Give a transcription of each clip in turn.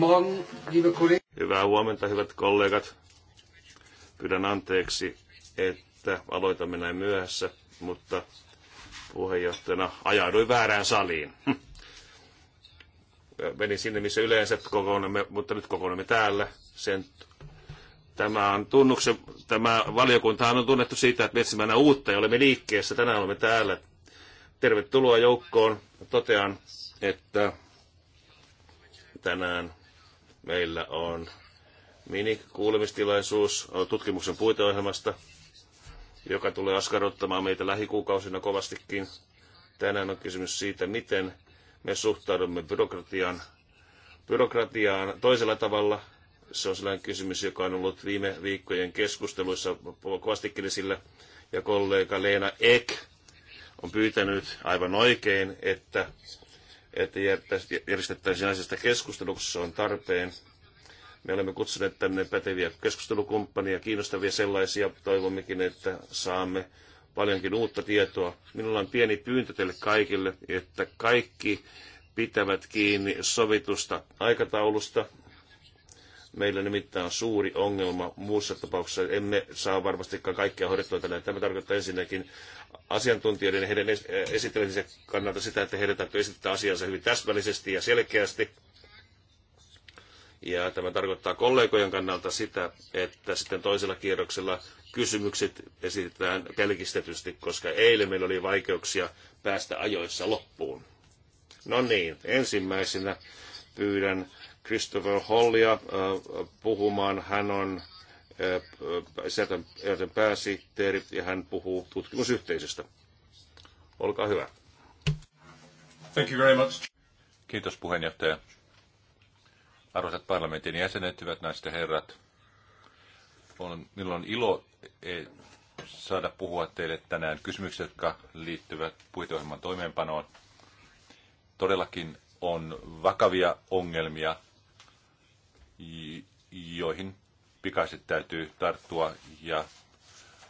Guten Morgen, liebe Kollegen. Hyvää huomenta, hyvät kollegat. Pyydän anteeksi, että aloitamme näin myöhässä, mutta puheenjohtajana ajauduin väärään saliin. Menin sinne, missä yleensä kokoonnumme, mutta nyt kokoonnumme täällä. Sen, tämä, on tunnuksen, tämä valiokunta on tunnettu siitä, että me etsimme uutta ja olemme liikkeessä. Tänään olemme täällä. Tervetuloa joukkoon. Totean, että tänään Meillä on minikuulemistilaisuus tutkimuksen puiteohjelmasta, joka tulee askarruttamaan meitä lähikuukausina kovastikin. Tänään on kysymys siitä, miten me suhtaudumme byrokratiaan, byrokratiaan toisella tavalla. Se on sellainen kysymys, joka on ollut viime viikkojen keskusteluissa kovastikin esillä. Ja kollega Leena Ek on pyytänyt aivan oikein, että että järjestettäisiin asiasta keskustelu, kun se on tarpeen. Me olemme kutsuneet tänne päteviä keskustelukumppania, kiinnostavia sellaisia. Toivommekin, että saamme paljonkin uutta tietoa. Minulla on pieni pyyntö teille kaikille, että kaikki pitävät kiinni sovitusta aikataulusta. Meillä nimittäin on suuri ongelma. Muussa tapauksessa emme saa varmastikaan kaikkea hoidettua tänään. Tämä tarkoittaa ensinnäkin asiantuntijoiden ja heidän eh, esittelemisen kannalta sitä, että heidän täytyy esittää asiansa hyvin täsmällisesti ja selkeästi. Ja tämä tarkoittaa kollegojen kannalta sitä, että sitten toisella kierroksella kysymykset esitetään pelkistetysti, koska eilen meillä oli vaikeuksia päästä ajoissa loppuun. No niin, ensimmäisenä pyydän Christopher Hollia äh, puhumaan. Hän on äh, äh, Säätön pääsihteeri ja hän puhuu tutkimusyhteisöstä. Olkaa hyvä. Thank you very much. Kiitos puheenjohtaja. Arvoisat parlamentin jäsenet, hyvät naiset ja herrat. On, minulla on ilo e, saada puhua teille tänään kysymyksiä, jotka liittyvät puiteohjelman toimeenpanoon. Todellakin on vakavia ongelmia joihin pikaisesti täytyy tarttua ja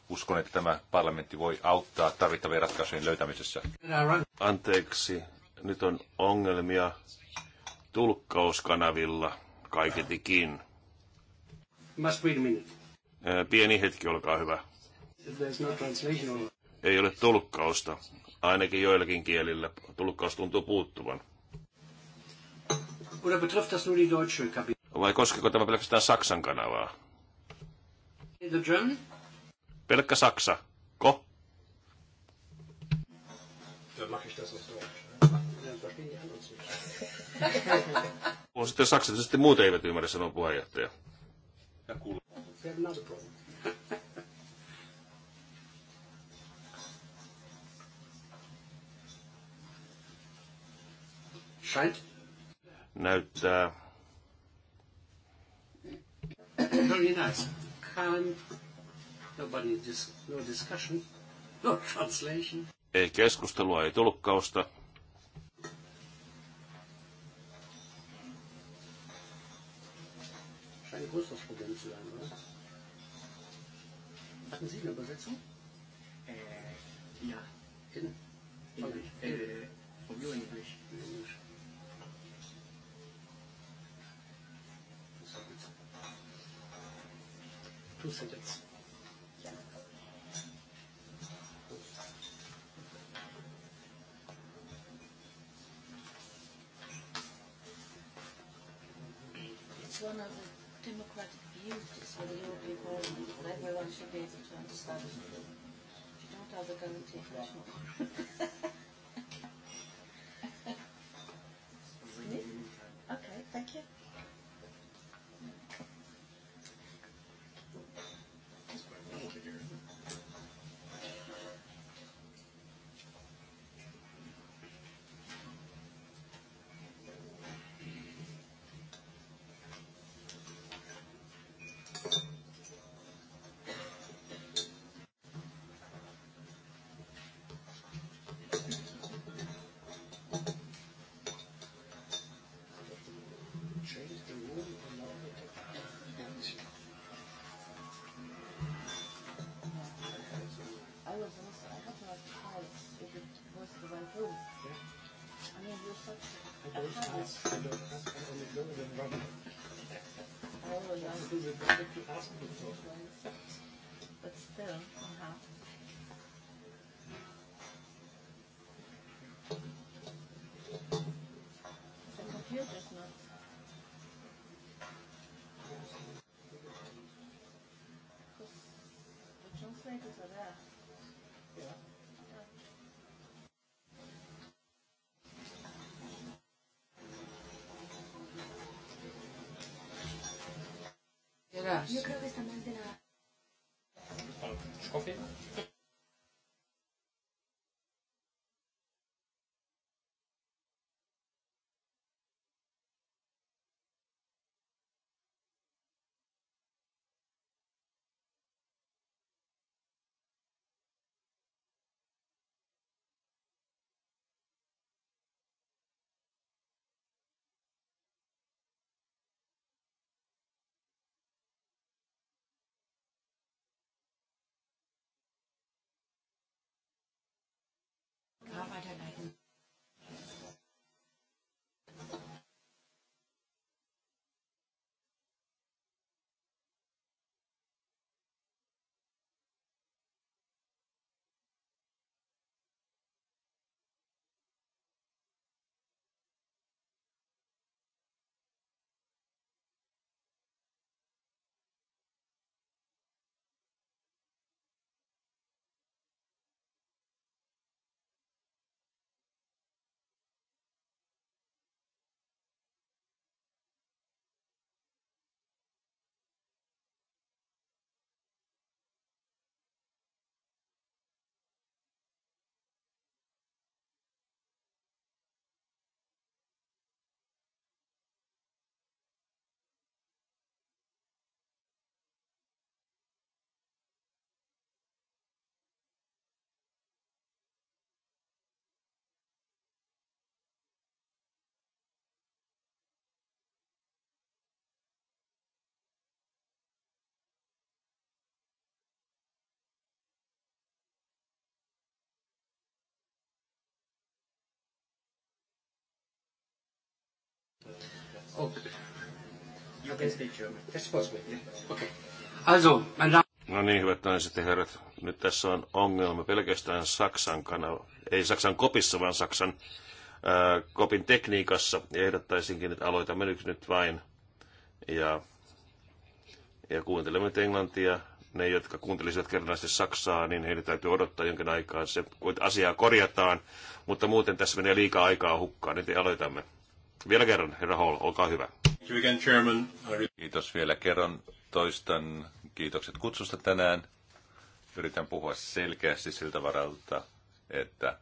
uskon, että tämä parlamentti voi auttaa tarvittavien ratkaisujen löytämisessä. Anteeksi, nyt on ongelmia tulkkauskanavilla kaiketikin. Must wait a minute. Pieni hetki, olkaa hyvä. No Ei ole tulkkausta, ainakin joillakin kielillä. Tulkkaus tuntuu puuttuvan. Oder betrifft das nur die deutsche Kabine? vai koskeeko tämä pelkästään Saksan kanavaa? Pelkkä Saksa. Ko? On sitten saksa, sitten muut eivät ymmärrä, sanoo puheenjohtaja. Ja kuuluu. Näyttää Very nice. And nobody dis- no discussion, no translation. Ei keskustelua, ei tulkkausta. Scheint ein größeres Problem zu sein, oder? Hatten Sie eine Übersetzung? Äh, ja. Äh, äh, in? in, in, äh, from you English. In English. two seconds. It's one of the democratic beauties of the European Parliament that everyone should be able to understand. If you don't have the guarantee, much more. okay, thank you. Oh, yeah. But still, uh-huh. The computer's not because the translators are there. atrás. Yo creo que está más de la... ¿Coffee? Also, mein No niin, hyvät naiset ja herrat. Nyt tässä on ongelma pelkästään Saksan kanava. Ei Saksan kopissa, vaan Saksan ää, kopin tekniikassa. Ja ehdottaisinkin, että aloitamme nyt, nyt vain. Ja, ja kuuntelemme nyt englantia. Ne, jotka kuuntelisivat kerrallisesti Saksaa, niin heidän täytyy odottaa jonkin aikaa. Se asiaa korjataan, mutta muuten tässä menee liikaa aikaa hukkaan. Nyt aloitamme. Vielä kerran, herra Hall, olkaa hyvä. Kiitos vielä kerran. Toistan kiitokset kutsusta tänään. Yritän puhua selkeästi siltä varalta, että,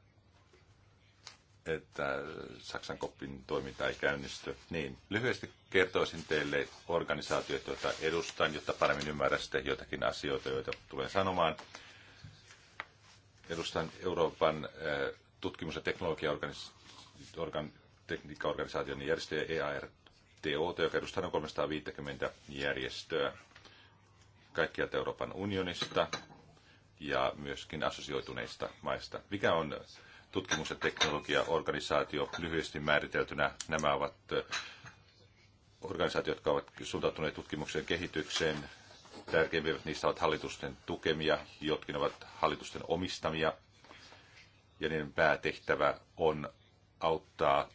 että Saksan kopin toiminta ei käynnisty. Niin, lyhyesti kertoisin teille organisaatioita, joita edustan, jotta paremmin ymmärrätte jotakin asioita, joita tulen sanomaan. Edustan Euroopan eh, tutkimus- ja teknologiaorganisaatioita organ, tekniikkaorganisaation järjestöjä EARTO, joka edustaa noin 350 järjestöä kaikkialta Euroopan unionista ja myöskin assosioituneista maista. Mikä on tutkimus- ja teknologiaorganisaatio lyhyesti määriteltynä? Nämä ovat organisaatiot, jotka ovat suuntautuneet tutkimukseen kehitykseen. Tärkeimmät niistä ovat hallitusten tukemia, jotkin ovat hallitusten omistamia. Ja niiden päätehtävä on auttaa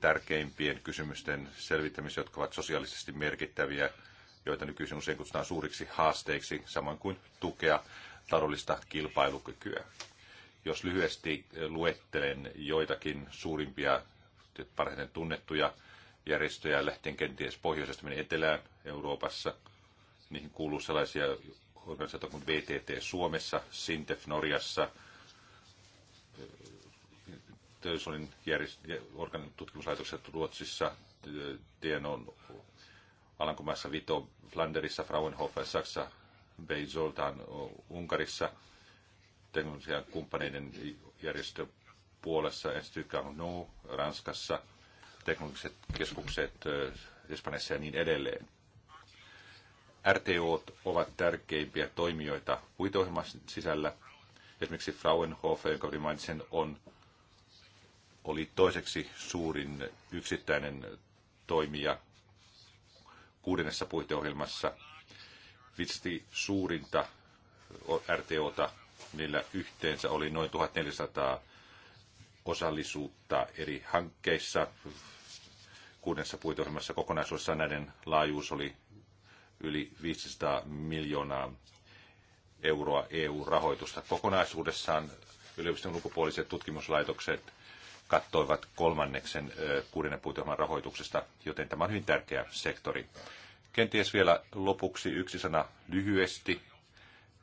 tärkeimpien kysymysten selvittämiseen, jotka ovat sosiaalisesti merkittäviä, joita nykyisin usein kutsutaan suuriksi haasteiksi, samoin kuin tukea taloudellista kilpailukykyä. Jos lyhyesti luettelen joitakin suurimpia, parhaiten tunnettuja järjestöjä, lähtien kenties pohjoisesta meni etelään Euroopassa, niihin kuuluu sellaisia organisaatioita kuin VTT Suomessa, Sintef Norjassa, Teollisuuden järjest- organ- tutkimuslaitokset Ruotsissa, DNOn Alankomaissa, Vito, Flanderissa, Frauenhofer, Saksa, Beisoltaan, Unkarissa, teknologian kumppaneiden järjestö puolessa, Institut Carnot, Ranskassa, teknologiset keskukset Espanjassa ja niin edelleen. RTO ovat tärkeimpiä toimijoita puiteohjelman sisällä. Esimerkiksi Frauenhofer, jonka mainitsen, on oli toiseksi suurin yksittäinen toimija kuudennessa puiteohjelmassa. Vitsi suurinta RTOta, niillä yhteensä oli noin 1400 osallisuutta eri hankkeissa. Kuudessa puiteohjelmassa kokonaisuudessaan näiden laajuus oli yli 500 miljoonaa euroa EU-rahoitusta. Kokonaisuudessaan yliopiston ulkopuoliset tutkimuslaitokset kattoivat kolmanneksen kuudennen puiteohjelman rahoituksesta, joten tämä on hyvin tärkeä sektori. Kenties vielä lopuksi yksi sana lyhyesti.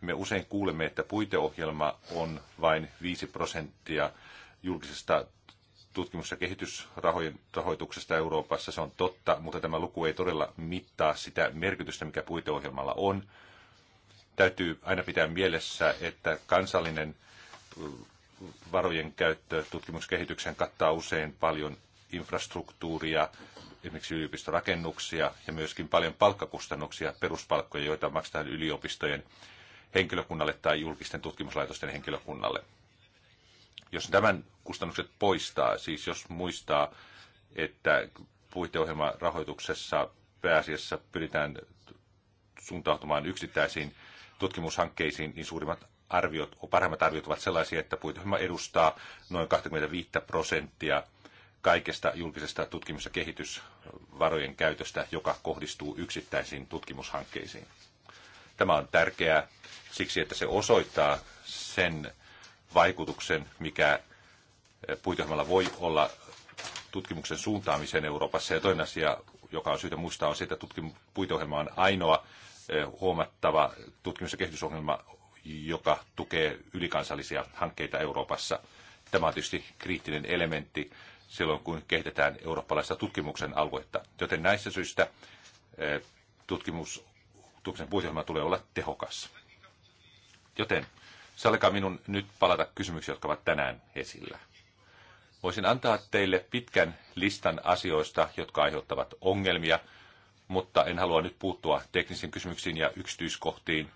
Me usein kuulemme, että puiteohjelma on vain 5 prosenttia julkisesta tutkimus- ja kehitysrahoituksesta Euroopassa. Se on totta, mutta tämä luku ei todella mittaa sitä merkitystä, mikä puiteohjelmalla on. Täytyy aina pitää mielessä, että kansallinen varojen käyttö tutkimuskehityksen kattaa usein paljon infrastruktuuria, esimerkiksi yliopistorakennuksia ja myöskin paljon palkkakustannuksia, peruspalkkoja, joita maksetaan yliopistojen henkilökunnalle tai julkisten tutkimuslaitosten henkilökunnalle. Jos tämän kustannukset poistaa, siis jos muistaa, että puiteohjelman rahoituksessa pääasiassa pyritään suuntautumaan yksittäisiin tutkimushankkeisiin, niin suurimmat arviot, parhaimmat arviot ovat sellaisia, että puiteohjelma edustaa noin 25 prosenttia kaikesta julkisesta tutkimus- ja kehitysvarojen käytöstä, joka kohdistuu yksittäisiin tutkimushankkeisiin. Tämä on tärkeää siksi, että se osoittaa sen vaikutuksen, mikä eh, puiteohjelmalla voi olla tutkimuksen suuntaamiseen Euroopassa. Ja toinen asia, joka on syytä muistaa, on se, että tutkimu- puiteohjelma on ainoa eh, huomattava tutkimus- ja kehitysohjelma joka tukee ylikansallisia hankkeita Euroopassa. Tämä on tietysti kriittinen elementti silloin, kun kehitetään eurooppalaista tutkimuksen aluetta. Joten näistä syistä eh, tutkimus, tutkimuksen puiteohjelma tulee olla tehokas. Joten sallikaa minun nyt palata kysymyksiin, jotka ovat tänään esillä. Voisin antaa teille pitkän listan asioista, jotka aiheuttavat ongelmia, mutta en halua nyt puuttua teknisiin kysymyksiin ja yksityiskohtiin,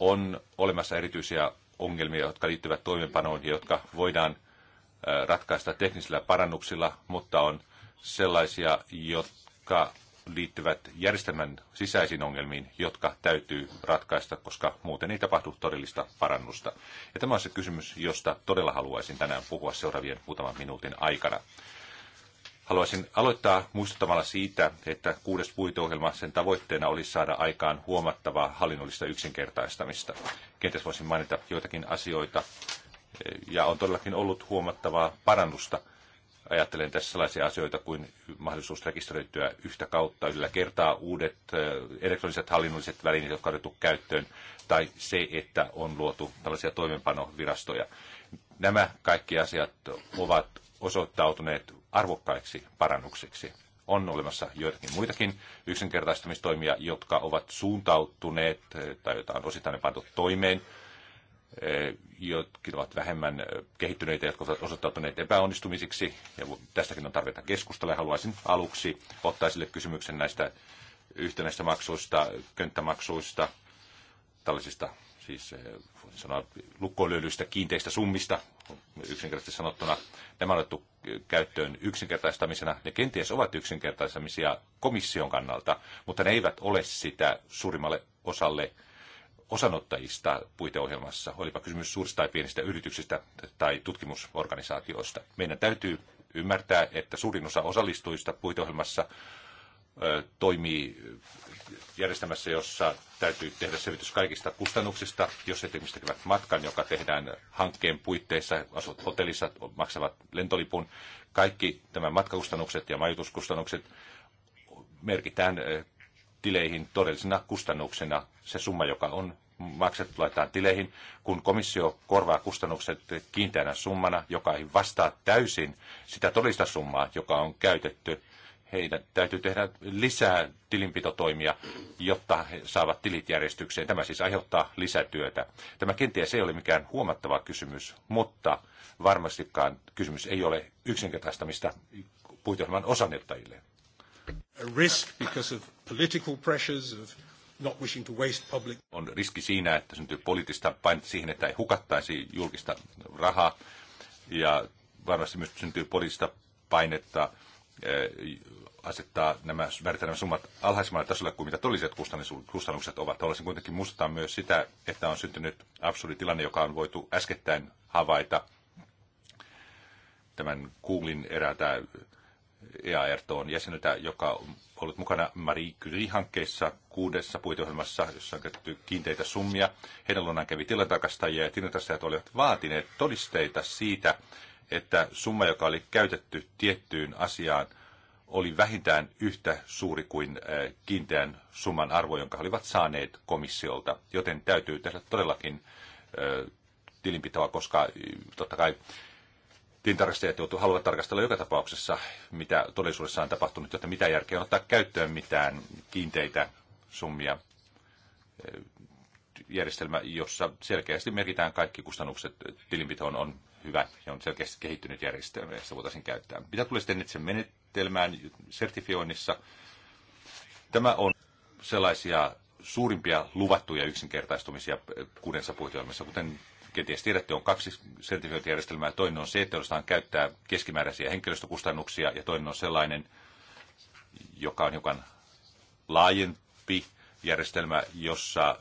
on olemassa erityisiä ongelmia, jotka liittyvät toimenpanoon ja jotka voidaan ratkaista teknisillä parannuksilla, mutta on sellaisia, jotka liittyvät järjestelmän sisäisiin ongelmiin, jotka täytyy ratkaista, koska muuten ei tapahdu todellista parannusta. Ja tämä on se kysymys, josta todella haluaisin tänään puhua seuraavien muutaman minuutin aikana. Haluaisin aloittaa muistuttamalla siitä, että kuudes puiteohjelma sen tavoitteena olisi saada aikaan huomattavaa hallinnollista yksinkertaistamista. Kenties voisin mainita joitakin asioita, eh, ja on todellakin ollut huomattavaa parannusta. Ajattelen tässä sellaisia asioita kuin mahdollisuus rekisteröityä yhtä kautta yhdellä kertaa uudet eh, elektroniset hallinnolliset välineet, jotka on otettu käyttöön, tai se, että on luotu tällaisia toimenpanovirastoja. Nämä kaikki asiat ovat osoittautuneet arvokkaiksi parannuksiksi. On olemassa joitakin muitakin yksinkertaistamistoimia, jotka ovat suuntautuneet eh, tai joita on osittain pantu toimeen, eh, jotkin ovat vähemmän eh, kehittyneitä, jotka ovat osoittautuneet epäonnistumisiksi. Ja tästäkin on tarvetta keskustella. Haluaisin aluksi ottaa sille kysymyksen näistä yhtenäistä maksuista, könttämaksuista, tällaisista siis eh, voisin sanoa lukkoon lyödyistä kiinteistä summista, yksinkertaisesti sanottuna. Nämä on otettu eh, käyttöön yksinkertaistamisena. Ne kenties ovat yksinkertaistamisia komission kannalta, mutta ne eivät ole sitä suurimmalle osalle osanottajista puiteohjelmassa, olipa kysymys suurista tai pienistä yrityksistä tai tutkimusorganisaatioista. Meidän täytyy ymmärtää, että suurin osa osallistujista puiteohjelmassa toimii järjestelmässä, jossa täytyy tehdä selvitys kaikista kustannuksista, jos esimerkiksi tekevät matkan, joka tehdään hankkeen puitteissa, asut hotellissa, maksavat lentolipun. Kaikki nämä matkakustannukset ja majoituskustannukset merkitään tileihin todellisina kustannuksena. Se summa, joka on maksettu, laitetaan tileihin, kun komissio korvaa kustannukset kiinteänä summana, joka ei vastaa täysin sitä todellista summaa, joka on käytetty heidän täytyy tehdä lisää tilinpitotoimia, jotta he saavat tilit järjestykseen. Tämä siis aiheuttaa lisätyötä. Tämä kenties ei ole mikään huomattava kysymys, mutta varmastikaan kysymys ei ole yksinkertaistamista puiteohjelman osanottajille. On riski siinä, että syntyy poliittista painetta siihen, että ei hukattaisi julkista rahaa. Ja varmasti myös syntyy poliittista painetta eh, asettaa nämä, määrittää nämä summat alhaisemmalle tasolle kuin mitä todelliset kustannukset ovat. Haluaisin kuitenkin muistuttaa myös sitä, että on syntynyt absurdi tilanne, joka on voitu äskettäin havaita tämän Kuulin eräältä EARTOn jäseneltä, joka on ollut mukana Marie Curie-hankkeissa kuudessa puiteohjelmassa, jossa on käytetty kiinteitä summia. Heidän luonaan kävi tilintarkastajia ja tilintarkastajat olivat vaatineet todisteita siitä, että summa, joka oli käytetty tiettyyn asiaan – oli vähintään yhtä suuri kuin äh, kiinteän summan arvo, jonka he olivat saaneet komissiolta. Joten täytyy tehdä todellakin äh, tilinpitoa, koska äh, totta kai tilintarkastajat joutuu haluavat tarkastella joka tapauksessa, mitä todellisuudessa on tapahtunut, jotta mitä järkeä on ottaa käyttöön mitään kiinteitä summia järjestelmä, jossa selkeästi merkitään kaikki kustannukset tilinpitoon on hyvä ja on selkeästi kehittynyt järjestelmä, jossa voitaisiin käyttää. Mitä tulee sitten itse menet- järjestelmään sertifioinnissa. Tämä on sellaisia suurimpia luvattuja yksinkertaistumisia kuudessa puitteohjelmassa, kuten kenties tiedätte, on kaksi sertifiointijärjestelmää. Toinen on se, että osataan käyttää keskimääräisiä henkilöstökustannuksia, ja toinen on sellainen, joka on hiukan laajempi järjestelmä, jossa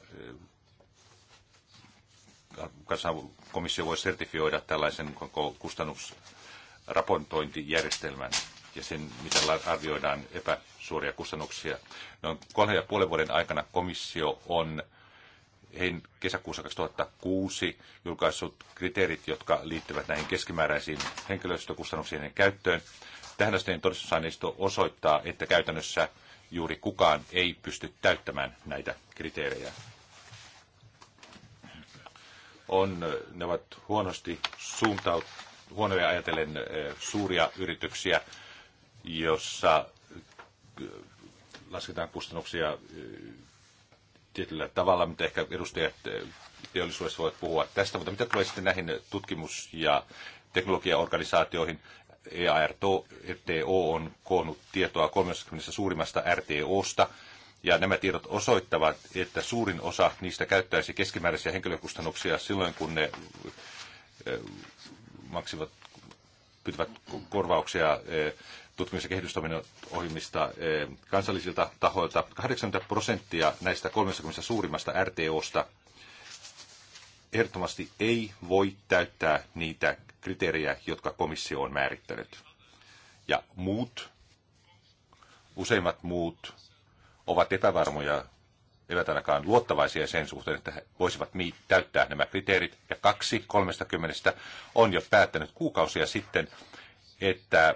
eh, komissio voi sertifioida tällaisen kustannusraportointijärjestelmän ja sen, miten arvioidaan epäsuoria kustannuksia. Noin kolme ja puolen vuoden aikana komissio on hein, kesäkuussa 2006 julkaissut kriteerit, jotka liittyvät näihin keskimääräisiin henkilöstökustannuksien käyttöön. Tähän asti todistusaineisto osoittaa, että käytännössä juuri kukaan ei pysty täyttämään näitä kriteerejä. On, ne ovat huonosti suuntautuneet huonoja ajatellen eh, suuria yrityksiä, jossa äh, lasketaan kustannuksia äh, tietyllä tavalla, mitä ehkä edustajat äh, teollisuudessa voivat puhua tästä, mutta mitä tulee sitten näihin tutkimus- ja teknologiaorganisaatioihin, EARTO on koonnut tietoa 30 suurimmasta RTOsta, ja nämä tiedot osoittavat, että suurin osa niistä käyttäisi keskimääräisiä henkilökustannuksia silloin, kun ne maksivat, pyytävät korvauksia tutkimus- ja kehitystoiminnan ohjelmista eh, kansallisilta tahoilta. 80 prosenttia näistä 30 suurimmasta RTOsta ehdottomasti ei voi täyttää niitä kriteerejä, jotka komissio on määrittänyt. Ja muut, useimmat muut, ovat epävarmoja, eivät ainakaan luottavaisia sen suhteen, että he voisivat täyttää nämä kriteerit. Ja kaksi 30 on jo päättänyt kuukausia sitten, että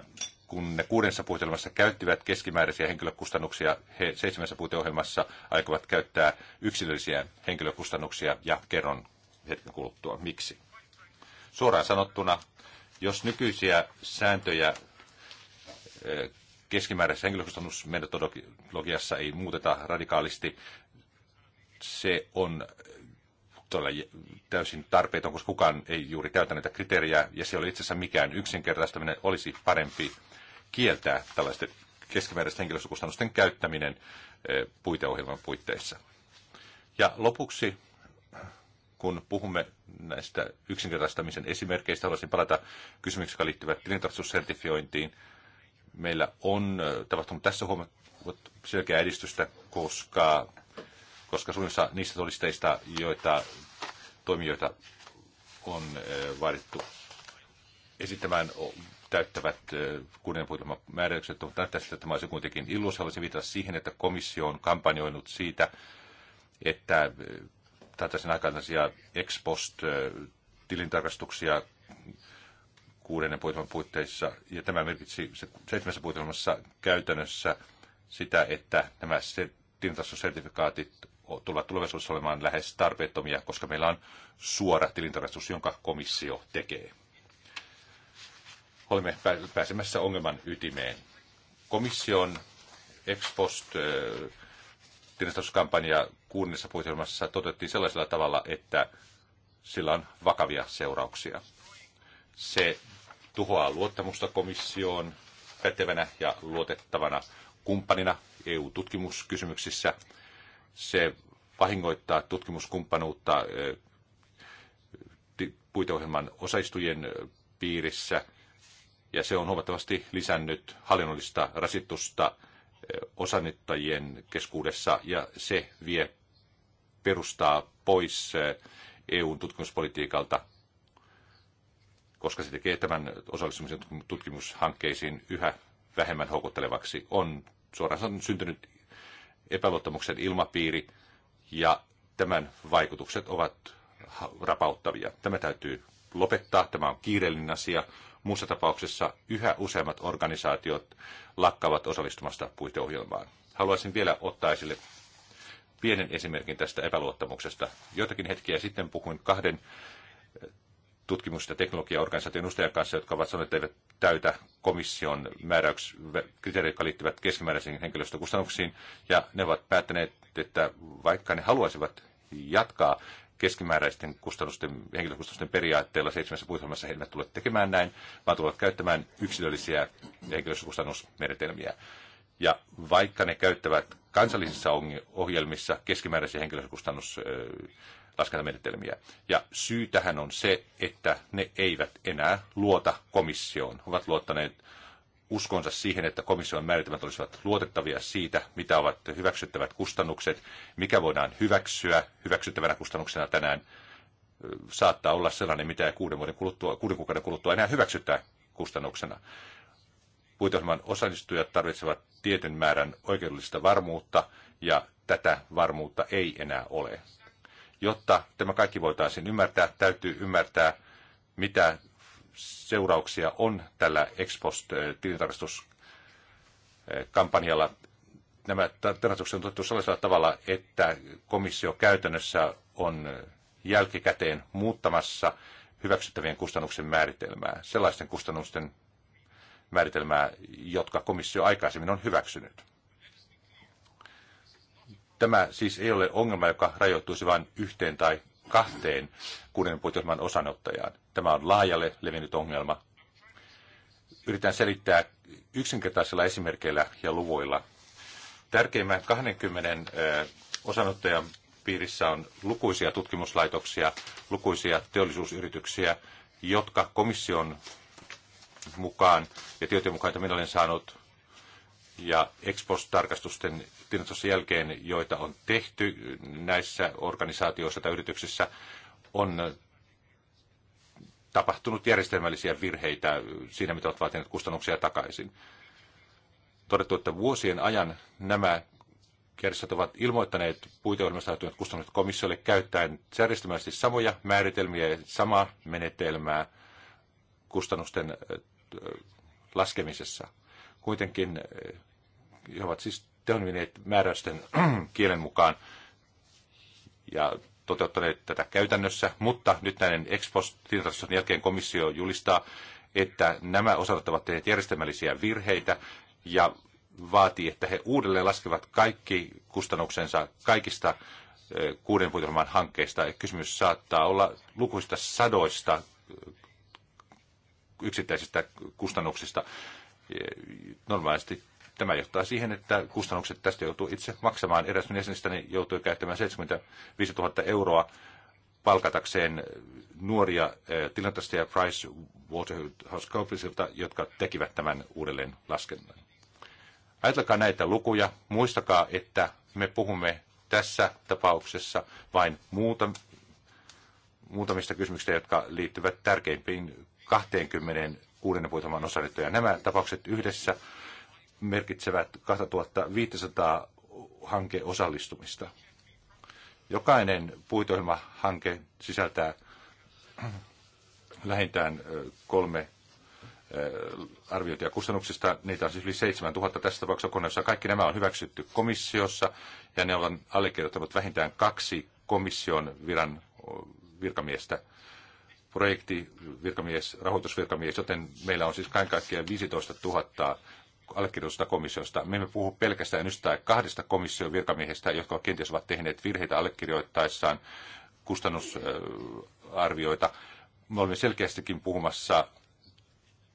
kun ne kuudessa puiteohjelmassa käyttivät keskimääräisiä henkilökustannuksia, he seitsemässä puiteohjelmassa aikovat käyttää yksilöllisiä henkilökustannuksia ja kerron hetken kuluttua miksi. Suoraan sanottuna, jos nykyisiä sääntöjä eh, keskimääräisessä henkilökustannusmetodologiassa ei muuteta radikaalisti, se on todella täysin tarpeeton, koska kukaan ei juuri täytä näitä kriteerejä, ja se oli itse asiassa mikään yksinkertaistaminen olisi parempi kieltää tällaisten keskimääräisten henkilöstökustannusten käyttäminen eh, puiteohjelman puitteissa. Ja lopuksi, kun puhumme näistä yksinkertaistamisen esimerkkeistä, haluaisin palata kysymyksiin, jotka liittyvät tilintarkastussertifiointiin. Meillä on eh, tapahtunut tässä huomattavasti selkeää edistystä, koska, koska suunnissa niistä todisteista, joita toimijoita on eh, vaadittu esittämään täyttävät kunnianpuitelman määräykset, mutta tästä tämä olisi kuitenkin illus. Haluaisin viitata siihen, että komissio on kampanjoinut siitä, että saataisiin aikaan tällaisia ex post tilintarkastuksia kuudennen puitelman puitteissa, ja tämä merkitsi seitsemässä puitelmassa käytännössä sitä, että nämä tilintarkastussertifikaatit tulevat tulevaisuudessa olemaan lähes tarpeettomia, koska meillä on suora tilintarkastus, jonka komissio tekee olemme pääsemässä ongelman ytimeen. Komission ex post tiedotuskampanja kuunnessa puitelmassa toteutettiin sellaisella tavalla, että sillä on vakavia seurauksia. Se tuhoaa luottamusta komissioon pätevänä ja luotettavana kumppanina EU-tutkimuskysymyksissä. Se vahingoittaa tutkimuskumppanuutta puiteohjelman osaistujien piirissä ja se on huomattavasti lisännyt hallinnollista rasitusta eh, osanittajien keskuudessa, ja se vie perustaa pois eh, EUn tutkimuspolitiikalta, koska se tekee tämän osallistumisen tutkimushankkeisiin yhä vähemmän houkuttelevaksi. On suoraan sanottuna syntynyt epäluottamuksen ilmapiiri, ja tämän vaikutukset ovat rapauttavia. Tämä täytyy lopettaa, tämä on kiireellinen asia, Muussa tapauksessa yhä useammat organisaatiot lakkaavat osallistumasta puiteohjelmaan. Haluaisin vielä ottaa esille pienen esimerkin tästä epäluottamuksesta. Joitakin hetkiä sitten puhuin kahden eh, tutkimus- ja teknologiaorganisaation edustajan kanssa, jotka ovat sanoneet, että eivät täytä komission määräyks, kriteerit, jotka liittyvät keskimääräisiin henkilöstökustannuksiin, ja ne ovat päättäneet, että vaikka ne haluaisivat jatkaa keskimääräisten kustannusten, henkilökustannusten periaatteella seitsemässä puitelmassa he eivät tule tekemään näin, vaan tulevat käyttämään yksilöllisiä henkilökustannusmenetelmiä. Ja vaikka ne käyttävät kansallisissa ohjelmissa keskimääräisiä henkilökustannuslaskentamenetelmiä. Ja syy tähän on se, että ne eivät enää luota komissioon. Ovat luottaneet uskonsa siihen, että komission määritelmät olisivat luotettavia siitä, mitä ovat hyväksyttävät kustannukset, mikä voidaan hyväksyä hyväksyttävänä kustannuksena tänään, saattaa olla sellainen, mitä ei kuuden, vuoden kuluttua, kuuden kuukauden kuluttua enää hyväksyttää kustannuksena. Puiteohjelman osallistujat tarvitsevat tietyn määrän oikeudellista varmuutta, ja tätä varmuutta ei enää ole. Jotta tämä kaikki voitaisiin ymmärtää, täytyy ymmärtää, mitä seurauksia on tällä expost tilintarkastuskampanjalla. Nämä tarkastukset on otettu sellaisella tavalla, että komissio käytännössä on jälkikäteen muuttamassa hyväksyttävien kustannusten määritelmää, sellaisten kustannusten määritelmää, jotka komissio aikaisemmin on hyväksynyt. Tämä siis ei ole ongelma, joka rajoittuisi vain yhteen tai kahteen kuuden puitiohjelman osanottajaan. Tämä on laajalle levinnyt ongelma. Yritän selittää yksinkertaisilla esimerkkeillä ja luvuilla. Tärkeimmän 20 osanottajan piirissä on lukuisia tutkimuslaitoksia, lukuisia teollisuusyrityksiä, jotka komission mukaan ja tietojen mukaan, mitä olen saanut, ja expos-tarkastusten tiedotusten jälkeen, joita on tehty näissä organisaatioissa tai yrityksissä, on tapahtunut järjestelmällisiä virheitä siinä, mitä ovat vaatineet kustannuksia takaisin. Todettu, että vuosien ajan nämä järjestöt ovat ilmoittaneet puiteohjelmasta aiheutuneet kustannukset komissiolle käyttäen järjestelmällisesti samoja määritelmiä ja samaa menetelmää kustannusten äh, laskemisessa. Kuitenkin eh, he ovat siis toimineet määräysten kielen mukaan ja toteuttaneet tätä käytännössä, mutta nyt näiden ex post jälkeen komissio julistaa, että nämä osat ovat tehneet järjestelmällisiä virheitä ja vaatii, että he uudelleen laskevat kaikki kustannuksensa kaikista eh, kuuden puitelman hankkeista. Kysymys saattaa olla lukuista sadoista eh, yksittäisistä kustannuksista normaalisti tämä johtaa siihen, että kustannukset tästä joutuu itse maksamaan. Eräs minun jäsenistäni joutui käyttämään 75 000 euroa palkatakseen nuoria eh, tilanteesta ja Price Waterhousecoopersilta, jotka tekivät tämän uudelleen laskennan. Ajatelkaa näitä lukuja. Muistakaa, että me puhumme tässä tapauksessa vain muuta, muutamista kysymyksistä, jotka liittyvät tärkeimpiin 20 kuudennen vuotamaan osallistujia. Nämä tapaukset yhdessä merkitsevät 2500 hankeosallistumista. Jokainen puitoilmahanke sisältää lähintään kolme arviointia kustannuksista. Niitä on siis yli 7000 tässä tapauksessa koneessa. Kaikki nämä on hyväksytty komissiossa ja ne on allekirjoittanut vähintään kaksi komission viran virkamiestä – projekti, virkamies, rahoitusvirkamies, joten meillä on siis kaiken kaikkiaan 15 000 allekirjoitusta komissiosta. Me emme puhu pelkästään yksi tai kahdesta komission virkamiehestä, jotka kenties ovat tehneet virheitä allekirjoittaessaan kustannusarvioita. Me olemme selkeästikin puhumassa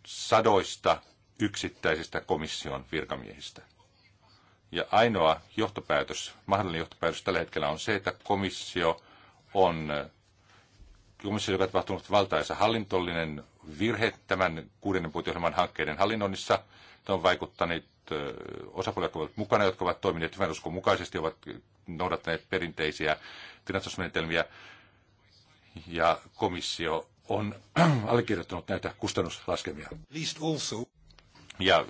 sadoista yksittäisistä komission virkamiehistä. Ja ainoa johtopäätös, mahdollinen johtopäätös tällä hetkellä on se, että komissio on komissiossa joka on tapahtunut valtaisa hallintollinen virhe tämän kuudennen puiteohjelman hankkeiden hallinnoinnissa. Ne on vaikuttanut osapuolet, jotka ovat mukana, jotka ovat toimineet hyvän uskon mukaisesti, ovat noudattaneet perinteisiä finanssismenetelmiä. Ja komissio on allekirjoittanut näitä kustannuslaskemia. Ja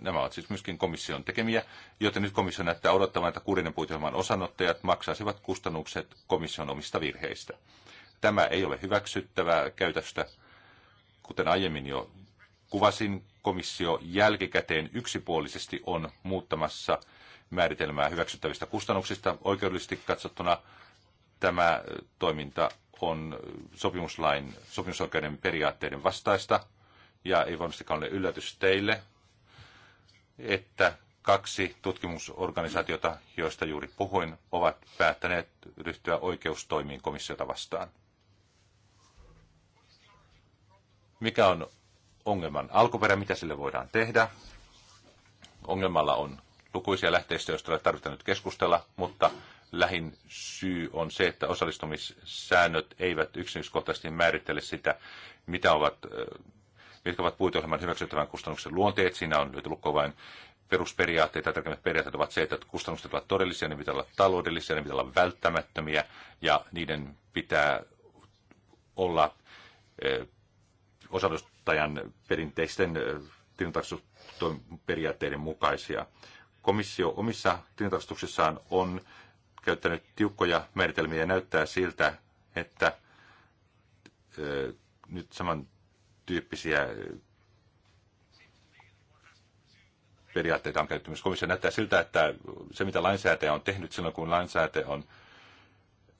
nämä ovat siis myöskin komission tekemiä, joten nyt komissio näyttää odottamaan, että kuudennen puitelman osanottajat maksaisivat kustannukset komission omista virheistä. Tämä ei ole hyväksyttävää käytöstä. Kuten aiemmin jo kuvasin, komissio jälkikäteen yksipuolisesti on muuttamassa määritelmää hyväksyttävistä kustannuksista. Oikeudellisesti katsottuna tämä toiminta on sopimuslain, sopimusoikeuden periaatteiden vastaista, ja ei varmastikaan ole yllätys teille, että kaksi tutkimusorganisaatiota, joista juuri puhuin, ovat päättäneet ryhtyä oikeustoimiin komissiota vastaan. Mikä on ongelman alkuperä, mitä sille voidaan tehdä? Ongelmalla on lukuisia lähteistä, joista ei tarvitse nyt keskustella, mutta lähin syy on se, että osallistumissäännöt eivät yksityiskohtaisesti määrittele sitä, mitä ovat, mitkä ovat puiteohjelman hyväksyttävän kustannuksen luonteet. Siinä on löyty lukko vain perusperiaatteita. Tärkeimmät periaatteet ovat se, että kustannukset ovat todellisia, ne pitää olla taloudellisia, ne pitää olla välttämättömiä ja niiden pitää olla osallistuttajan perinteisten tilintarkastusperiaatteiden mukaisia. Komissio omissa tilintarkastuksissaan on käyttänyt tiukkoja määritelmiä ja näyttää siltä, että ö, nyt samantyyppisiä periaatteita on käytetty myös komissio. Näyttää siltä, että se mitä lainsäätäjä on tehnyt silloin, kun lainsäätäjä on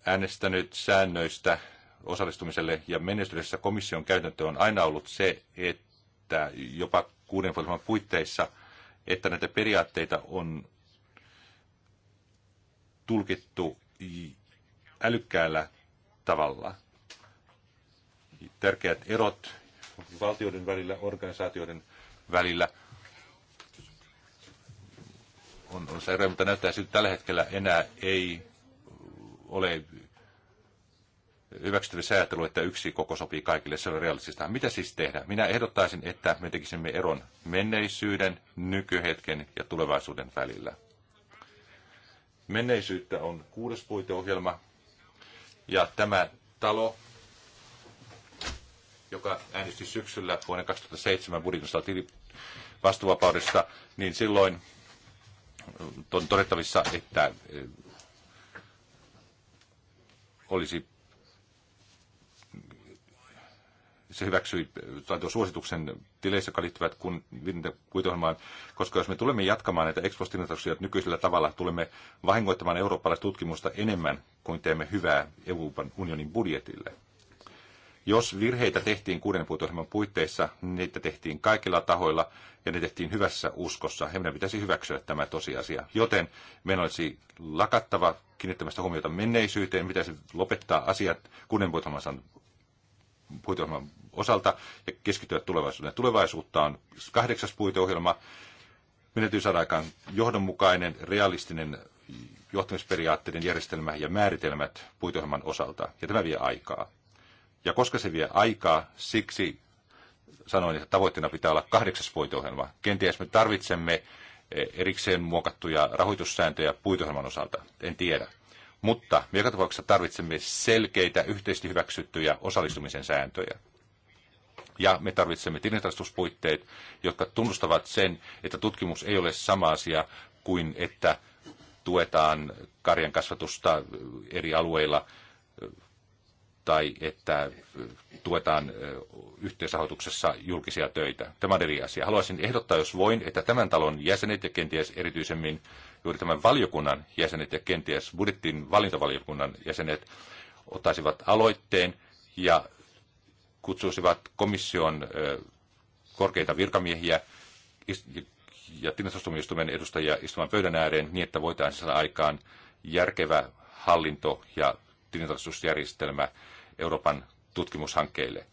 äänestänyt säännöistä, osallistumiselle ja menestyksessä komission käytäntö on aina ollut se, että jopa kuuden vuoden puitteissa, että näitä periaatteita on tulkittu älykkäällä tavalla. Tärkeät erot valtioiden välillä, organisaatioiden välillä on, on se ero, mutta näyttää siltä tällä hetkellä enää ei ole hyväksyttävissä ajattelu, että yksi koko sopii kaikille, se on realistista. Mitä siis tehdä? Minä ehdottaisin, että me tekisimme eron menneisyyden, nykyhetken ja tulevaisuuden välillä. Menneisyyttä on kuudes puiteohjelma ja tämä talo, joka äänesti syksyllä vuoden 2007 budjetin vastuvapaudesta, niin silloin on todettavissa, että eh, olisi se hyväksyi suosituksen tileissä, jotka liittyvät kun, kuitohjelmaan, koska jos me tulemme jatkamaan näitä ekspostinotuksia nykyisellä tavalla, tulemme vahingoittamaan eurooppalaista tutkimusta enemmän kuin teemme hyvää Euroopan unionin budjetille. Jos virheitä tehtiin kuuden puitohjelman puitteissa, niitä tehtiin kaikilla tahoilla ja ne tehtiin hyvässä uskossa. Ja meidän pitäisi hyväksyä tämä tosiasia. Joten meidän olisi lakattava kiinnittämästä huomiota menneisyyteen, pitäisi lopettaa asiat kuuden puitohjelman puiteohjelman osalta ja keskittyä tulevaisuuteen. Tulevaisuutta on kahdeksas puiteohjelma. Meidän täytyy saada aikaan johdonmukainen, realistinen johtamisperiaatteiden järjestelmä ja määritelmät puiteohjelman osalta. Ja tämä vie aikaa. Ja koska se vie aikaa, siksi sanoin, että tavoitteena pitää olla kahdeksas puiteohjelma. Kenties me tarvitsemme erikseen muokattuja rahoitussääntöjä puiteohjelman osalta. En tiedä. Mutta me joka tapauksessa tarvitsemme selkeitä, yhteisesti hyväksyttyjä osallistumisen sääntöjä. Ja me tarvitsemme tilintarkastuspuitteet, jotka tunnustavat sen, että tutkimus ei ole sama asia kuin että tuetaan karjan kasvatusta eri alueilla tai että tuetaan yhteisrahoituksessa julkisia töitä. Tämä on eri asia. Haluaisin ehdottaa, jos voin, että tämän talon jäsenet ja kenties erityisemmin juuri tämän valiokunnan jäsenet ja kenties budjettin valintavaliokunnan jäsenet ottaisivat aloitteen ja kutsuisivat komission korkeita virkamiehiä ja tilastustuomioistuimen edustajia istumaan pöydän ääreen niin, että voitaisiin saada aikaan järkevä hallinto ja tilintarkastusjärjestelmä Euroopan tutkimushankkeille.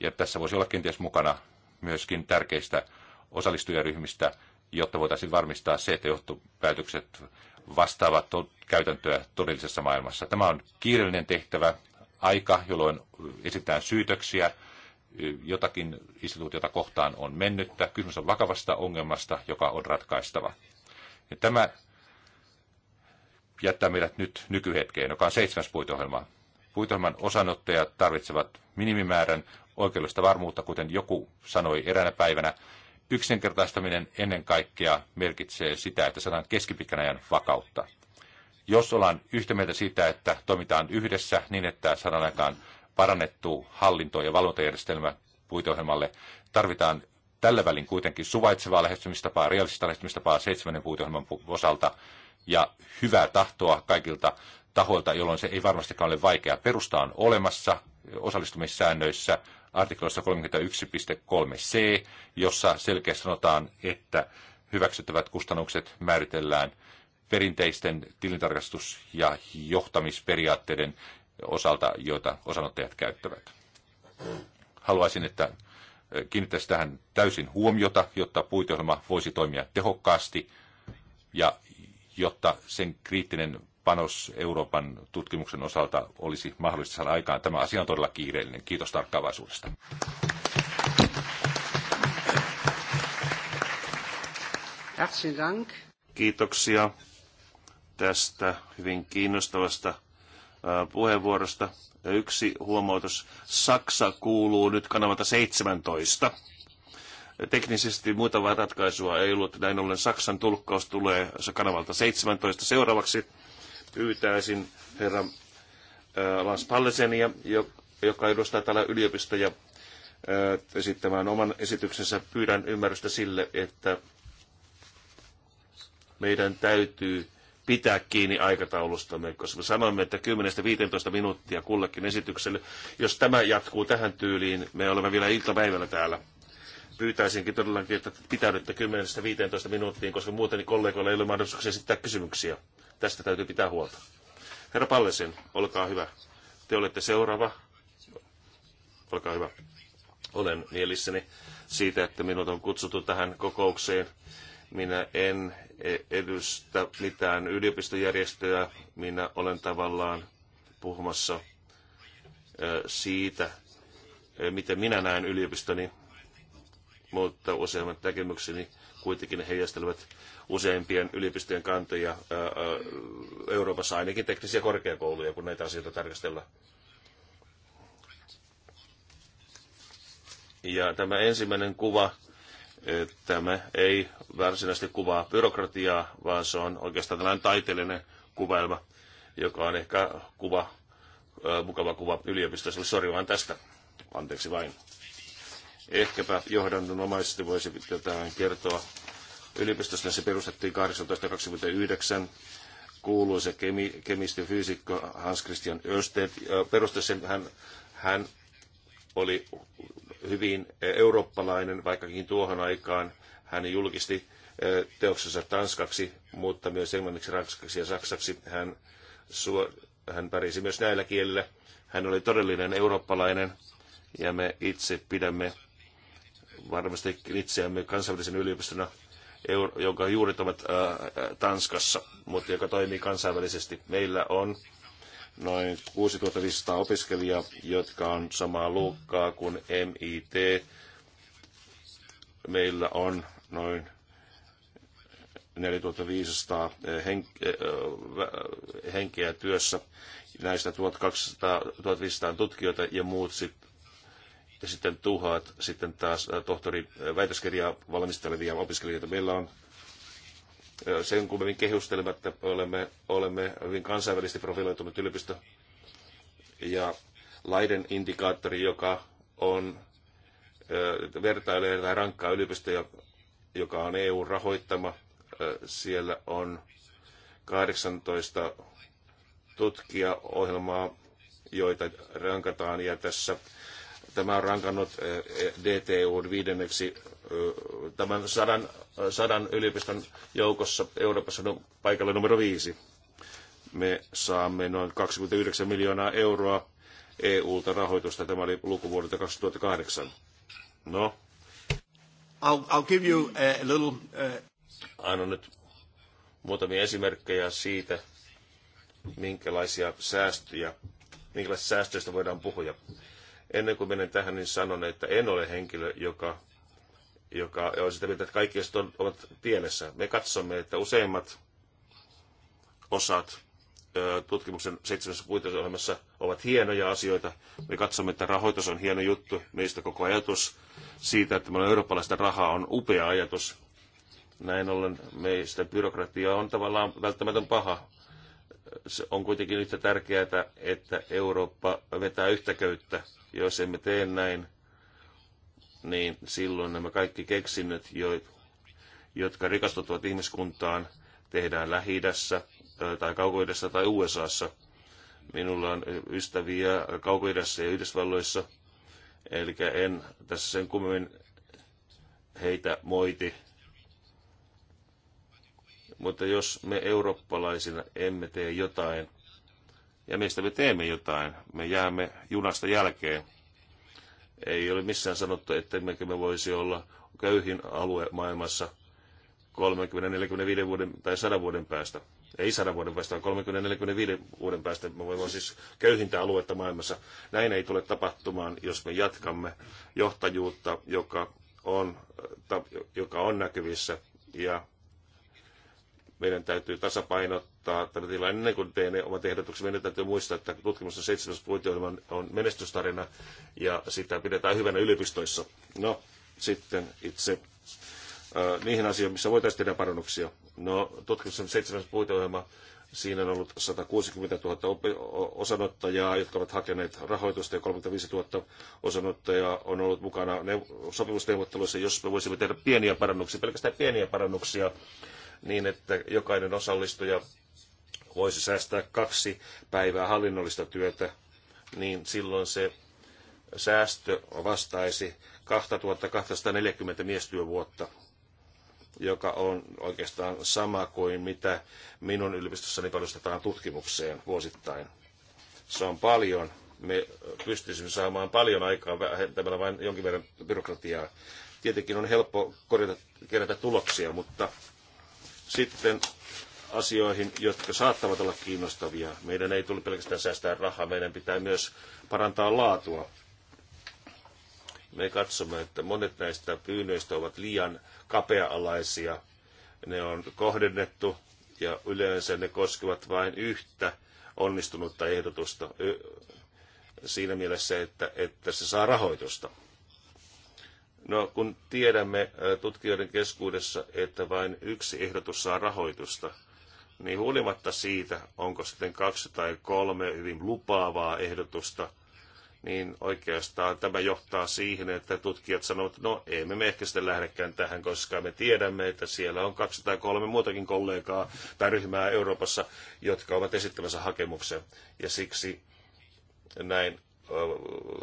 Ja tässä voisi olla kenties mukana myöskin tärkeistä osallistujaryhmistä, jotta voitaisiin varmistaa se, että johtopäätökset vastaavat käytäntöä todellisessa maailmassa. Tämä on kiireellinen tehtävä, aika, jolloin esitetään syytöksiä jotakin instituutiota kohtaan on mennyttä. Kysymys on vakavasta ongelmasta, joka on ratkaistava. Ja tämä jättää meidät nyt nykyhetkeen, joka on seitsemäs puitohjelma. Puitohjelman osanottajat tarvitsevat minimimäärän oikeudellista varmuutta, kuten joku sanoi eräänä päivänä yksinkertaistaminen ennen kaikkea merkitsee sitä, että saadaan keskipitkän ajan vakautta. Jos ollaan yhtä mieltä siitä, että toimitaan yhdessä niin, että saadaan aikaan parannettu hallinto- ja valvontajärjestelmä puiteohjelmalle, tarvitaan tällä välin kuitenkin suvaitsevaa lähestymistapaa, realistista lähestymistapaa seitsemännen puiteohjelman osalta ja hyvää tahtoa kaikilta tahoilta, jolloin se ei varmastikaan ole vaikea. Perusta on olemassa osallistumissäännöissä, artiklassa 31.3c, jossa selkeästi sanotaan, että hyväksyttävät kustannukset määritellään perinteisten tilintarkastus- ja johtamisperiaatteiden osalta, joita osanottajat käyttävät. Haluaisin, että äh, kiinnittäisi tähän täysin huomiota, jotta puiteohjelma voisi toimia tehokkaasti ja jotta sen kriittinen panos Euroopan tutkimuksen osalta olisi mahdollista saada aikaan. Tämä asia on todella kiireellinen. Kiitos tarkkaavaisuudesta. Kiitoksia tästä hyvin kiinnostavasta puheenvuorosta. Yksi huomautus. Saksa kuuluu nyt kanavalta 17 teknisesti muuta ratkaisua ei ollut. Näin ollen Saksan tulkkaus tulee kanavalta 17 seuraavaksi pyytäisin herra Lars Pallesenia, joka edustaa täällä yliopistoja esittämään oman esityksensä. Pyydän ymmärrystä sille, että meidän täytyy pitää kiinni aikataulustamme, koska me sanoimme, että 10-15 minuuttia kullekin esitykselle. Jos tämä jatkuu tähän tyyliin, me olemme vielä iltapäivällä täällä. Pyytäisinkin todellakin, että pitäydytte 10-15 minuuttiin, koska muuten kollegoilla ei ole mahdollisuuksia esittää kysymyksiä. Tästä täytyy pitää huolta. Herra Pallesen, olkaa hyvä. Te olette seuraava. Olkaa hyvä. Olen mielissäni siitä, että minut on kutsuttu tähän kokoukseen. Minä en edusta mitään yliopistojärjestöä. Minä olen tavallaan puhumassa siitä, miten minä näen yliopistoni, mutta useimmat näkemykseni kuitenkin heijastelevat useimpien yliopistojen kantoja Euroopassa, ainakin teknisiä korkeakouluja, kun näitä asioita tarkastellaan. Ja tämä ensimmäinen kuva, tämä ei varsinaisesti kuvaa byrokratiaa, vaan se on oikeastaan tällainen taiteellinen kuvailma, joka on ehkä kuva, mukava kuva yliopistossa. Sori vaan tästä. Anteeksi vain. Ehkäpä johdannonomaisesti voisi jotain kertoa yliopistossa se perustettiin 1829 kuuluisa kemi, kemisti fyysikko Hans Christian Ørsted perusti sen. Hän, hän oli hyvin e, eurooppalainen, vaikkakin tuohon aikaan hän julkisti e, teoksensa tanskaksi, mutta myös englanniksi, ranskaksi ja saksaksi. Hän, suo, hän pärisi myös näillä kielillä. Hän oli todellinen eurooppalainen ja me itse pidämme varmasti itseämme kansainvälisen yliopistona jonka juuret ovat Tanskassa, mutta joka toimii kansainvälisesti. Meillä on noin 6500 opiskelijaa, jotka on samaa luokkaa kuin MIT. Meillä on noin 4500 henkeä työssä, näistä 1200, 1500 tutkijoita ja muut sit, ja sitten tuhat sitten taas äh, tohtori äh, väitöskirjaa valmistelevia opiskelijoita. Meillä on äh, sen kummemmin kehustelematta olemme, olemme hyvin kansainvälisesti profiloitunut yliopisto. Ja Laiden indikaattori, joka on vertailee tai rankkaa yliopistoja, joka on EU-rahoittama. Siellä on 18 tutkijaohjelmaa, joita rankataan. Ja tässä Tämä on rankannut eh, eh, DTUn viidenneksi tämän sadan, sadan yliopiston joukossa Euroopassa no, paikalla numero viisi. Me saamme noin 29 miljoonaa euroa EU-ta rahoitusta. Tämä oli lukuvuodelta 2008. No? I'll, I'll give you a little, uh... Annan nyt muutamia esimerkkejä siitä, minkälaisia säästöjä, minkälaisista säästöistä voidaan puhua. Ennen kuin menen tähän, niin sanon, että en ole henkilö, joka, joka on sitä mieltä, että kaikki on, ovat pielessä. Me katsomme, että useimmat osat tutkimuksen seitsemässä puiteohjelmassa ovat hienoja asioita. Me katsomme, että rahoitus on hieno juttu. Meistä koko ajatus siitä, että meillä on eurooppalaista rahaa, on upea ajatus. Näin ollen meistä byrokratia on tavallaan välttämätön paha. Se on kuitenkin yhtä tärkeää, että Eurooppa vetää yhtä köyttä. Jos emme tee näin, niin silloin nämä kaikki keksinnöt, jotka rikastuttavat ihmiskuntaan, tehdään lähi tai kauko tai USAssa. Minulla on ystäviä kauko ja Yhdysvalloissa, eli en tässä sen kummemmin heitä moiti. Mutta jos me eurooppalaisina emme tee jotain, ja mistä me teemme jotain. Me jäämme junasta jälkeen. Ei ole missään sanottu, että me voisi olla köyhin alue maailmassa 30, 45 vuoden tai 100 vuoden päästä. Ei 100 vuoden päästä, vaan 30, 45 vuoden päästä. Me voimme siis köyhintä aluetta maailmassa. Näin ei tule tapahtumaan, jos me jatkamme johtajuutta, joka on, joka on näkyvissä ja meidän täytyy tasapainottaa tätä tilaa ennen kuin teen omat ehdotukset. Meidän täytyy muistaa, että tutkimus on seitsemäs puitioilma on menestystarina ja sitä pidetään hyvänä yliopistoissa. No, sitten itse äh, niihin asioihin, missä voitaisiin tehdä parannuksia. No, tutkimus on seitsemäs puiteohjelma. Siinä on ollut 160 000 osanottajaa, jotka ovat hakeneet rahoitusta ja 35 000 osanottajaa on ollut mukana sopimusneuvotteluissa, jos me voisimme tehdä pieniä parannuksia, pelkästään pieniä parannuksia niin, että jokainen osallistuja voisi säästää kaksi päivää hallinnollista työtä, niin silloin se säästö vastaisi 2240 miestyövuotta, joka on oikeastaan sama kuin mitä minun yliopistossani panostetaan tutkimukseen vuosittain. Se on paljon. Me pystyisimme saamaan paljon aikaa vähentämällä vain jonkin verran byrokratiaa. Tietenkin on helppo korjata, kerätä tuloksia, mutta Sitten asioihin, jotka saattavat olla kiinnostavia. Meidän ei tule pelkästään säästää rahaa, meidän pitää myös parantaa laatua. Me katsomme, että monet näistä pyynnöistä ovat liian kapea-alaisia. Ne on kohdennettu ja yleensä ne koskevat vain yhtä onnistunutta ehdotusta siinä mielessä, että, että se saa rahoitusta. No kun tiedämme tutkijoiden keskuudessa, että vain yksi ehdotus saa rahoitusta, niin huolimatta siitä, onko sitten kaksi tai kolme hyvin lupaavaa ehdotusta, niin oikeastaan tämä johtaa siihen, että tutkijat sanovat, että no emme me ehkä sitten lähdekään tähän, koska me tiedämme, että siellä on kaksi tai kolme muutakin kollegaa tai ryhmää Euroopassa, jotka ovat esittämässä hakemuksen. Ja siksi näin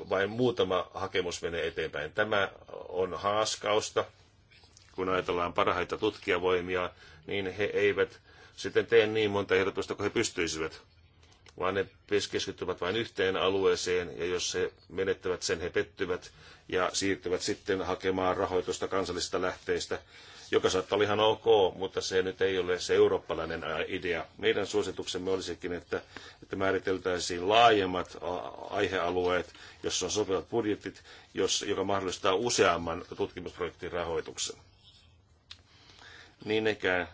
vain muutama hakemus menee eteenpäin. Tämä on haaskausta. Kun ajatellaan parhaita tutkijavoimia, niin he eivät sitten tee niin monta ehdotusta kuin he pystyisivät, vaan ne keskittyvät vain yhteen alueeseen, ja jos he menettävät sen, he pettyvät ja siirtyvät sitten hakemaan rahoitusta kansallisista lähteistä joka saattaa olla ihan ok, mutta se nyt ei ole se eurooppalainen idea. Meidän suosituksemme olisikin, että, että määriteltäisiin laajemmat aihealueet, jossa on sopivat budjetit, jos, joka mahdollistaa useamman tutkimusprojektin rahoituksen. Niin ikään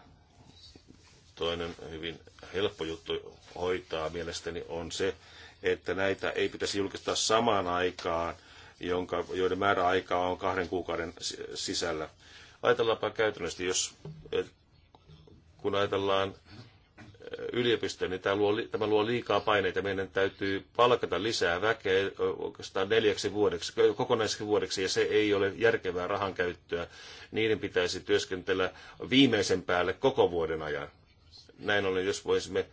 toinen hyvin helppo juttu hoitaa mielestäni on se, että näitä ei pitäisi julkistaa samaan aikaan, jonka, joiden määräaika on kahden kuukauden sisällä Ajatellaanpa käytännössä, jos, kun ajatellaan eh, yliopistoja, niin tämä luo, tämä luo liikaa paineita. Meidän täytyy palkata lisää väkeä eh, oikeastaan neljäksi vuodeksi, kokonaiseksi vuodeksi, ja se ei ole järkevää rahankäyttöä. Niiden pitäisi työskentellä viimeisen päälle koko vuoden ajan. Näin ollen, jos voisimme eh,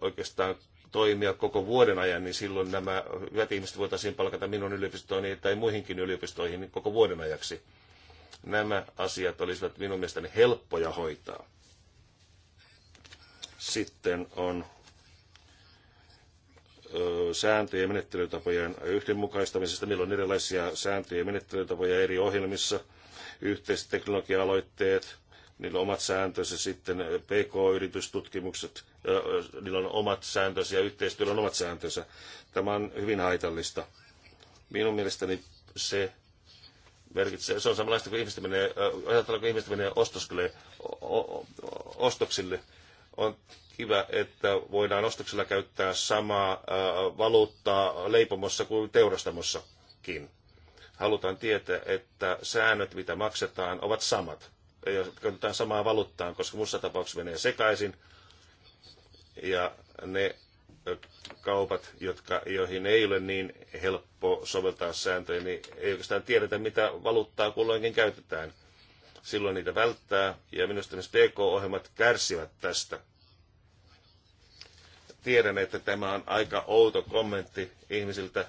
oikeastaan toimia koko vuoden ajan, niin silloin nämä hyvät ihmiset voitaisiin palkata minun yliopistooni tai muihinkin yliopistoihin koko vuoden ajaksi. Nämä asiat olisivat minun mielestäni helppoja hoitaa. Sitten on sääntöjen ja menettelytapojen yhdenmukaistamisesta. Meillä on erilaisia sääntöjä ja menettelytapoja eri ohjelmissa, yhteiset teknologia-aloitteet, niillä on omat sääntönsä, sitten PK-yritystutkimukset, niillä on omat sääntönsä ja yhteistyöllä on omat sääntönsä. Tämä on hyvin haitallista. Minun mielestäni se, merkitsee, se on samanlaista kuin ihmiset menee, ajatellaan, kun ihmiset menee ostoksille, ostoksille. On kiva, että voidaan ostoksilla käyttää samaa valuuttaa leipomossa kuin teurastamossakin. Halutaan tietää, että säännöt, mitä maksetaan, ovat samat. Jos käytetään samaa valuuttaa, koska muussa tapauksessa menee sekaisin. Ja ne kaupat, jotka, joihin ei ole niin helppo soveltaa sääntöjä, niin ei oikeastaan tiedetä, mitä valuuttaa kulloinkin käytetään. Silloin niitä välttää, ja minusta myös PK-ohjelmat kärsivät tästä. Tiedän, että tämä on aika outo kommentti ihmisiltä,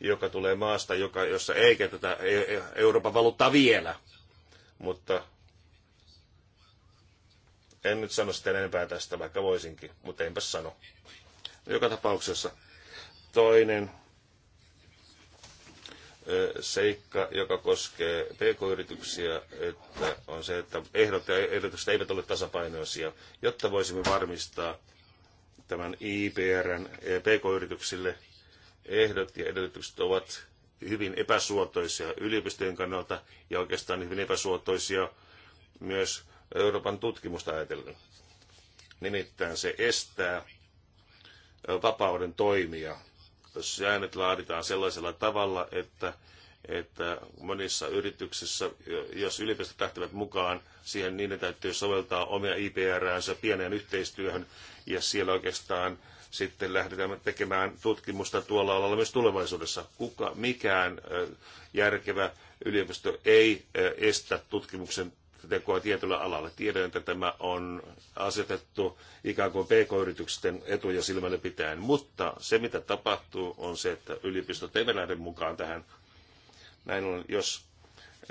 joka tulee maasta, joka, jossa ei käytetä Euroopan valuuttaa vielä. Mutta en nyt sano sitä enempää tästä, vaikka voisinkin, mutta enpä sano joka tapauksessa. Toinen seikka, joka koskee pk-yrityksiä, että on se, että ehdot ja ehdotukset eivät ole tasapainoisia, jotta voisimme varmistaa tämän IPRn e, pk-yrityksille ehdot ja edellytykset ovat hyvin epäsuotoisia yliopistojen kannalta ja oikeastaan hyvin epäsuotoisia myös Euroopan tutkimusta ajatellen. Nimittäin se estää vapauden toimia. Säännöt laaditaan sellaisella tavalla, että, että monissa yrityksissä, jos yliopistot lähtevät mukaan, siihen niiden täytyy soveltaa omia IPR-äänsä pieneen yhteistyöhön, ja siellä oikeastaan sitten lähdetään tekemään tutkimusta tuolla alalla myös tulevaisuudessa. Kuka, mikään järkevä yliopisto ei estä tutkimuksen päätöksentekoa tietyllä alalla. Tiedän, että tämä on asetettu ikään kuin pk-yritysten etuja silmällä pitäen, mutta se mitä tapahtuu on se, että yliopistot eivät lähde mukaan tähän. Näin on, jos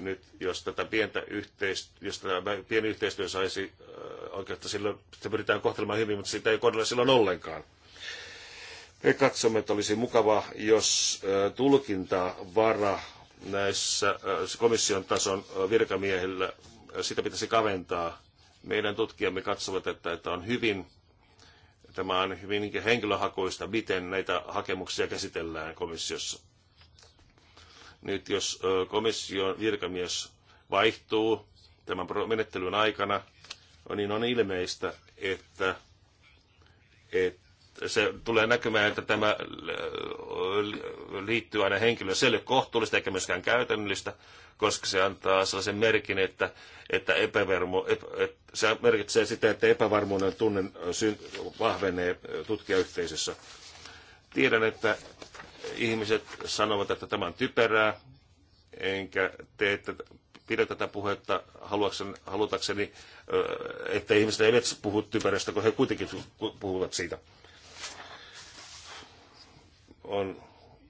nyt, jos tätä pientä yhteistyö, jos tämä pieni yhteistyö saisi äh, oikeutta silloin, sitä pyritään kohtelemaan hyvin, mutta sitä ei kohdella silloin ollenkaan. Me katsomme, että olisi mukava, jos äh, tulkintavara näissä äh, komission tason virkamiehillä sitä pitäisi kaventaa. Meidän tutkijamme katsovat, että, että on hyvin, tämä on hyvin henkilöhakuista, miten näitä hakemuksia käsitellään komissiossa. Nyt jos komission virkamies vaihtuu tämän menettelyn aikana, niin on ilmeistä, että, että se tulee näkymään, että tämä äh, liittyy aina henkilön. Se ei ole kohtuullista eikä myöskään käytännöllistä, koska se antaa sellaisen merkin, että, että, epävermo, epä, että se merkitsee sitä, että epävarmuuden tunne äh, vahvenee äh, tutkijayhteisössä. Tiedän, että ihmiset sanovat, että tämä on typerää, enkä tee tätä, pidä tätä puhetta halutakseni, että ihmiset eivät puhu typerästä, kun he kuitenkin puhuvat siitä on,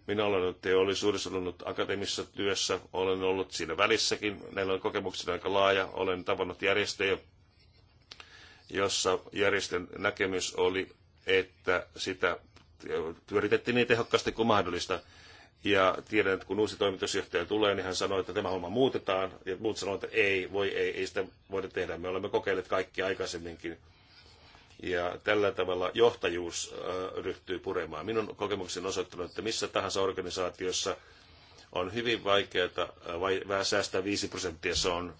minä olen ollut teollisuudessa, olen ollut akateemisessa työssä, olen ollut siinä välissäkin, näillä on kokemuksena aika laaja, olen tavannut järjestöjä, jossa järjestön näkemys oli, että sitä pyöritettiin niin tehokkaasti kuin mahdollista. Ja tiedän, että kun uusi toimitusjohtaja tulee, niin hän sanoi, että tämä homma muutetaan, ja muut sanoivat, että ei, voi ei, ei sitä voida tehdä. Me olemme kokeilleet kaikki aikaisemminkin. Ja tällä tavalla johtajuus ryhtyy puremaan. Minun kokemukseni on osoittanut, että missä tahansa organisaatiossa on hyvin vaikeaa vai, säästää 5 prosenttia. Se on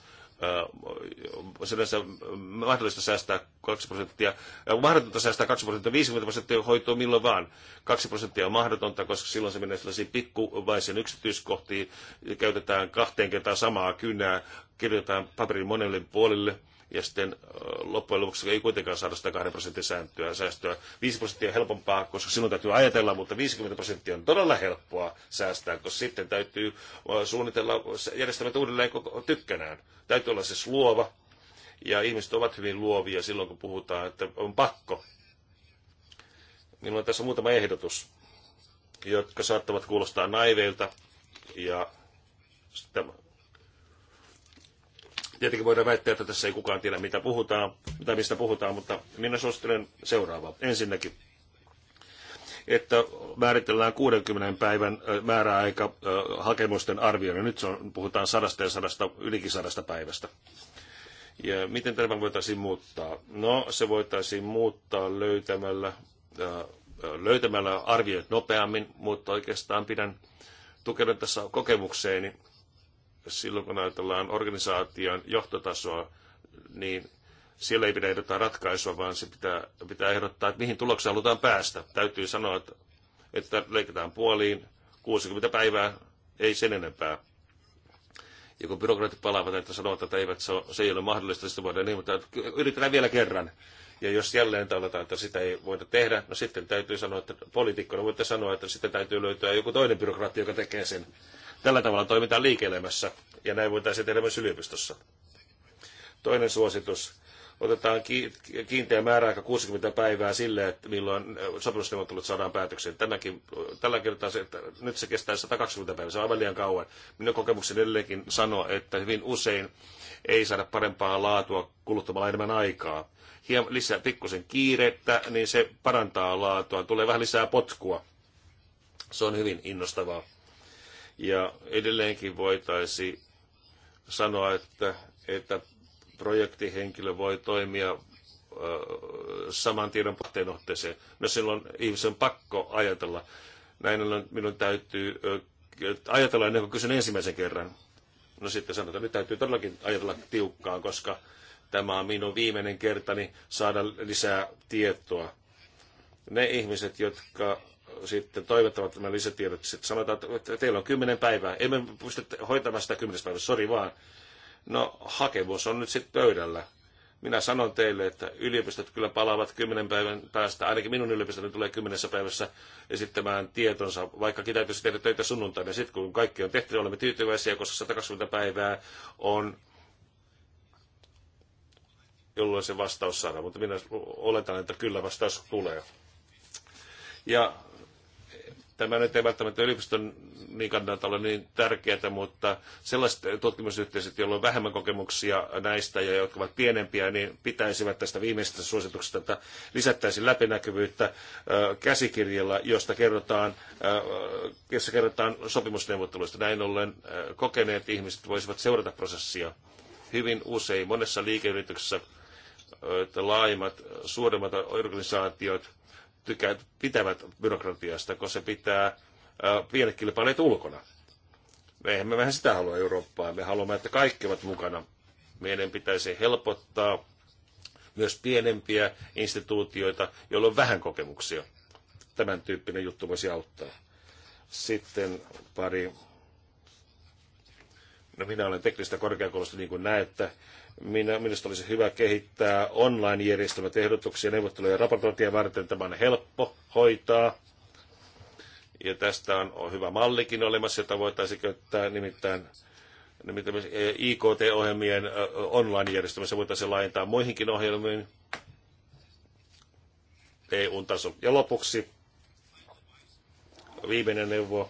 sinänsä mahdollista säästää 2 prosenttia, mahdotonta säästää 2 prosenttia, 50 prosenttia hoitoa milloin vaan. 2 prosenttia on mahdotonta, koska silloin se menee sellaisiin pikkuvaisiin yksityiskohtiin, käytetään kahteen kertaan samaa kynää, kirjoitetaan paperin monelle puolille, ja sitten loppujen lopuksi ei kuitenkaan saada sitä 2 prosentin sääntöä, säästöä. 5 prosenttia on helpompaa, koska silloin täytyy ajatella, mutta 50 prosenttia on todella helppoa säästää, koska sitten täytyy suunnitella järjestelmät uudelleen koko tykkänään. Täytyy olla siis luova, ja ihmiset ovat hyvin luovia silloin, kun puhutaan, että on pakko. Minulla on tässä muutama ehdotus, jotka saattavat kuulostaa naiveilta, ja Tietenkin voidaan väittää, että tässä ei kukaan tiedä, mitä puhutaan, tai mistä puhutaan, mutta minä suosittelen seuraavaa. Ensinnäkin, että määritellään 60 päivän määräaika hakemusten arvioinnin. Nyt se on, puhutaan sadasta ja sadasta, ylikin sadasta päivästä. Ja miten tämä voitaisiin muuttaa? No, se voitaisiin muuttaa löytämällä, löytämällä arvioit nopeammin, mutta oikeastaan pidän tukena tässä kokemukseeni silloin kun ajatellaan organisaation johtotasoa, niin siellä ei pidä ehdottaa ratkaisua, vaan se pitää, pitää ehdottaa, että mihin tulokseen halutaan päästä. Täytyy sanoa, että, että leikataan puoliin 60 päivää, ei sen enempää. Ja kun byrokraatit palaavat, että sanovat, että eivät, se, se ei ole mahdollista, sitä voidaan niin, mutta yritetään vielä kerran. Ja jos jälleen todetaan, että sitä ei voida tehdä, no sitten täytyy sanoa, että poliitikkona voitte sanoa, että sitten täytyy löytää joku toinen byrokraatti, joka tekee sen. Tällä tavalla toimitaan liike-elämässä ja näin voitaisiin tehdä myös yliopistossa. Toinen suositus. Otetaan kiinteä määräaika 60 päivää sille, että milloin sopimusneuvottelut saadaan päätökseen. Tänäkin, tällä kertaa se, että nyt se kestää 120 päivää, se on aivan liian kauan. Minun kokemukseni edelleenkin sanoo, että hyvin usein ei saada parempaa laatua kuluttamalla enemmän aikaa. Hieman lisää pikkusen kiirettä, niin se parantaa laatua, tulee vähän lisää potkua. Se on hyvin innostavaa. Ja edelleenkin voitaisiin sanoa, että, että projektihenkilö voi toimia saman tiedon otteeseen. No silloin ihmisen on pakko ajatella. Näin ollen minun täytyy ajatella ennen kuin kysyn ensimmäisen kerran. No sitten sanotaan, että nyt täytyy todellakin ajatella tiukkaan, koska tämä on minun viimeinen kertani saada lisää tietoa. Ne ihmiset, jotka sitten toivottavat nämä lisätiedot. Sitten sanotaan, että teillä on kymmenen päivää. Emme pysty hoitamaan sitä kymmenes päivää, sori vaan. No, hakemus on nyt sitten pöydällä. Minä sanon teille, että yliopistot kyllä palaavat kymmenen päivän päästä, ainakin minun yliopistoni tulee kymmenessä päivässä esittämään tietonsa, vaikkakin täytyisi tehdä töitä sunnuntaina. Sitten kun kaikki on tehty, olemme tyytyväisiä, koska 120 päivää on jolloin se vastaus saadaan, mutta minä oletan, että kyllä vastaus tulee. Ja Tämä nyt ei välttämättä yliopiston niin kannalta ole niin tärkeää, mutta sellaiset tutkimusyhteisöt, joilla on vähemmän kokemuksia näistä ja jotka ovat pienempiä, niin pitäisivät tästä viimeisestä suosituksesta, että lisättäisiin läpinäkyvyyttä käsikirjalla, josta kerrotaan, jossa kerrotaan sopimusneuvotteluista. Näin ollen kokeneet ihmiset voisivat seurata prosessia hyvin usein monessa liikeyrityksessä laajemmat, suuremmat organisaatiot – tykäät, pitävät byrokratiasta, koska se pitää pienet kilpailijat ulkona. Eihän me vähän sitä halua Eurooppaa. Me haluamme, että kaikki ovat mukana. Meidän pitäisi helpottaa myös pienempiä instituutioita, joilla on vähän kokemuksia. Tämän tyyppinen juttu voisi auttaa. Sitten pari No minä olen teknistä korkeakoulusta, niin kuin näette, Minä, minusta olisi hyvä kehittää online-järjestelmät ehdotuksia neuvotteluja ja raportointia varten. Tämä on helppo hoitaa. Ja tästä on hyvä mallikin olemassa, jota voitaisiin käyttää nimittäin nimittäin IKT-ohjelmien online-järjestelmässä voitaisiin laajentaa muihinkin ohjelmiin EU-taso. Ja lopuksi viimeinen neuvo,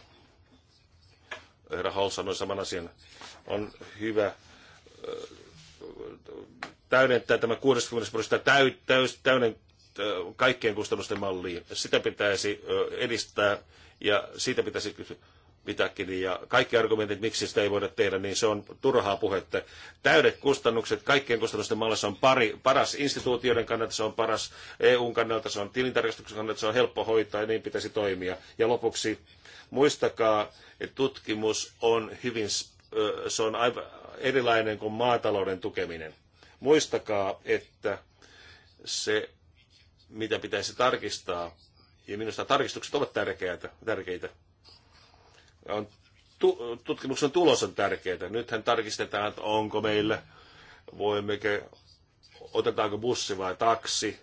herra Hall sanoi saman asian, on hyvä täydentää tämä 60 prosenttia täys, täyden kaikkien kustannusten malliin. Sitä pitäisi edistää ja siitä pitäisi mitäkin. Ja kaikki argumentit, miksi sitä ei voida tehdä, niin se on turhaa puhetta. Täydet kustannukset, kaikkien kustannusten mallissa on pari, paras instituutioiden kannalta, se on paras EUn kannalta, se on tilintarkastuksen kannalta, se on helppo hoitaa ja niin pitäisi toimia. Ja lopuksi muistakaa, että tutkimus on hyvin, se on aivan erilainen kuin maatalouden tukeminen. Muistakaa, että se, mitä pitäisi tarkistaa, ja minusta tarkistukset ovat tärkeitä, tärkeitä on, tu, tutkimuksen tulos on tärkeää. Nythän tarkistetaan, että onko meillä, voimmeko, otetaanko bussi vai taksi,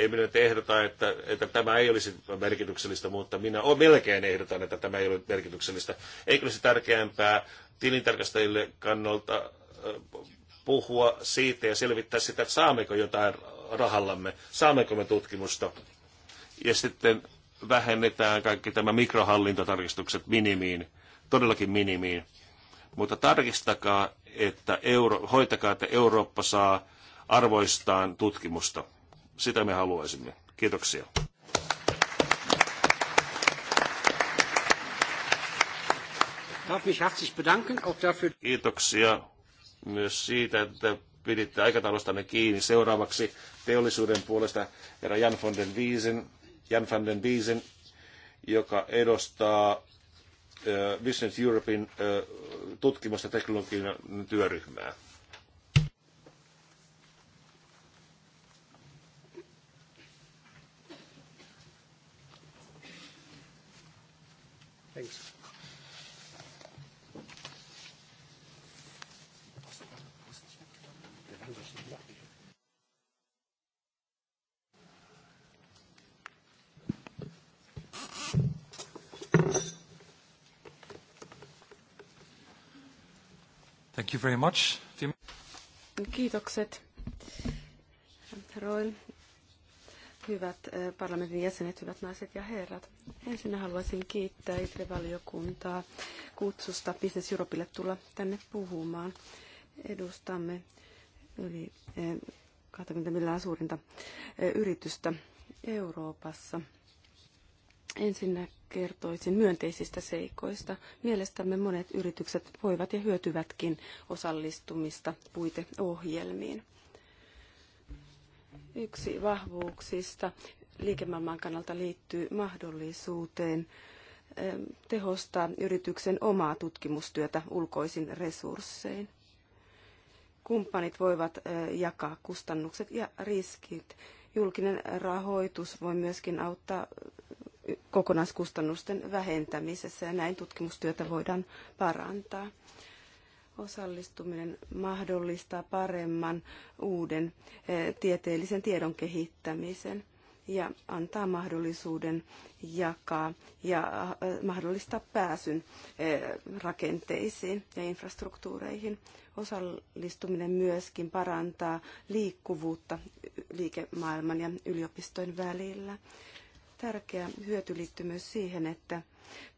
ei minä nyt ehdota, että, että tämä ei olisi merkityksellistä, mutta minä on melkein ehdotan, että tämä ei ole merkityksellistä. Eikö olisi tärkeämpää tilintarkastajille kannalta puhua siitä ja selvittää sitä, että saammeko jotain rahallamme, saammeko me tutkimusta. Ja sitten vähennetään kaikki tämä mikrohallintotarkistukset minimiin, todellakin minimiin. Mutta tarkistakaa, että euro, hoitakaa, että Eurooppa saa arvoistaan tutkimusta. Sitä me haluaisimme. Kiitoksia. Kiitoksia myös siitä, että piditte aikataulustanne kiinni. Seuraavaksi teollisuuden puolesta herra Jan van den Wiesen, Jan van den Wiesen joka edustaa äh, Business Europein äh, tutkimusta teknologian työryhmää. Thanks. Thank you very much. Tim. Kiitokset, Roil. Hyvät parlamentin jäsenet, hyvät naiset ja herrat. Ensin haluaisin kiittää ITRE-valiokuntaa kutsusta Business Europeille tulla tänne puhumaan. Edustamme yli 20 miljoonaa suurinta yritystä Euroopassa. Ensinnä kertoisin myönteisistä seikoista. Mielestämme monet yritykset voivat ja hyötyvätkin osallistumista puiteohjelmiin. Yksi vahvuuksista liikemaailman kannalta liittyy mahdollisuuteen tehostaa yrityksen omaa tutkimustyötä ulkoisin resurssein. Kumppanit voivat e, jakaa kustannukset ja riskit. Julkinen rahoitus voi myöskin auttaa kokonaiskustannusten vähentämisessä ja näin tutkimustyötä voidaan parantaa osallistuminen mahdollistaa paremman uuden eh, tieteellisen tiedon kehittämisen ja antaa mahdollisuuden jakaa ja eh, mahdollistaa pääsyn eh, rakenteisiin ja infrastruktuureihin. Osallistuminen myöskin parantaa liikkuvuutta liikemaailman ja yliopistojen välillä. Tärkeä hyöty liittyy myös siihen, että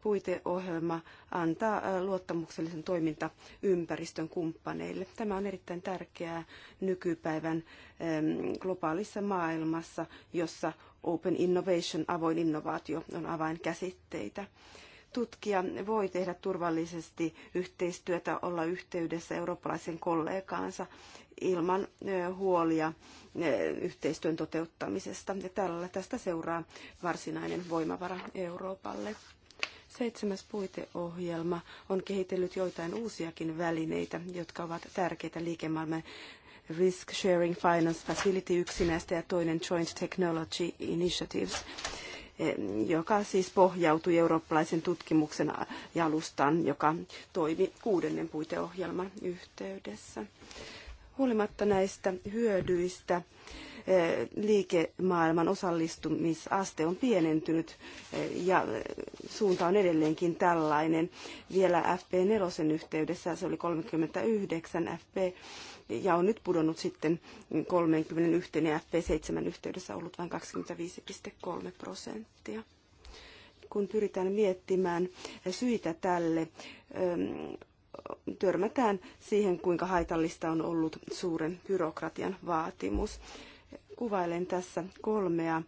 puiteohjelma antaa äh, luottamuksellisen toimintaympäristön kumppaneille. Tämä on erittäin tärkeää nykypäivän ähm, globaalissa maailmassa, jossa Open Innovation, avoin innovaatio on avainkäsitteitä tutkija voi tehdä turvallisesti yhteistyötä, olla yhteydessä eurooppalaisen kollegaansa ilman äh, huolia äh, yhteistyön toteuttamisesta. Ja tällä tästä seuraa varsinainen voimavara Euroopalle. Seitsemäs puiteohjelma on kehitellyt joitain uusiakin välineitä, jotka ovat tärkeitä liikemaailman Risk Sharing Finance Facility yksinäistä ja toinen Joint Technology Initiatives e, joka siis pohjautui eurooppalaisen tutkimuksen jalustaan, joka toimi kuudennen puiteohjelman yhteydessä. Huolimatta näistä hyödyistä, Eh, liikemaailman osallistumisaste on pienentynyt eh, ja eh, suunta on edelleenkin tällainen. Vielä FP4 yhteydessä se oli 39 FP ja on nyt pudonnut sitten 31 ja FP7 yhteydessä ollut vain 25,3 prosenttia. Kun pyritään miettimään syitä tälle, ehm, törmätään siihen, kuinka haitallista on ollut suuren byrokratian vaatimus. Kuvailen tässä kolmea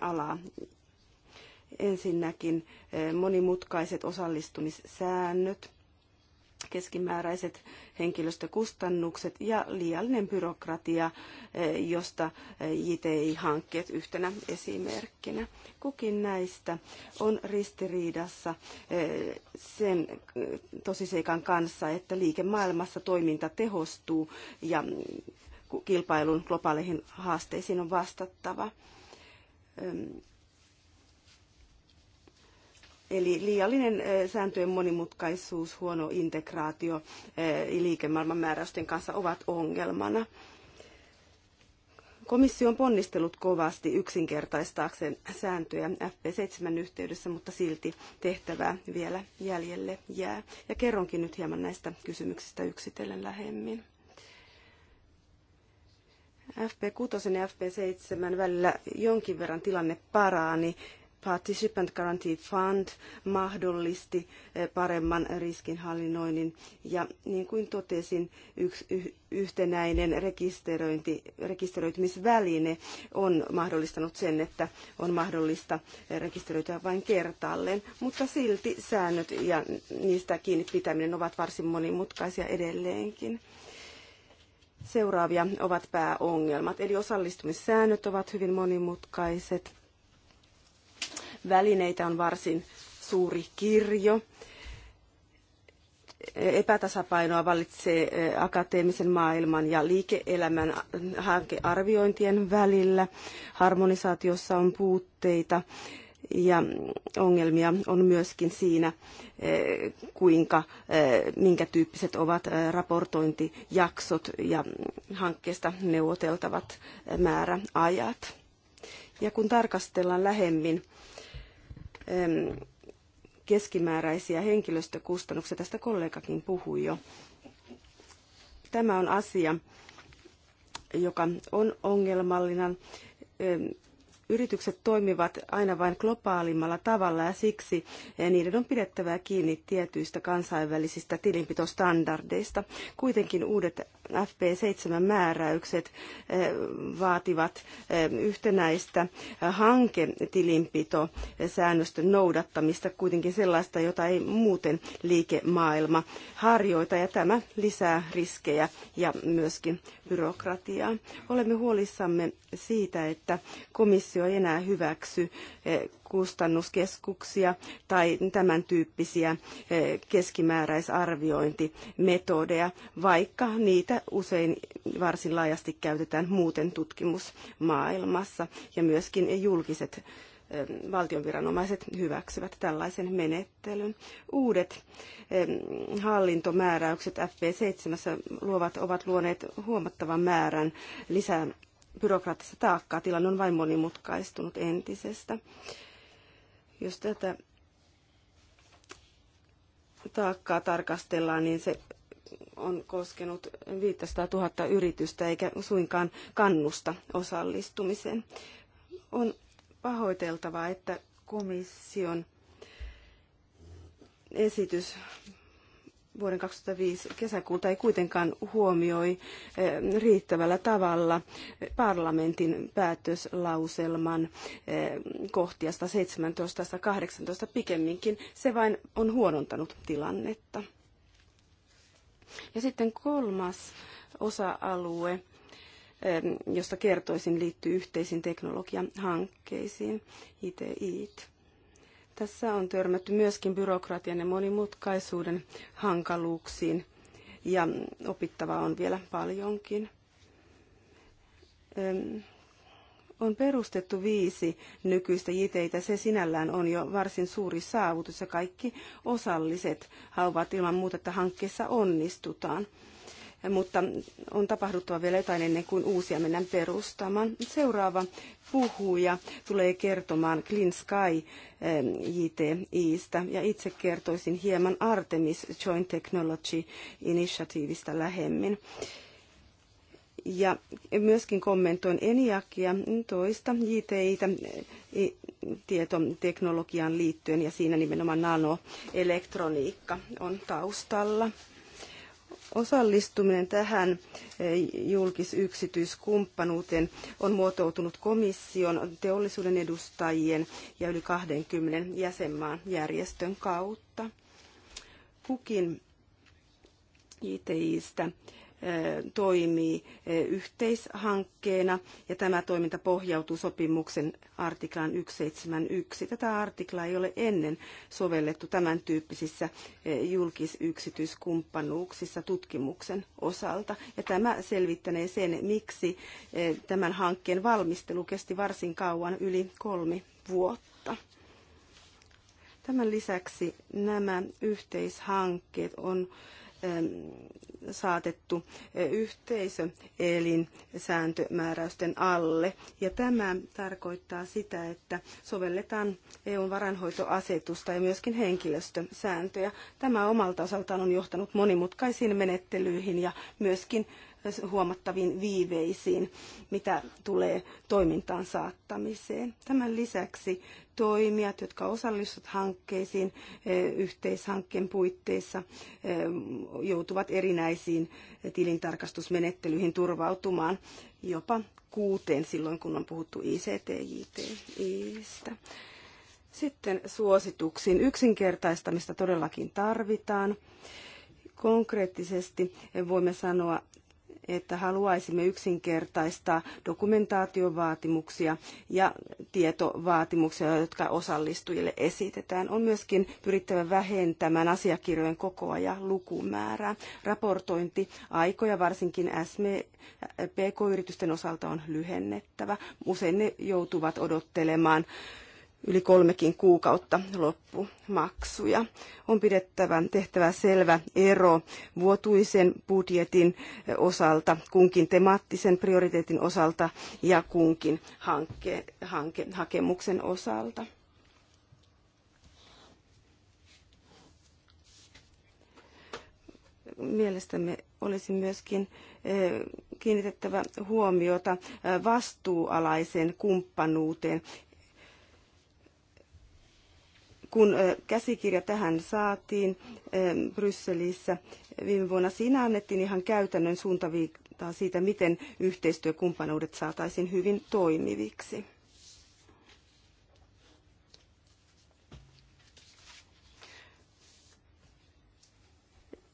alaa. Ensinnäkin monimutkaiset osallistumissäännöt, keskimääräiset henkilöstökustannukset ja liiallinen byrokratia, josta JTI-hankkeet yhtenä esimerkkinä. Kukin näistä on ristiriidassa sen tosiseikan kanssa, että liikemaailmassa toiminta tehostuu ja kilpailun globaaleihin haasteisiin on vastattava. Eli liiallinen sääntöjen monimutkaisuus, huono integraatio liikemaailman määräysten kanssa ovat ongelmana. Komissio on ponnistellut kovasti yksinkertaistaakseen sääntöjä FP7 yhteydessä, mutta silti tehtävää vielä jäljelle jää. Ja kerronkin nyt hieman näistä kysymyksistä yksitellen lähemmin. FP6 ja FP7 välillä jonkin verran tilanne parani. Participant Guarantee Fund mahdollisti eh, paremman riskinhallinnoinnin ja niin kuin totesin, yks, yhtenäinen rekisteröinti, rekisteröitymisväline on mahdollistanut sen, että on mahdollista eh, rekisteröityä vain kertaalleen, mutta silti säännöt ja niistä kiinni pitäminen ovat varsin monimutkaisia edelleenkin. Seuraavia ovat pääongelmat, eli osallistumissäännöt ovat hyvin monimutkaiset. Välineitä on varsin suuri kirjo. Epätasapainoa vallitsee eh, akateemisen maailman ja liike-elämän hankearviointien välillä. Harmonisaatiossa on puutteita ja ongelmia on myöskin siinä, eh, kuinka, eh, minkä tyyppiset ovat eh, raportointijaksot ja hankkeesta neuvoteltavat määräajat. Ja kun tarkastellaan lähemmin keskimääräisiä henkilöstökustannuksia, tästä kollegakin puhui jo, tämä on asia, joka on ongelmallinen Yritykset toimivat aina vain globaalimmalla tavalla ja siksi eh, niiden on pidettävä kiinni tietyistä kansainvälisistä tilinpitostandardeista. Kuitenkin uudet FP7-määräykset eh, vaativat eh, yhtenäistä hanketilinpitosäännöstön noudattamista, kuitenkin sellaista, jota ei muuten liikemaailma harjoita, ja tämä lisää riskejä ja myöskin byrokratiaa. Olemme huolissamme siitä, että komissio komissio ei enää hyväksy eh, kustannuskeskuksia tai tämän tyyppisiä eh, keskimääräisarviointimetodeja, vaikka niitä usein varsin laajasti käytetään muuten tutkimusmaailmassa ja myöskin julkiset eh, valtion viranomaiset hyväksyvät tällaisen menettelyn. Uudet hallintomääräykset FP7 luovat, ovat luoneet huomattavan määrän lisää byrokraattista taakkaa. Tilanne on vain monimutkaistunut entisestä. Jos tätä taakkaa tarkastellaan, niin se on koskenut 500 000 yritystä eikä suinkaan kannusta osallistumiseen. On pahoiteltavaa, että komission esitys vuoden 2005 kesäkuuta ei kuitenkaan huomioi eh, riittävällä tavalla parlamentin päätöslauselman kohtia 117 ja 18 pikemminkin. Se vain on huonontanut tilannetta. Ja sitten kolmas osa-alue, eh, josta kertoisin, liittyy yhteisiin teknologiahankkeisiin, ITIt. Tässä on törmätty myöskin byrokratian ja monimutkaisuuden hankaluuksiin ja opittavaa on vielä paljonkin. On perustettu viisi nykyistä jiteitä. Se sinällään on jo varsin suuri saavutus ja kaikki osalliset hauvat ilman muuta, että hankkeessa onnistutaan mutta on tapahduttava vielä jotain ennen kuin uusia mennään perustamaan. Seuraava puhuja tulee kertomaan Clean Sky eh, JTIstä ja itse kertoisin hieman Artemis Joint Technology Initiativeista lähemmin. Ja myöskin kommentoin Eniakia toista JTItä eh, tietoteknologiaan liittyen ja siinä nimenomaan nanoelektroniikka on taustalla. Osallistuminen tähän eh, julkis-yksityiskumppanuuteen on muotoutunut komission, teollisuuden edustajien ja yli 20 jäsenmaan järjestön kautta. Kukin ITIstä toimii yhteishankkeena ja tämä toiminta pohjautuu sopimuksen artiklaan 171. Tätä artiklaa ei ole ennen sovellettu tämän tyyppisissä julkis-yksityiskumppanuuksissa tutkimuksen osalta. Ja tämä selvittänee sen, miksi tämän hankkeen valmistelu kesti varsin kauan, yli kolme vuotta. Tämän lisäksi nämä yhteishankkeet on äh, Ähm, saatettu äh, yhteisöelin sääntömääräysten alle. Ja tämä tarkoittaa sitä, että sovelletaan EUn varainhoitoasetusta ja myöskin henkilöstösääntöjä. Tämä omalta osaltaan on johtanut monimutkaisiin menettelyihin ja myöskin huomattaviin viiveisiin, mitä tulee toimintaan saattamiseen. Tämän lisäksi toimijat, jotka osallistuvat hankkeisiin eh, yhteishankkeen puitteissa, eh, joutuvat erinäisiin eh, tilintarkastusmenettelyihin turvautumaan jopa kuuteen silloin, kun on puhuttu ICTJTistä. Sitten suosituksiin. Yksinkertaistamista todellakin tarvitaan konkreettisesti voimme sanoa että haluaisimme yksinkertaistaa dokumentaatiovaatimuksia ja tietovaatimuksia, jotka osallistujille esitetään. On myöskin pyrittävä vähentämään asiakirjojen kokoa ja lukumäärää. Raportointiaikoja varsinkin SME, PK-yritysten osalta on lyhennettävä. Usein ne joutuvat odottelemaan yli kolmekin kuukautta loppumaksuja. On pidettävä tehtävä selvä ero vuotuisen budjetin osalta, kunkin temaattisen prioriteetin osalta ja kunkin hanke, hanke, hakemuksen osalta. Mielestämme olisi myöskin eh, kiinnitettävä huomiota eh, vastuualaiseen kumppanuuteen Kun käsikirja tähän saatiin Brysselissä viime vuonna, siinä annettiin ihan käytännön suuntaviitaa siitä, miten yhteistyökumppanuudet saataisiin hyvin toimiviksi.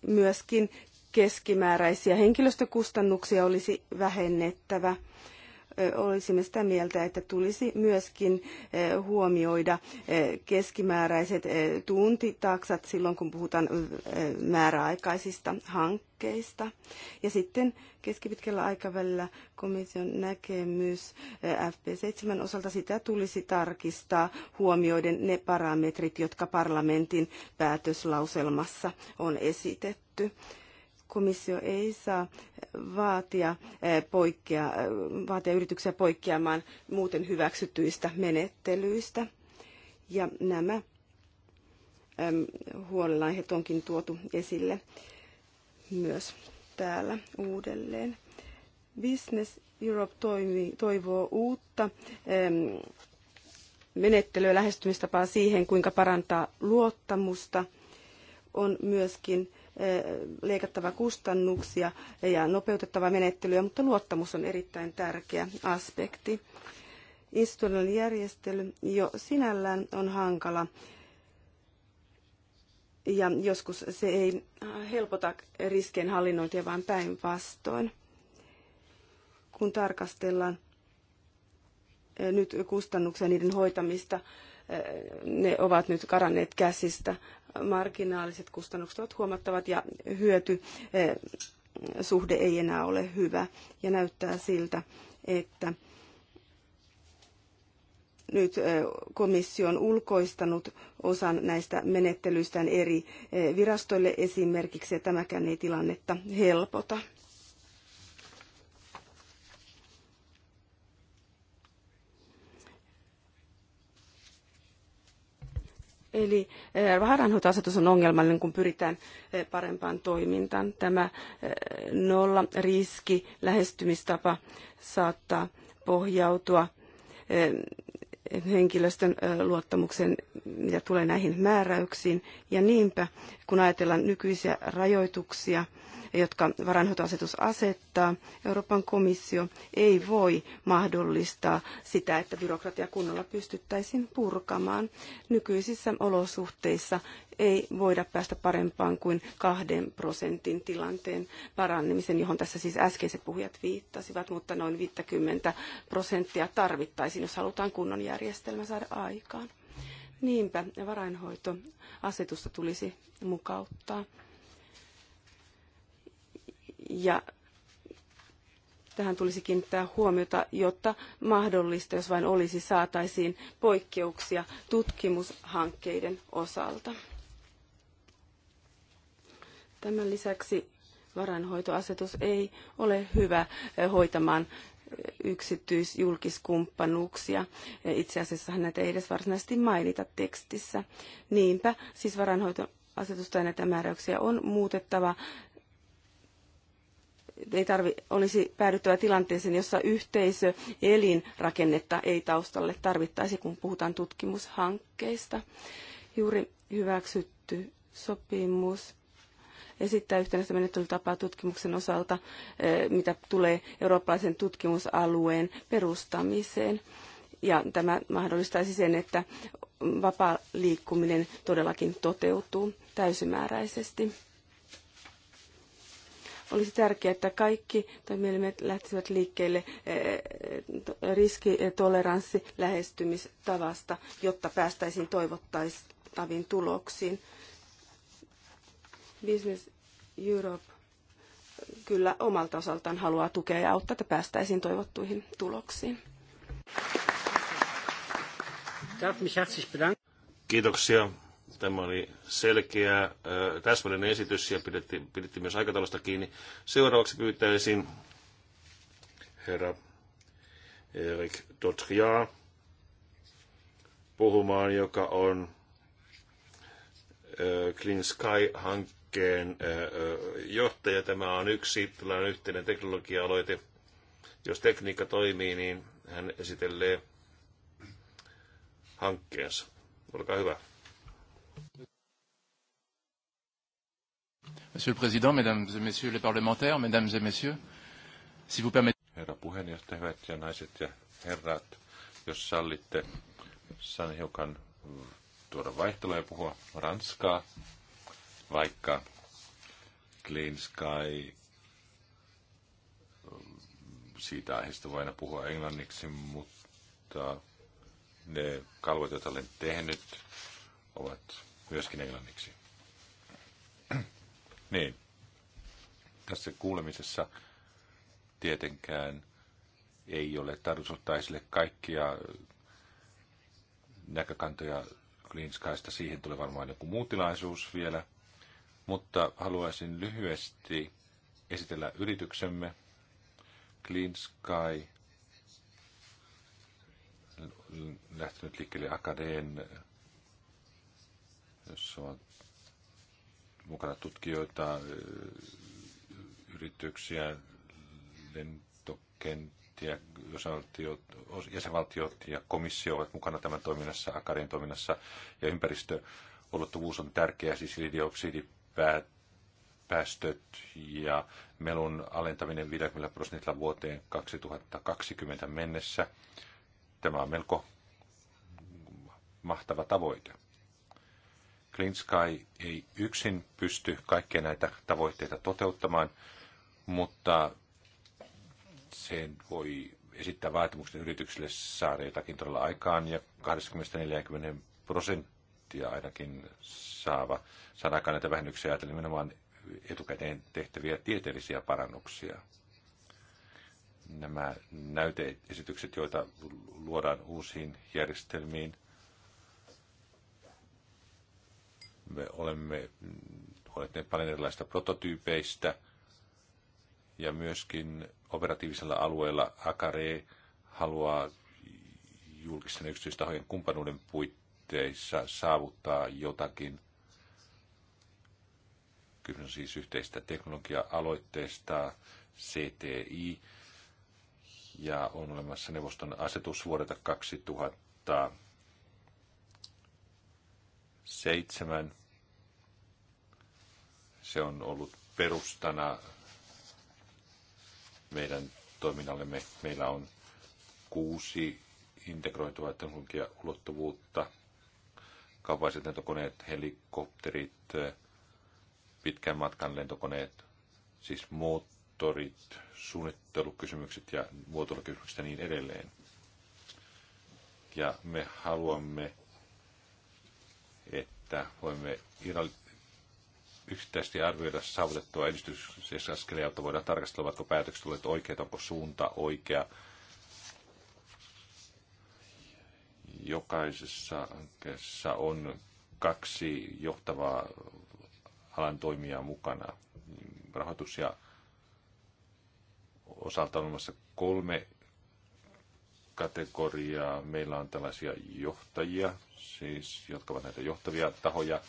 Myöskin keskimääräisiä henkilöstökustannuksia olisi vähennettävä olisimme sitä mieltä, että tulisi myöskin huomioida keskimääräiset tuntitaksat silloin, kun puhutaan määräaikaisista hankkeista. Ja sitten keskipitkällä aikavälillä komission näkemys FP7 osalta sitä tulisi tarkistaa huomioiden ne parametrit, jotka parlamentin päätöslauselmassa on esitetty komissio ei saa eh, vaatia, eh, poikkea, eh, vaatia yrityksiä poikkeamaan muuten hyväksytyistä menettelyistä. Ja nämä huolenaiheet onkin tuotu esille myös täällä uudelleen. Business Europe toimi, toivoo uutta menettelyä lähestymistapaa siihen, kuinka parantaa luottamusta. On myöskin Eh, leikattava kustannuksia ja nopeutettava menettelyä, mutta luottamus on erittäin tärkeä aspekti. Institutionaalinen järjestely jo sinällään on hankala ja joskus se ei helpota riskien hallinnointia, vaan päinvastoin. Kun tarkastellaan eh, nyt kustannuksia niiden hoitamista, eh, ne ovat nyt karanneet käsistä marginaaliset kustannukset ovat huomattavat ja hyöty eh, suhde ei enää ole hyvä ja näyttää siltä, että nyt eh, komissio on ulkoistanut osan näistä menettelyistään eri eh, virastoille esimerkiksi, ja tämäkään ei tilannetta helpota. Eli eh, vaaranhoitoasetus on ongelmallinen, kun pyritään eh, parempaan toimintaan. Tämä eh, nolla riski lähestymistapa saattaa pohjautua henkilöstön luottamuksen, mitä tulee näihin määräyksiin. Ja niinpä, kun ajatellaan nykyisiä rajoituksia, jotka varainhoitoasetus asettaa. Euroopan komissio ei voi mahdollistaa sitä, että byrokratia kunnolla pystyttäisiin purkamaan. Nykyisissä olosuhteissa ei voida päästä parempaan kuin kahden prosentin tilanteen parannemisen, johon tässä siis äskeiset puhujat viittasivat, mutta noin 50 prosenttia tarvittaisiin, jos halutaan kunnon järjestelmä saada aikaan. Niinpä varainhoitoasetusta tulisi mukauttaa. Ja tähän tulisi kiinnittää huomiota, jotta mahdollista, jos vain olisi, saataisiin poikkeuksia tutkimushankkeiden osalta. Tämän lisäksi varainhoitoasetus ei ole hyvä eh, hoitamaan eh, yksityisjulkiskumppanuuksia. Eh, itse asiassa näitä ei edes varsinaisesti mainita tekstissä. Niinpä siis varainhoitoasetusta ja näitä määräyksiä on muutettava ei tarvi, olisi päädyttävä tilanteeseen, jossa yhteisö elinrakennetta ei taustalle tarvittaisi, kun puhutaan tutkimushankkeista. Juuri hyväksytty sopimus esittää yhtenäistä menettelytapaa tutkimuksen osalta, eh, mitä tulee eurooppalaisen tutkimusalueen perustamiseen. Ja tämä mahdollistaisi sen, että vapaa liikkuminen todellakin toteutuu täysimääräisesti Olisi tärkeää, että kaikki toimielimet lähtisivät liikkeelle eh, riskitoleranssi lähestymistavasta, jotta päästäisiin toivottaviin tuloksiin. Business Europe kyllä omalta osaltaan haluaa tukea ja auttaa, että päästäisiin toivottuihin tuloksiin. Kiitoksia Tämä oli selkeä, täsmällinen esitys ja pidettiin, pidettiin myös aikataulusta kiinni. Seuraavaksi pyytäisin herra Erik Dotria puhumaan, joka on Clean Sky-hankkeen johtaja. Tämä on yksi tällainen yhteinen teknologia-aloite. Jos tekniikka toimii, niin hän esitellee hankkeensa. Olkaa hyvä. Monsieur le Président, Mesdames et Messieurs les parlementaires, Mesdames et Messieurs, si vous permettez... Herra puheenjohtaja, hyvät ja naiset ja herrat, jos sallitte, saan hiukan tuoda vaihtelua ja puhua ranskaa, vaikka Clean Sky siitä aiheesta voi aina puhua englanniksi, mutta ne kalvot, joita olen tehnyt, ovat myöskin englanniksi. niin. Tässä kuulemisessa tietenkään ei ole tarkoitus ottaa esille kaikkia näkökantoja Green Skysta. Siihen tulee varmaan joku muu tilaisuus vielä. Mutta haluaisin lyhyesti esitellä yrityksemme Clean Sky lähtenyt liikkeelle Akadeen jossa on mukana tutkijoita, yrityksiä, lentokenttiä, jäsenvaltiot, jäsenvaltiot ja komissio ovat mukana tämän toiminnassa, Akarin toiminnassa ja ympäristöulottuvuus on tärkeä, siis hiilidioksidipäästöt ja melun alentaminen 50 prosentilla vuoteen 2020 mennessä. Tämä on melko mahtava tavoite. CleanSky ei yksin pysty kaikkia näitä tavoitteita toteuttamaan, mutta sen voi esittää vaatimuksen yrityksille saada jotakin todella aikaan ja 20-40 prosenttia ainakin saava, saada aikaan näitä vähennyksiä ajatellen nimenomaan etukäteen tehtäviä tieteellisiä parannuksia. Nämä näyteesitykset, joita luodaan uusiin järjestelmiin – Me olemme huolehtineet paljon erilaisista prototyypeistä ja myöskin operatiivisella alueella Akare haluaa julkisten ja yksityistahojen kumppanuuden puitteissa saavuttaa jotakin. Kysymys on siis yhteistä teknologia-aloitteesta, CTI, ja on olemassa neuvoston asetus vuodelta 2000 seitsemän. Se on ollut perustana meidän toiminnallemme. Meillä on kuusi integroitua teknologia ulottuvuutta. Kaupalliset lentokoneet, helikopterit, pitkän matkan lentokoneet, siis moottorit, suunnittelukysymykset ja muotoilukysymykset ja niin edelleen. Ja me haluamme että voimme yksittäisesti arvioida saavutettua edistysaskelia, jotta voidaan tarkastella, ovatko päätökset olleet oikeat, onko suunta oikea. Jokaisessa hankkeessa on kaksi johtavaa alan toimijaa mukana. Rahoitus ja osalta on olemassa kolme kategoriaa. Meillä on tällaisia johtajia, siis, jotka ovat näitä johtavia tahoja.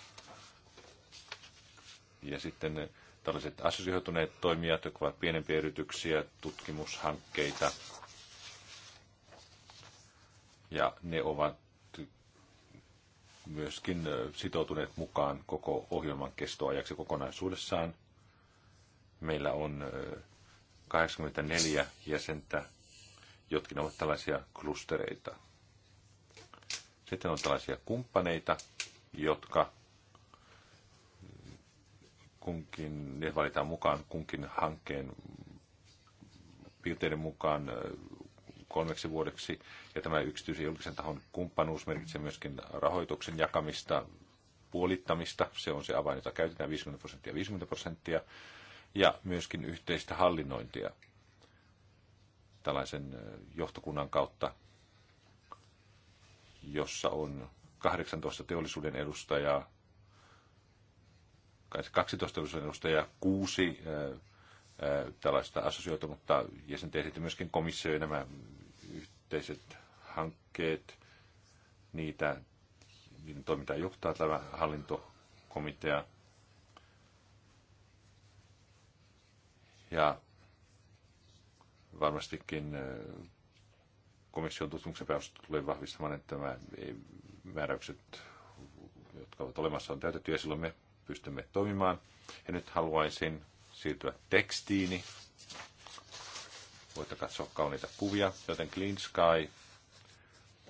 Ja sitten tällaiset assosioituneet toimijat, jotka ovat pienempiä yrityksiä, tutkimushankkeita. Ja ne ovat myöskin sitoutuneet mukaan koko ohjelman kestoajaksi kokonaisuudessaan. Meillä on 84 jäsentä, jotkin ovat tällaisia klustereita. Sitten on tällaisia kumppaneita, jotka kunkin, ne valitaan mukaan kunkin hankkeen piirteiden mukaan kolmeksi vuodeksi. Ja tämä yksityisen ja julkisen tahon kumppanuus merkitsee myöskin rahoituksen jakamista, puolittamista. Se on se avain, jota käytetään 50 prosenttia 50 prosenttia. Ja myöskin yhteistä hallinnointia tällaisen johtokunnan kautta jossa on 18 teollisuuden edustajaa, 12 teollisuuden edustajaa, kuusi tällaista assosioitunutta jäsentä ja sitten myöskin komissio nämä yhteiset hankkeet, niitä, niiden toimintaa johtaa tämä hallintokomitea. Ja varmastikin komission tutkimuksen perusteella tulee vahvistamaan, että nämä e, määräykset, jotka ovat olemassa, on täytetty ja silloin me pystymme toimimaan. Ja nyt haluaisin siirtyä tekstiini. Voitte katsoa kauniita kuvia, joten Clean Sky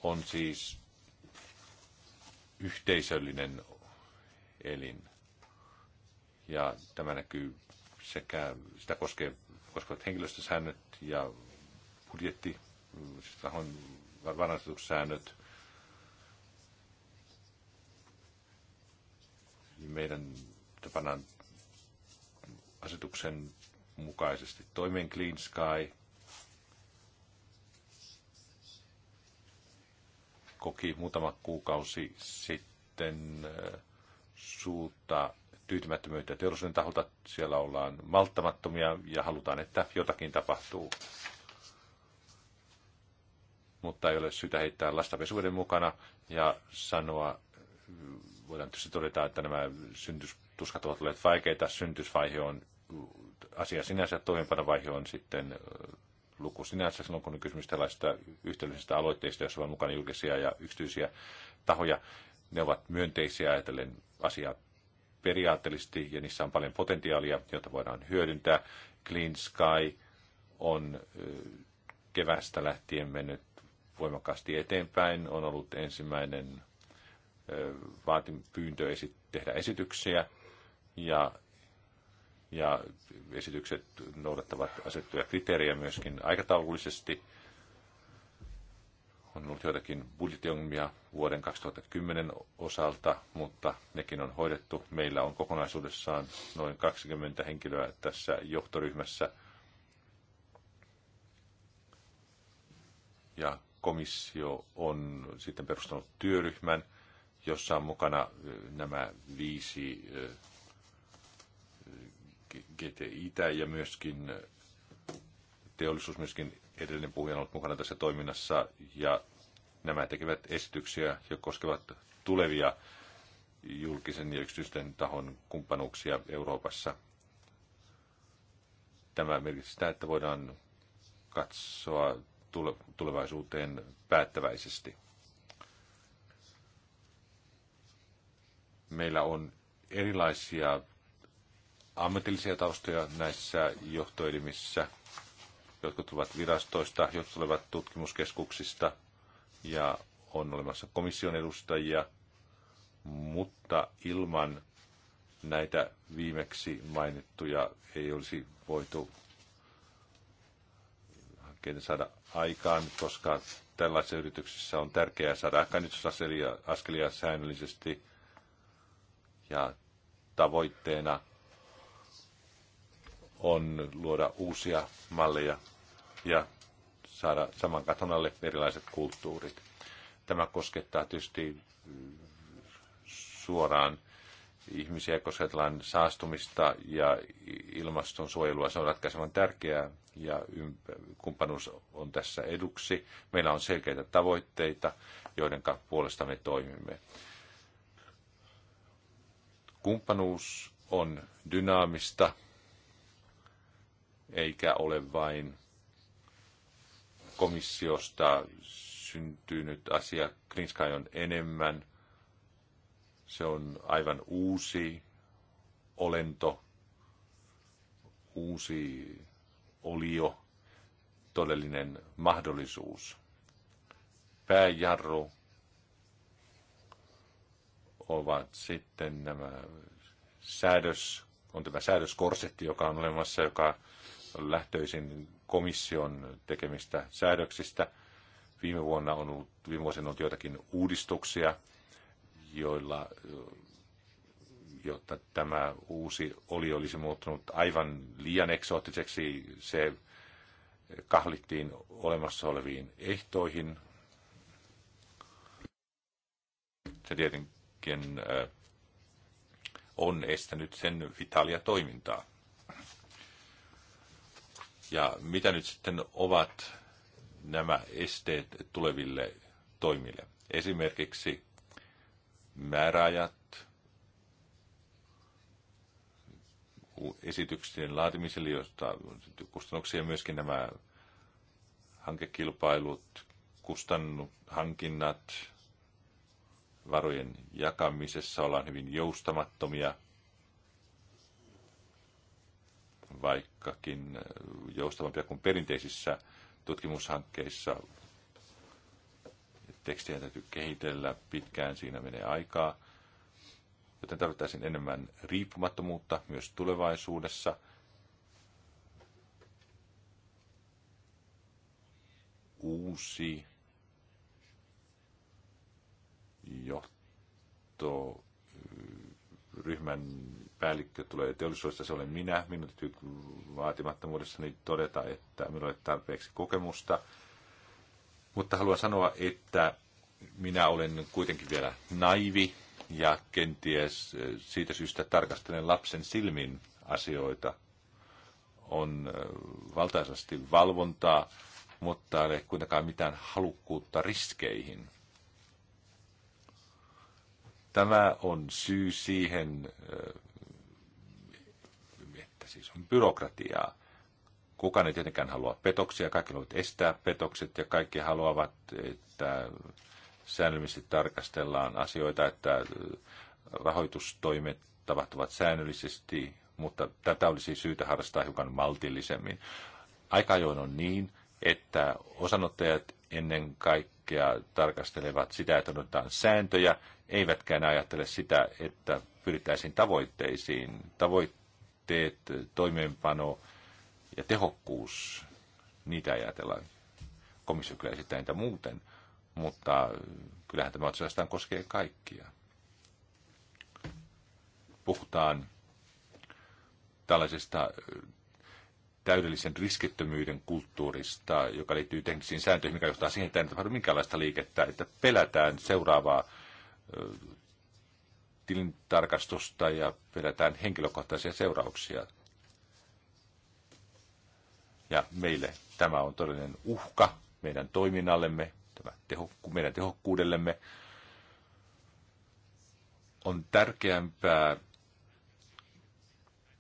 on siis yhteisöllinen elin. Ja tämä näkyy sekä, sitä koskee, koskevat henkilöstösäännöt ja budjetti, varastussäännöt. Meidän tapanaan asetuksen mukaisesti toimeen Clean Sky koki muutama kuukausi sitten äh, suurta tyytymättömyyttä teollisuuden taholta. Siellä ollaan malttamattomia ja halutaan, että jotakin tapahtuu mutta ei ole syytä heittää lasta vesuveden mukana ja sanoa, voidaan tietysti todeta, että nämä syntystuskat ovat olleet vaikeita. Syntysvaihe on asia sinänsä, toimenpanovaihe on sitten luku sinänsä silloin, kun on kysymys tällaista yhteydellisistä aloitteista, joissa on mukana julkisia ja yksityisiä tahoja. Ne ovat myönteisiä ajatellen asiaa periaatteellisesti ja niissä on paljon potentiaalia, jota voidaan hyödyntää. Clean Sky on kevästä lähtien mennyt voimakkaasti eteenpäin. On ollut ensimmäinen vaatin pyyntö esi- tehdä esityksiä ja, ja esitykset noudattavat asettuja kriteerejä myöskin aikataulullisesti. On ollut joitakin budjettiongelmia vuoden 2010 osalta, mutta nekin on hoidettu. Meillä on kokonaisuudessaan noin 20 henkilöä tässä johtoryhmässä. Ja komissio on sitten perustanut työryhmän, jossa on mukana nämä viisi GTI-tä ja myöskin teollisuus, myöskin edellinen puhuja on ollut mukana tässä toiminnassa ja nämä tekevät esityksiä, jotka koskevat tulevia julkisen ja yksityisten tahon kumppanuuksia Euroopassa. Tämä merkitsee sitä, että voidaan katsoa tulevaisuuteen päättäväisesti. Meillä on erilaisia ammatillisia taustoja näissä johtoelimissä. Jotkut tulevat virastoista, jotkut tulevat tutkimuskeskuksista ja on olemassa komission edustajia, mutta ilman näitä viimeksi mainittuja ei olisi voitu hankkeiden saada aikaan, koska tällaisissa yrityksissä on tärkeää saada äkkänitysaskelia askelia säännöllisesti ja tavoitteena on luoda uusia malleja ja saada saman katon alle erilaiset kulttuurit. Tämä koskettaa tietysti suoraan ihmisiä, koska ajatellaan saastumista ja ilmastonsuojelua, se on ratkaisevan tärkeää ja kumppanuus on tässä eduksi. Meillä on selkeitä tavoitteita, joiden puolesta me toimimme. Kumppanuus on dynaamista, eikä ole vain komissiosta syntynyt asia. Klinskaja on enemmän – Se on aivan uusi olento, uusi olio, todellinen mahdollisuus. Pääjarru ovat sitten nämä säädös, on tämä säädöskorsetti, joka on olemassa, joka on lähtöisin komission tekemistä säädöksistä. Viime vuonna on ollut, viime vuosina on ollut joitakin uudistuksia, joilla, jotta tämä uusi oli olisi muuttunut aivan liian eksoottiseksi. Se kahlittiin olemassa oleviin ehtoihin. Se tietenkin äh, on estänyt sen vitaalia toimintaa. Ja mitä nyt sitten ovat nämä esteet tuleville toimille? Esimerkiksi määräajat esityksien laatimiselle, josta kustannuksia myöskin nämä hankekilpailut, kustannu, hankinnat, varojen jakamisessa ollaan hyvin joustamattomia, vaikkakin joustavampia kuin perinteisissä tutkimushankkeissa tekstiä täytyy kehitellä pitkään, siinä menee aikaa, joten tarvittaisiin enemmän riippumattomuutta myös tulevaisuudessa. Uusi johto ryhmän päällikkö tulee teollisuudesta, se olen minä. Minun täytyy vaatimattomuudessani todeta, että minulla ei ole tarpeeksi kokemusta Mutta haluan sanoa, että minä olen kuitenkin vielä naivi ja kenties eh, siitä syystä tarkastelen lapsen silmin asioita. On eh, valtaisasti valvontaa, mutta ei ole kuitenkaan mitään halukkuutta riskeihin. Tämä on syy siihen, eh, että siis on byrokratiaa. Kukaan ei tietenkään halua petoksia, kaikki haluavat estää petokset ja kaikki haluavat, että säännöllisesti tarkastellaan asioita, että rahoitustoimet tapahtuvat säännöllisesti, mutta tätä olisi syytä harrastaa hiukan maltillisemmin. Aika ajoin on niin, että osanottajat ennen kaikkea tarkastelevat sitä, että odotetaan sääntöjä, eivätkä ne ajattele sitä, että pyrittäisiin tavoitteisiin. Tavoitteet, toimeenpano, ja tehokkuus, niitä ajatellaan. Komissio kyllä esittää niitä muuten, mutta kyllähän tämä oikeastaan koskee kaikkia. Puhutaan tällaisesta äh, täydellisen riskittömyyden kulttuurista, joka liittyy teknisiin sääntöihin, mikä johtaa siihen, että ei tapahdu minkäänlaista liikettä, että pelätään seuraavaa äh, tilintarkastusta ja pelätään henkilökohtaisia seurauksia – ja meille tämä on todellinen uhka meidän toiminnallemme, tämä tehokku, meidän tehokkuudellemme. On tärkeämpää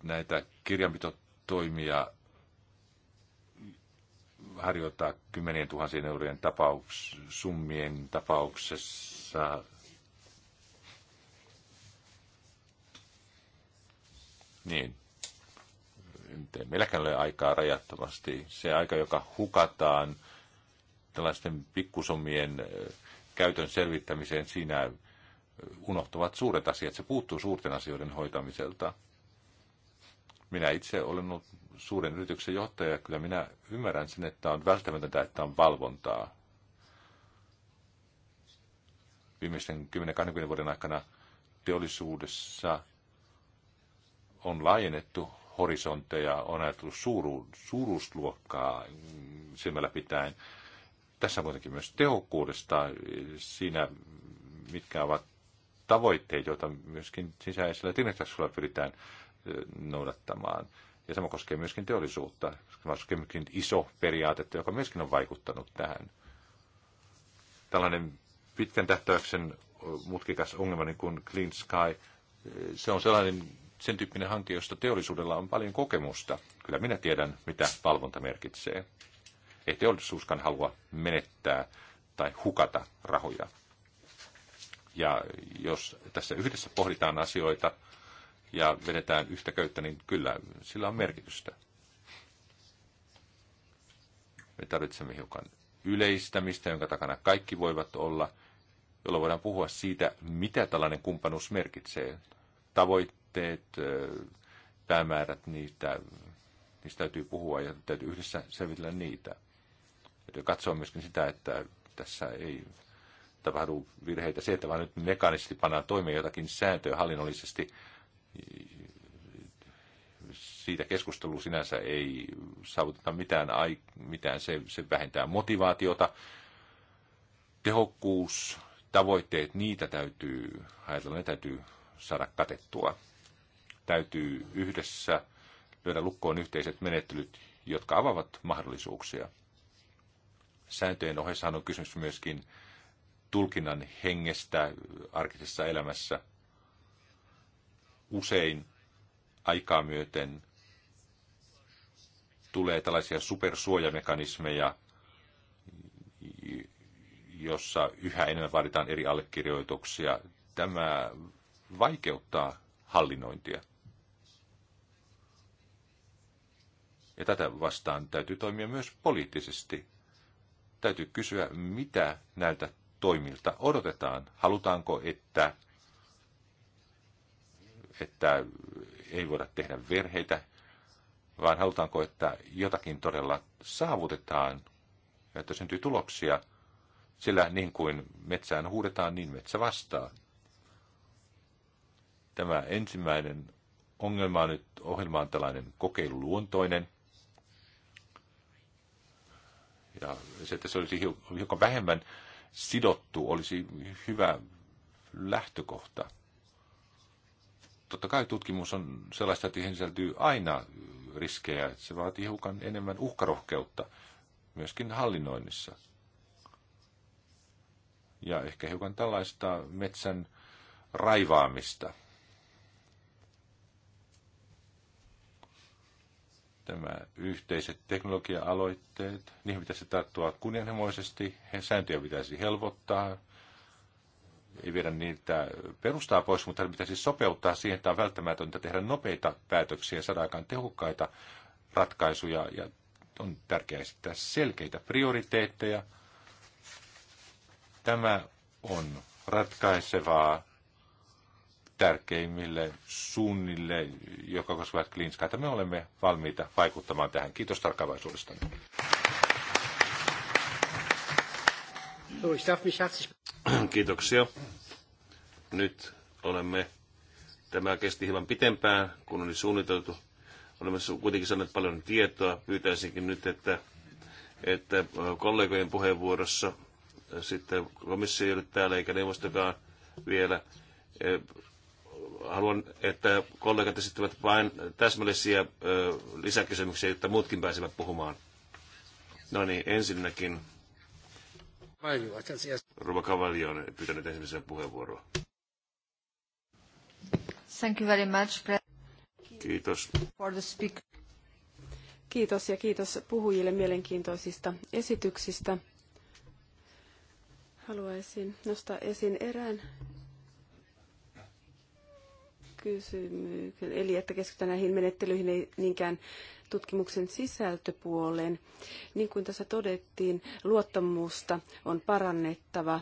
näitä kirjanpitotoimia harjoittaa kymmenien tuhansien eurojen tapauks, summien tapauksessa. Niin, ei meilläkään ole aikaa rajattomasti. Se aika, joka hukataan tällaisten pikkusomien käytön selvittämiseen, siinä unohtuvat suuret asiat. Se puuttuu suurten asioiden hoitamiselta. Minä itse olen ollut suuren yrityksen johtaja, ja kyllä minä ymmärrän sen, että on välttämätöntä, että on valvontaa. Viimeisten 10-20 vuoden aikana teollisuudessa on laajennettu horisontteja, on ajateltu suuru, suuruusluokkaa silmällä pitäen. Tässä on kuitenkin myös tehokkuudesta siinä, mitkä ovat tavoitteet, joita myöskin sisäisellä tilintasulla pyritään noudattamaan. Ja sama koskee myöskin teollisuutta, koska koskee myöskin iso periaatetta, joka myöskin on vaikuttanut tähän. Tällainen pitkän tähtäyksen mutkikas ongelma, niin kuin Clean Sky, se on sellainen sen tyyppinen hanke, josta teollisuudella on paljon kokemusta. Kyllä minä tiedän, mitä valvonta merkitsee. Ei teollisuuskaan halua menettää tai hukata rahoja. Ja jos tässä yhdessä pohditaan asioita ja vedetään yhtä köyttä, niin kyllä sillä on merkitystä. Me tarvitsemme hiukan yleistämistä, jonka takana kaikki voivat olla, jolloin voidaan puhua siitä, mitä tällainen kumppanuus merkitsee. Tavoitteet tavoitteet, päämäärät, niitä, niistä täytyy puhua ja täytyy yhdessä selvitellä niitä. Täytyy katsoa myöskin sitä, että tässä ei tapahdu virheitä. Se, että vaan nyt mekaanisesti pannaan toimeen jotakin sääntöä hallinnollisesti, siitä keskustelu sinänsä ei saavuteta mitään, ai, mitään. Se, se vähentää motivaatiota. Tehokkuus, tavoitteet, niitä täytyy ajatella, ne täytyy saada katettua täytyy yhdessä lyödä lukkoon yhteiset menettelyt, jotka avaavat mahdollisuuksia. Sääntöjen ohessa on kysymys myöskin tulkinnan hengestä arkisessa elämässä. Usein aikaa myöten tulee tällaisia supersuojamekanismeja, jossa yhä enemmän vaaditaan eri allekirjoituksia. Tämä vaikeuttaa hallinnointia. Ja tätä vastaan täytyy toimia myös poliittisesti. Täytyy kysyä, mitä näiltä toimilta odotetaan. Halutaanko, että, että ei voida tehdä verheitä, vaan halutaanko, että jotakin todella saavutetaan, että syntyy tuloksia, sillä niin kuin metsään huudetaan, niin metsä vastaa. Tämä ensimmäinen ongelma on nyt ohjelma on tällainen kokeiluluontoinen ja se, että se olisi hiukan vähemmän sidottu, olisi hyvä lähtökohta. Totta kai tutkimus on sellaista, että siihen sisältyy aina riskejä. Se vaatii hiukan enemmän uhkarohkeutta myöskin hallinnoinnissa. Ja ehkä hiukan tällaista metsän raivaamista. nämä yhteiset teknologia-aloitteet, niihin pitäisi tarttua kunnianhimoisesti, sääntöjä pitäisi helpottaa, ei viedä niitä perustaa pois, mutta ne pitäisi sopeuttaa siihen, että on välttämätöntä tehdä nopeita päätöksiä, saada aikaan tehokkaita ratkaisuja ja on tärkeää esittää selkeitä prioriteetteja. Tämä on ratkaisevaa tärkeimmille suunnille, jotka koskevat kliinskaita. Me olemme valmiita vaikuttamaan tähän. Kiitos tarkkaavaisuudestanne. Kiitoksia. Nyt olemme, tämä kesti hieman pitempään, kun oli suunniteltu. Olemme kuitenkin saaneet paljon tietoa. Pyytäisinkin nyt, että, että äh, kollegojen puheenvuorossa äh, sitten komissio ei ole täällä eikä neuvostokaan vielä äh, haluan, että kollegat esittävät vain täsmällisiä lisäkysymyksiä, jotta muutkin pääsevät puhumaan. No niin, ensinnäkin. Ruba Cavalio on pyytänyt ensimmäisen puheenvuoroa. Thank you very much. Kiitos. For the speaker. Kiitos ja kiitos puhujille mielenkiintoisista esityksistä. Haluaisin nostaa esiin erään kysymyksen, eli että keskitytään näihin menettelyihin, ei niinkään tutkimuksen sisältöpuoleen. Niin kuin tässä todettiin, luottamusta on parannettava,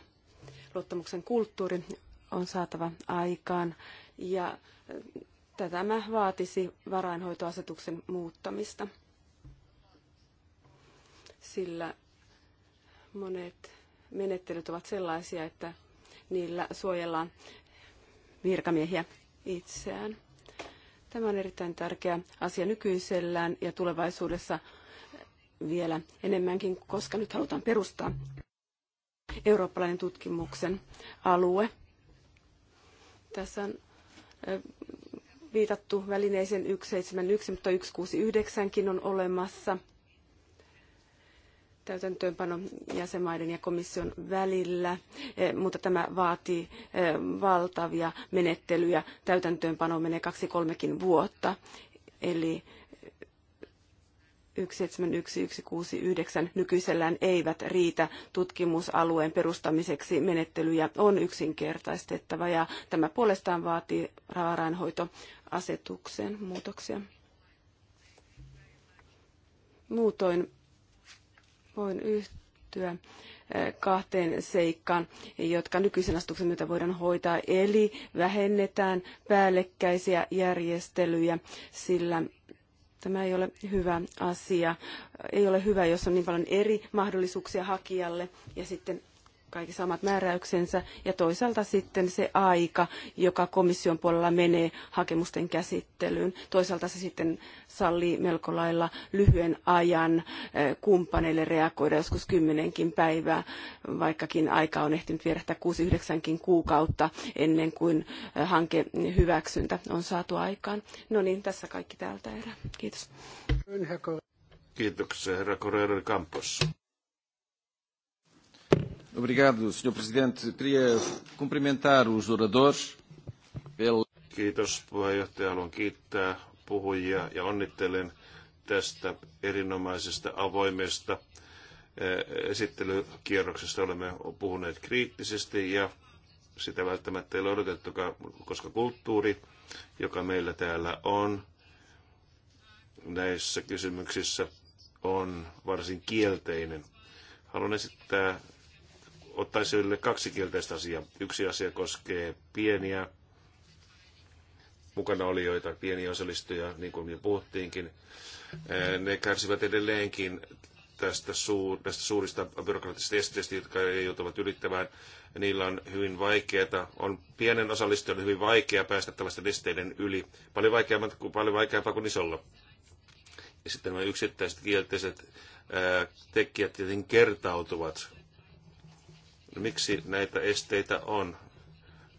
luottamuksen kulttuuri on saatava aikaan, ja äh, tätä mä vaatisi varainhoitoasetuksen muuttamista, sillä monet menettelyt ovat sellaisia, että niillä suojellaan virkamiehiä itseään. Tämä on erittäin tärkeä asia nykyisellään ja tulevaisuudessa vielä enemmänkin, koska nyt halutaan perustaa eurooppalainen tutkimuksen alue. Tässä on viitattu välineisen 171, mutta 169kin on olemassa – täytäntöönpano jäsenmaiden ja komission välillä, e, mutta tämä vaatii e, valtavia menettelyjä. Täytäntöönpano menee kaksi kolmekin vuotta. Eli 171169 nykyisellään eivät riitä tutkimusalueen perustamiseksi. Menettelyjä on yksinkertaistettava ja tämä puolestaan vaatii varainhoitoasetuksen muutoksia. Muutoin voin yhtyä eh, kahteen seikkaan, jotka nykyisen astuksen myötä voidaan hoitaa. Eli vähennetään päällekkäisiä järjestelyjä, sillä tämä ei ole hyvä asia. Ei ole hyvä, jos on niin paljon eri mahdollisuuksia hakijalle ja sitten kaikissa omat määräyksensä, ja toisaalta sitten se aika, joka komission puolella menee hakemusten käsittelyyn. Toisaalta se sitten sallii melko lailla lyhyen ajan eh, kumppaneille reagoida joskus kymmenenkin päivää, vaikkakin aika on ehtinyt vierähtää kuusi yhdeksänkin kuukautta ennen kuin eh, hankehyväksyntä on saatu aikaan. No niin, tässä kaikki täältä erää. Kiitos. Kiitoksia, herra Correro Campos. Obrigado, Sr. Presidente. Queria cumprimentar os oradores pelo... Kiitos puheenjohtaja. Haluan kiittää puhujia ja onnittelen tästä erinomaisesta avoimesta eh, esittelykierroksesta. Olemme puhuneet kriittisesti ja sitä välttämättä ei ole odotettukaan, koska kulttuuri, joka meillä täällä on näissä kysymyksissä, on varsin kielteinen. Haluan esittää ottaisi yli kaksi kielteistä asiaa. Yksi asia koskee pieniä mukana oli joita pieniä osallistujia, niin kuin jo puhuttiinkin. Eh, ne kärsivät edelleenkin tästä, suur, tästä suurista byrokraattisista esteistä, jotka joutuvat ylittämään. Niillä on hyvin vaikeaa, on pienen osallistujan hyvin vaikea päästä tällaisten esteiden yli, paljon vaikeampaa, paljon vaikeampaa kuin isolla. Ja sitten nämä yksittäiset kielteiset ää, eh, tekijät tietenkin kertautuvat Miksi näitä esteitä on?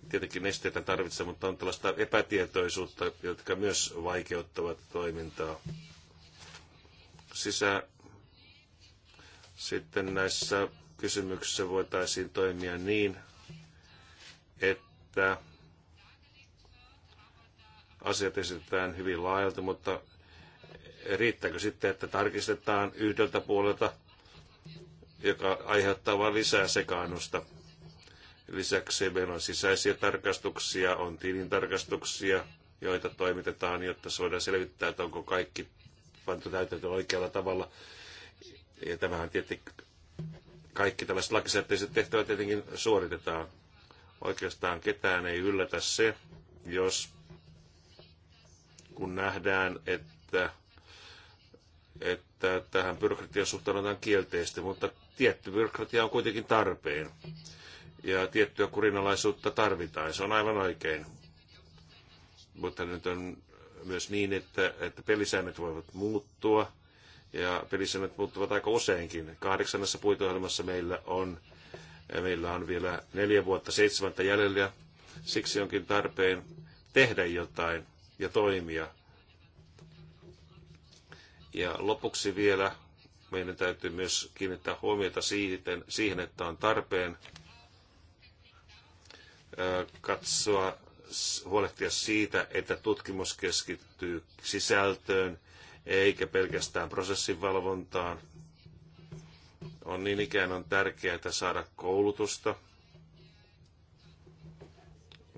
Tietenkin esteitä tarvitsee, mutta on tällaista epätietoisuutta, jotka myös vaikeuttavat toimintaa. Sisä sitten näissä kysymyksissä voitaisiin toimia niin, että asiat esitetään hyvin laajalta, mutta riittääkö sitten, että tarkistetaan yhdeltä puolelta joka aiheuttaa vain lisää sekaannusta. Lisäksi meillä on sisäisiä tarkastuksia, on tilintarkastuksia, joita toimitetaan, jotta voidaan selvittää, että onko kaikki pantu täytäntöön oikealla tavalla. Ja tämähän tietenkin kaikki tällaiset lakisääteiset tehtävät tietenkin suoritetaan. Oikeastaan ketään ei yllätä se, jos kun nähdään, että, että tähän byrokratian suhtaudutaan kielteisesti, mutta tietty byrokratia on kuitenkin tarpeen ja tiettyä kurinalaisuutta tarvitaan. Se on aivan oikein. Mutta nyt on myös niin, että, että pelisäännöt voivat muuttua ja pelisäännöt muuttuvat aika useinkin. Kahdeksannessa puiteohjelmassa meillä on, meillä on vielä neljä vuotta seitsemäntä jäljellä. Siksi onkin tarpeen tehdä jotain ja toimia. Ja lopuksi vielä Meidän täytyy myös kiinnittää huomiota siihen, että on tarpeen katsoa, huolehtia siitä, että tutkimus keskittyy sisältöön eikä pelkästään prosessin valvontaan. On niin ikään on tärkeää saada koulutusta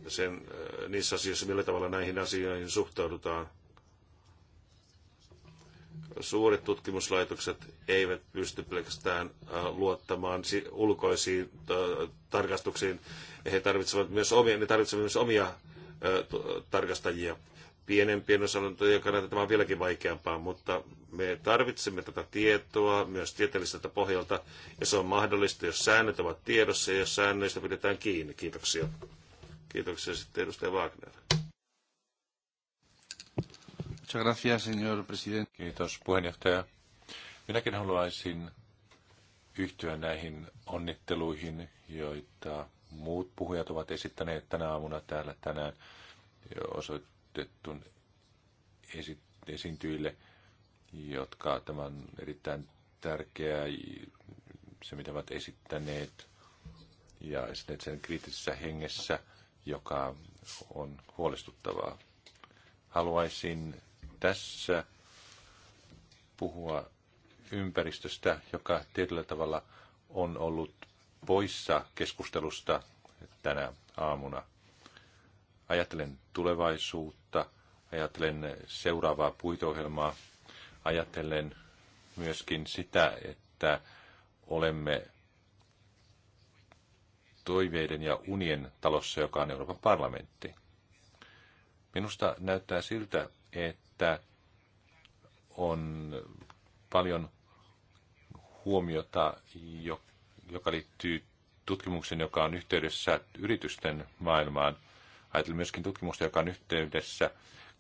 sen, niissä asioissa, millä tavalla näihin asioihin suhtaudutaan suuret tutkimuslaitokset eivät pysty pelkästään äh, luottamaan ulkoisiin äh, tarkastuksiin. He tarvitsevat myös omia, ne tarvitsevat myös omia äh, tarkastajia. Pienempien osallantojen kannalta tämä on vieläkin vaikeampaa, mutta me tarvitsemme tätä tietoa myös tieteelliseltä pohjalta, ja se on mahdollista, jos säännöt ovat tiedossa ja jos säännöistä pidetään kiinni. Kiitoksia. Kiitoksia sitten edustaja Wagner. Muchas gracias, señor presidente. Kiitos puheenjohtaja. Minäkin haluaisin yhtyä näihin onnitteluihin, joita muut puhujat ovat esittäneet tänä aamuna täällä tänään osoitettu esi- esiintyjille, jotka tämän erittäin tärkeää, se mitä ovat esittäneet ja esittäneet sen kriittisessä hengessä, joka on huolestuttavaa. Haluaisin tässä puhua ympäristöstä, joka tietyllä tavalla on ollut poissa keskustelusta tänä aamuna. Ajattelen tulevaisuutta, ajattelen seuraavaa puiteohjelmaa, ajattelen myöskin sitä, että olemme toiveiden ja unien talossa, joka on Euroopan parlamentti. Minusta näyttää siltä, että että on paljon huomiota, joka liittyy tutkimukseen, joka on yhteydessä yritysten maailmaan. Ajattelin myöskin tutkimusta, joka on yhteydessä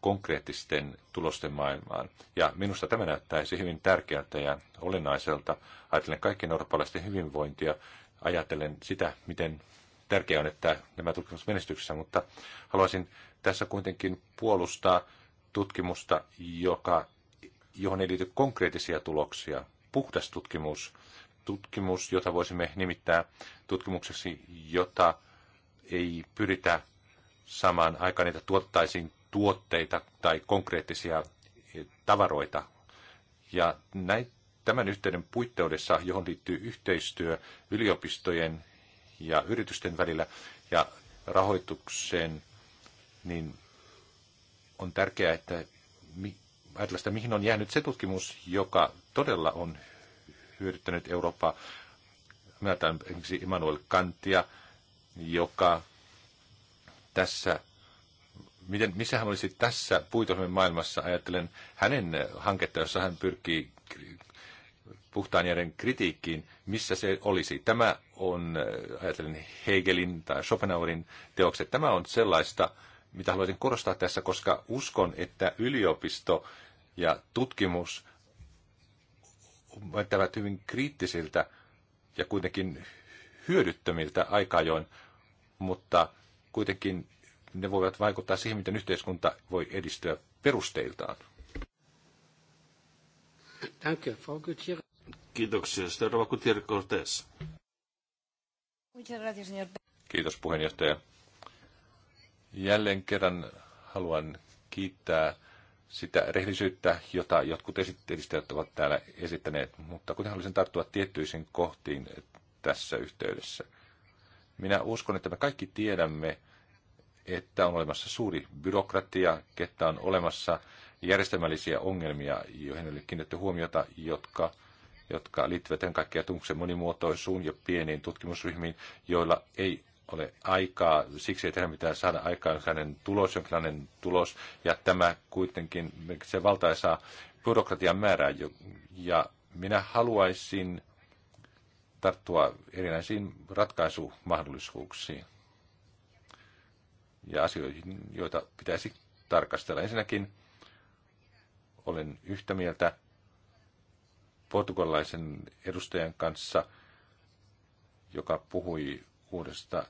konkreettisten tulosten maailmaan. Ja minusta tämä näyttäisi hyvin tärkeältä ja olennaiselta. Ajattelen kaikkien eurooppalaisten hyvinvointia, ajatellen sitä, miten tärkeää on, että nämä tutkimusmenestyksessä, mutta haluaisin tässä kuitenkin puolustaa tutkimusta, joka, johon ei liity konkreettisia tuloksia. Puhdas tutkimus, tutkimus, jota voisimme nimittää tutkimukseksi, jota ei pyritä samaan aikaan, että tuottaisiin tuotteita tai konkreettisia eh, tavaroita. Ja näin, tämän yhteyden puitteudessa, johon liittyy yhteistyö yliopistojen ja yritysten välillä ja rahoitukseen, niin on tärkeää, että ajatellaan sitä, mihin on jäänyt se tutkimus, joka todella on hyödyttänyt Eurooppaa. Mä esimerkiksi Immanuel Kantia, joka tässä, miten, missä hän olisi tässä puitohjelman maailmassa, ajattelen hänen hanketta, jossa hän pyrkii puhtaan järjen kritiikkiin, missä se olisi. Tämä on, ajatellen Hegelin tai Schopenhauerin teokset, tämä on sellaista, mitä haluaisin korostaa tässä, koska uskon, että yliopisto ja tutkimus näyttävät hyvin kriittisiltä ja kuitenkin hyödyttömiltä aikajoin, mutta kuitenkin ne voivat vaikuttaa siihen, miten yhteiskunta voi edistyä perusteiltaan. Danke, Frau Gutierrez. Kiitoksia. Seuraava Gutierrez Cortés. Kiitos puheenjohtaja. Jälleen kerran haluan kiittää sitä rehellisyyttä, jota jotkut esittelijät ovat täällä esittäneet, mutta kuten haluaisin tarttua tiettyisiin kohtiin tässä yhteydessä. Minä uskon, että me kaikki tiedämme, että on olemassa suuri byrokratia, että on olemassa järjestelmällisiä ongelmia, joihin oli kiinnitetty huomiota, jotka, jotka liittyvät ennen kaikkea tutkimuksen monimuotoisuun ja pieniin tutkimusryhmiin, joilla ei ole aikaa siksi, että hänen pitää saada aikaan hänen tulos, jonkinlainen tulos, ja tämä kuitenkin se valtaisaa byrokratian määrää. Ja minä haluaisin tarttua erinäisiin ratkaisumahdollisuuksiin ja asioihin, joita pitäisi tarkastella. Ensinnäkin olen yhtä mieltä portugalaisen edustajan kanssa, joka puhui uudesta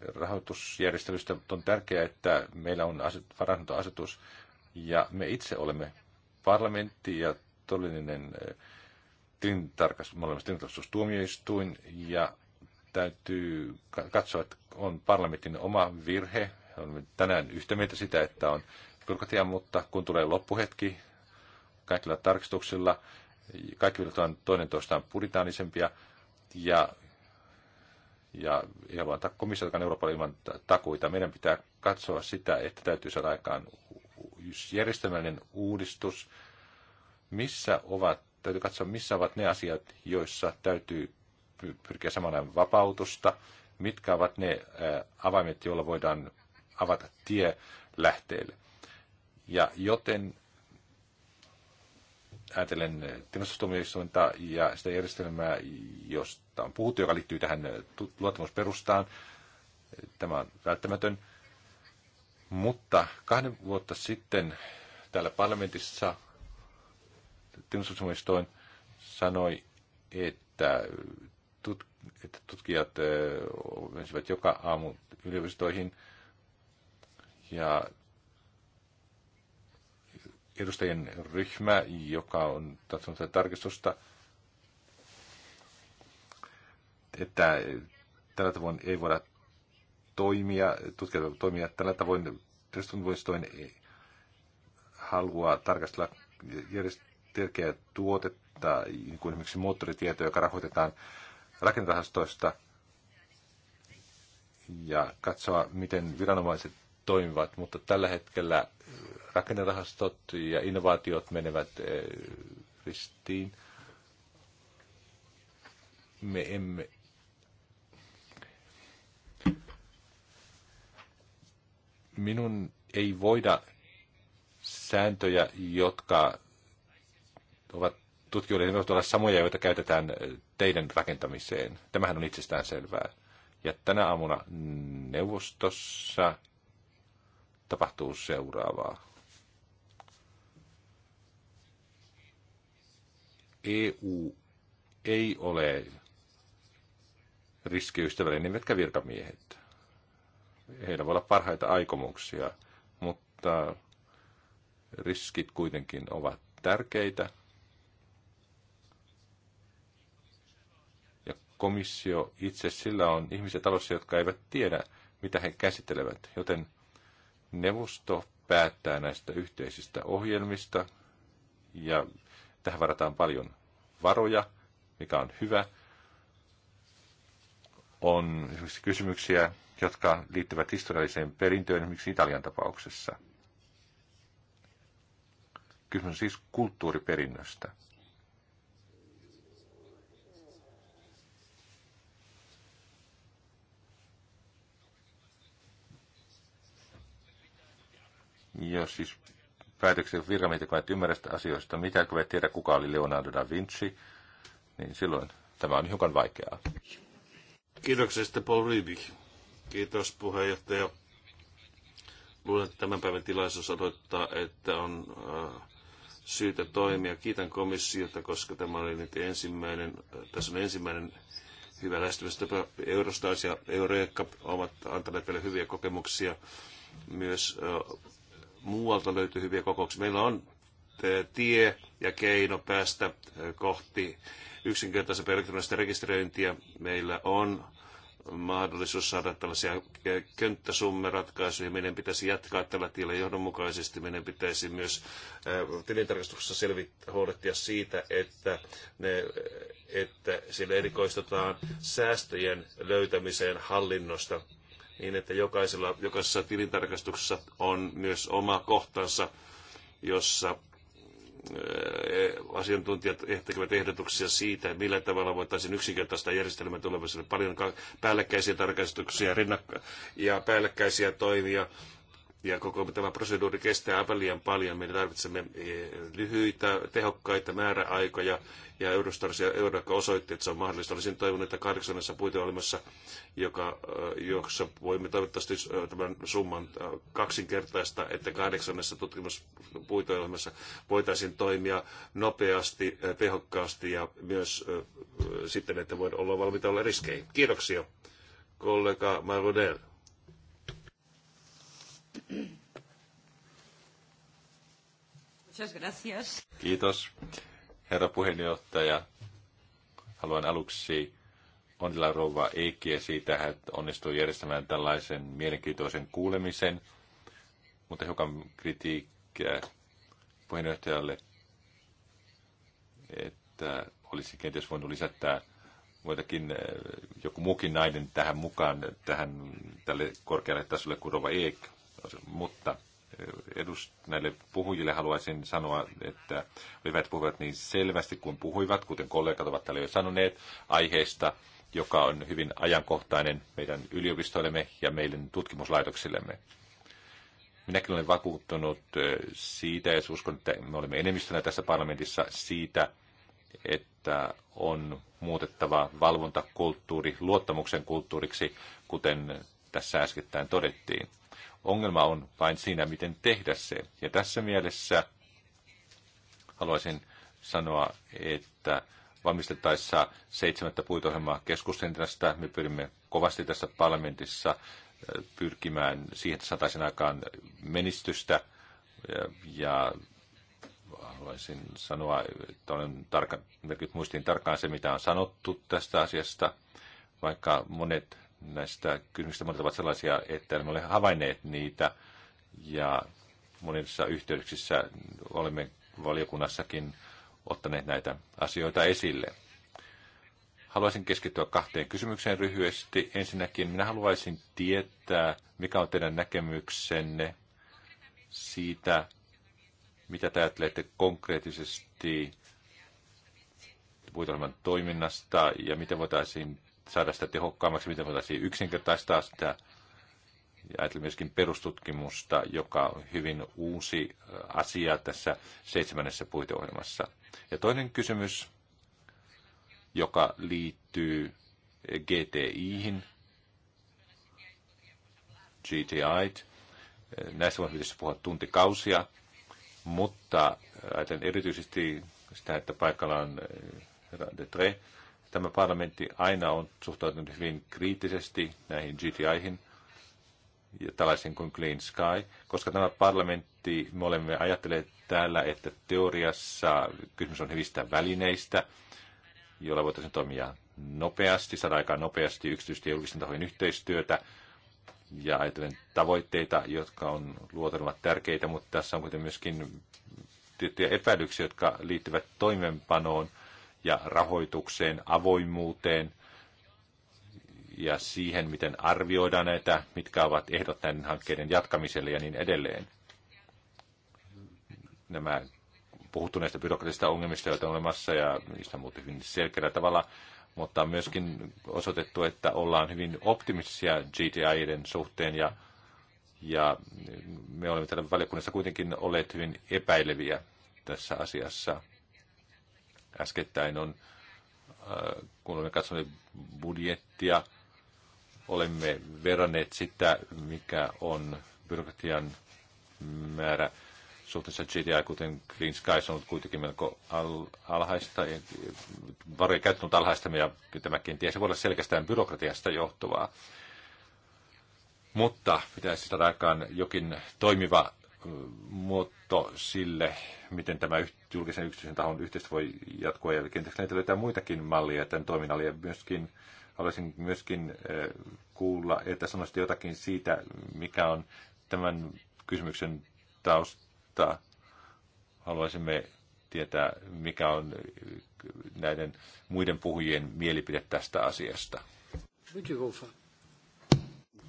rahoitusjärjestelystä, mutta on tärkeää, että meillä on aset, varantoasetus ja me itse olemme parlamentti ja todellinen eh, tilintarkastus, me olemme tilintarkastustuomioistuin ja täytyy katsoa, että on parlamentin oma virhe. Olemme tänään yhtä mieltä sitä, että on byrokratia, mutta kun tulee loppuhetki kaikilla tarkistuksilla, kaikki on toinen toistaan puritanisempia ja ja ilman komissiotakaan Euroopan ilman takuita. Meidän pitää katsoa sitä, että täytyy saada aikaan järjestelmällinen uudistus. Missä ovat, täytyy katsoa, missä ovat ne asiat, joissa täytyy pyrkiä samana vapautusta, mitkä ovat ne avaimet, joilla voidaan avata tie lähteelle. Ja joten ajatellen tilastustuomioistuinta ja sitä järjestelmää, josta on puhuttu, joka liittyy tähän luottamusperustaan. Tämä on välttämätön. Mutta kahden vuotta sitten täällä parlamentissa tilastustuomioistuin sanoi, että, tut, että tutkijat mensivät joka aamu yliopistoihin ja edustajien ryhmä, joka on katsonut tätä tarkistusta, että tällä tavoin ei voida toimia, tutkijat toimia tällä tavoin. Tiedostustoimistoin haluaa tarkastella järjestelkeä tuotetta, niin kuin esimerkiksi moottoritietoja, joka rahoitetaan rakennerahastoista, ja katsoa, miten viranomaiset toimivat, mutta tällä hetkellä rakennerahastot ja innovaatiot menevät eh, ristiin. Me emme minun ei voida sääntöjä, jotka ovat tutkijoille, ne voivat olla samoja, joita käytetään eh, teidän rakentamiseen. Tämähän on itsestään selvää. Ja tänä aamuna neuvostossa tapahtuu seuraavaa. EU ei ole riskiystävällinen, eivätkä virkamiehet. Heillä voi olla parhaita aikomuksia, mutta riskit kuitenkin ovat tärkeitä. Ja komissio itse sillä on ihmisiä talossa, jotka eivät tiedä, mitä he käsittelevät. Joten neuvosto päättää näistä yhteisistä ohjelmista ja Tähän varataan paljon varoja, mikä on hyvä. On esimerkiksi kysymyksiä, jotka liittyvät historialliseen perintöön, esimerkiksi Italian tapauksessa. Kysymys on siis kulttuuriperinnöstä. Jos siis päätöksiä, virkamiehet, kun et ymmärrä sitä asioista, mitä kun et tiedä, kuka oli Leonardo da Vinci, niin silloin tämä on hiukan vaikeaa. Kiitoksia sitten Paul Rybik. Kiitos puheenjohtaja. Luulen, että tämän päivän tilaisuus osoittaa, että on äh, syytä toimia. Kiitän komissiota, koska tämä oli nyt ensimmäinen, äh, tässä on ensimmäinen hyvä lähestymistapa. Eurostas ja Eureka ovat antaneet meille hyviä kokemuksia myös äh, muualta löytyy hyviä kokouksia. Meillä on tie ja keino päästä kohti yksinkertaisempaa elektronista rekisteröintiä. Meillä on mahdollisuus saada tällaisia könttäsummeratkaisuja. Meidän pitäisi jatkaa tällä tiellä johdonmukaisesti. Meidän pitäisi myös tilintarkastuksessa selvit, huolehtia siitä, että, ne, että sillä erikoistetaan säästöjen löytämiseen hallinnosta niin että jokaisella, jokaisessa tilintarkastuksessa on myös oma kohtansa, jossa e, asiantuntijat tekevät ehdotuksia siitä, millä tavalla voitaisiin yksinkertaista järjestelmää tulevaisuudessa. Paljon päällekkäisiä tarkastuksia rinnakka- ja päällekkäisiä toimia ja koko tämä proseduuri kestää aivan liian paljon. Me tarvitsemme e, lyhyitä, tehokkaita määräaikoja ja Eurostars ja Eurodac osoitti, että se on mahdollista. Olisin toivonut, että kahdeksannessa puiteohjelmassa, joka, e, jossa voimme toivottavasti e, tämän summan kaksinkertaista, että kahdeksannessa tutkimuspuiteohjelmassa voitaisiin toimia nopeasti, tehokkaasti ja myös sitten, että voi olla valmiita olla riskejä. Kiitoksia, kollega Marudel. Muchas gracias. Kiitos, herra puheenjohtaja. Haluan aluksi onnitella rouva Eikkiä siitä, että hän onnistui järjestämään tällaisen mielenkiintoisen kuulemisen, mutta hiukan kritiikkiä puheenjohtajalle, että olisi kenties voinut lisätä muitakin, eh, joku muukin nainen tähän mukaan, tähän tälle korkealle tasolle kuin rouva Eik Mutta edust, näille puhujille haluaisin sanoa, että eivät puhuvat niin selvästi kuin puhuivat, kuten kollegat ovat täällä jo sanoneet, aiheesta, joka on hyvin ajankohtainen meidän yliopistoillemme ja meidän tutkimuslaitoksillemme. Minäkin olen vakuuttunut siitä, ja uskon, että me olemme enemmistönä tässä parlamentissa siitä, että on muutettava valvontakulttuuri luottamuksen kulttuuriksi, kuten tässä äskettäin todettiin. Ongelma on vain siinä, miten tehdä se. Ja tässä mielessä haluaisin sanoa, että valmistettaessa seitsemättä puitohjelmaa keskuscentrasta me pyrimme kovasti tässä parlamentissa pyrkimään siihen, että saataisiin aikaan menestystä. Ja haluaisin sanoa, että olen tarkka, merkit muistiin tarkkaan se, mitä on sanottu tästä asiasta, vaikka monet näistä kysymyksistä monet ovat sellaisia, että emme ole havainneet niitä ja monissa yhteyksissä olemme valiokunnassakin ottaneet näitä asioita esille. Haluaisin keskittyä kahteen kysymykseen lyhyesti. Ensinnäkin minä haluaisin tietää, mikä on teidän näkemyksenne siitä, mitä te ajattelette konkreettisesti puitelman toiminnasta ja miten voitaisiin saada sitä tehokkaammaksi, miten voitaisiin yksinkertaistaa sitä. Ja ajattelin myöskin perustutkimusta, joka on hyvin uusi äh, asia tässä seitsemännessä puiteohjelmassa. Ja toinen kysymys, joka liittyy GTIhin, GTI. Näistä voisi tietysti puhua tuntikausia, mutta äh, ajattelen erityisesti sitä, että paikalla on äh, herra de Tre, Tämä parlamentti aina on suhtautunut hyvin kriittisesti näihin GTIhin ja tällaisiin kuin Clean Sky, koska tämä parlamentti, me olemme ajatelleet täällä, että teoriassa kysymys on hyvistä välineistä, joilla voitaisiin toimia nopeasti, saada aikaan nopeasti yksityisten ja julkisten tahojen yhteistyötä, ja ajatellen tavoitteita, jotka on luotelmat tärkeitä, mutta tässä on kuitenkin myöskin tiettyjä epäilyksiä, jotka liittyvät toimenpanoon – ja rahoitukseen, avoimuuteen ja siihen, miten arvioidaan näitä, mitkä ovat ehdot näiden hankkeiden jatkamiselle ja niin edelleen. Nämä puhuttu näistä byrokratisista ongelmista, joita on olemassa, ja niistä on hyvin selkeällä tavalla, mutta on myöskin osoitettu, että ollaan hyvin optimistisia GTIiden suhteen, ja, ja me olemme täällä valiokunnassa kuitenkin olleet hyvin epäileviä tässä asiassa äskettäin on, äh, kun olemme katsoneet budjettia, olemme verranneet sitä, mikä on byrokratian määrä suhteessa GDI, kuten Green Skies on ollut kuitenkin melko al- alhaista, varoja käyttänyt alhaista, ja tämä kenties voi olla selkeästään byrokratiasta johtuvaa. Mutta pitäisi saada aikaan jokin toimiva muoto sille, miten tämä julkisen ja yksityisen tahon yhteistyö voi jatkua. Ja kenties näitä löytää muitakin mallia tämän toiminnalle ja myöskin haluaisin myöskin eh, kuulla, että sanoisitte jotakin siitä, mikä on tämän kysymyksen tausta. Haluaisimme tietää, mikä on eh, näiden muiden puhujien mielipide tästä asiasta.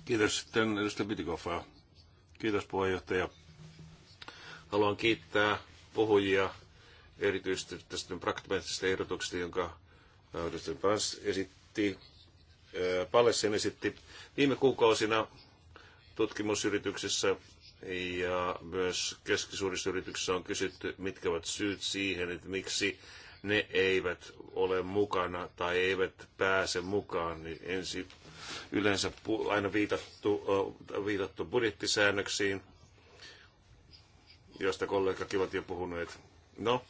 Kiitos sitten edustaja Bitikoffa. Kiitos puheenjohtaja. Haluan kiittää puhujia erityisesti tästä pragmaattisesta ehdotuksesta, jonka Justin äh, Pans esitti, äh, Pallessen esitti viime kuukausina tutkimusyrityksissä ja myös keskisuurissa yrityksissä on kysytty, mitkä ovat syyt siihen, että miksi ne eivät ole mukana tai eivät pääse mukaan, niin ensi yleensä aina viitattu, äh, viitattu budjettisäännöksiin, josta kollegakin ovat jo puhuneet. No,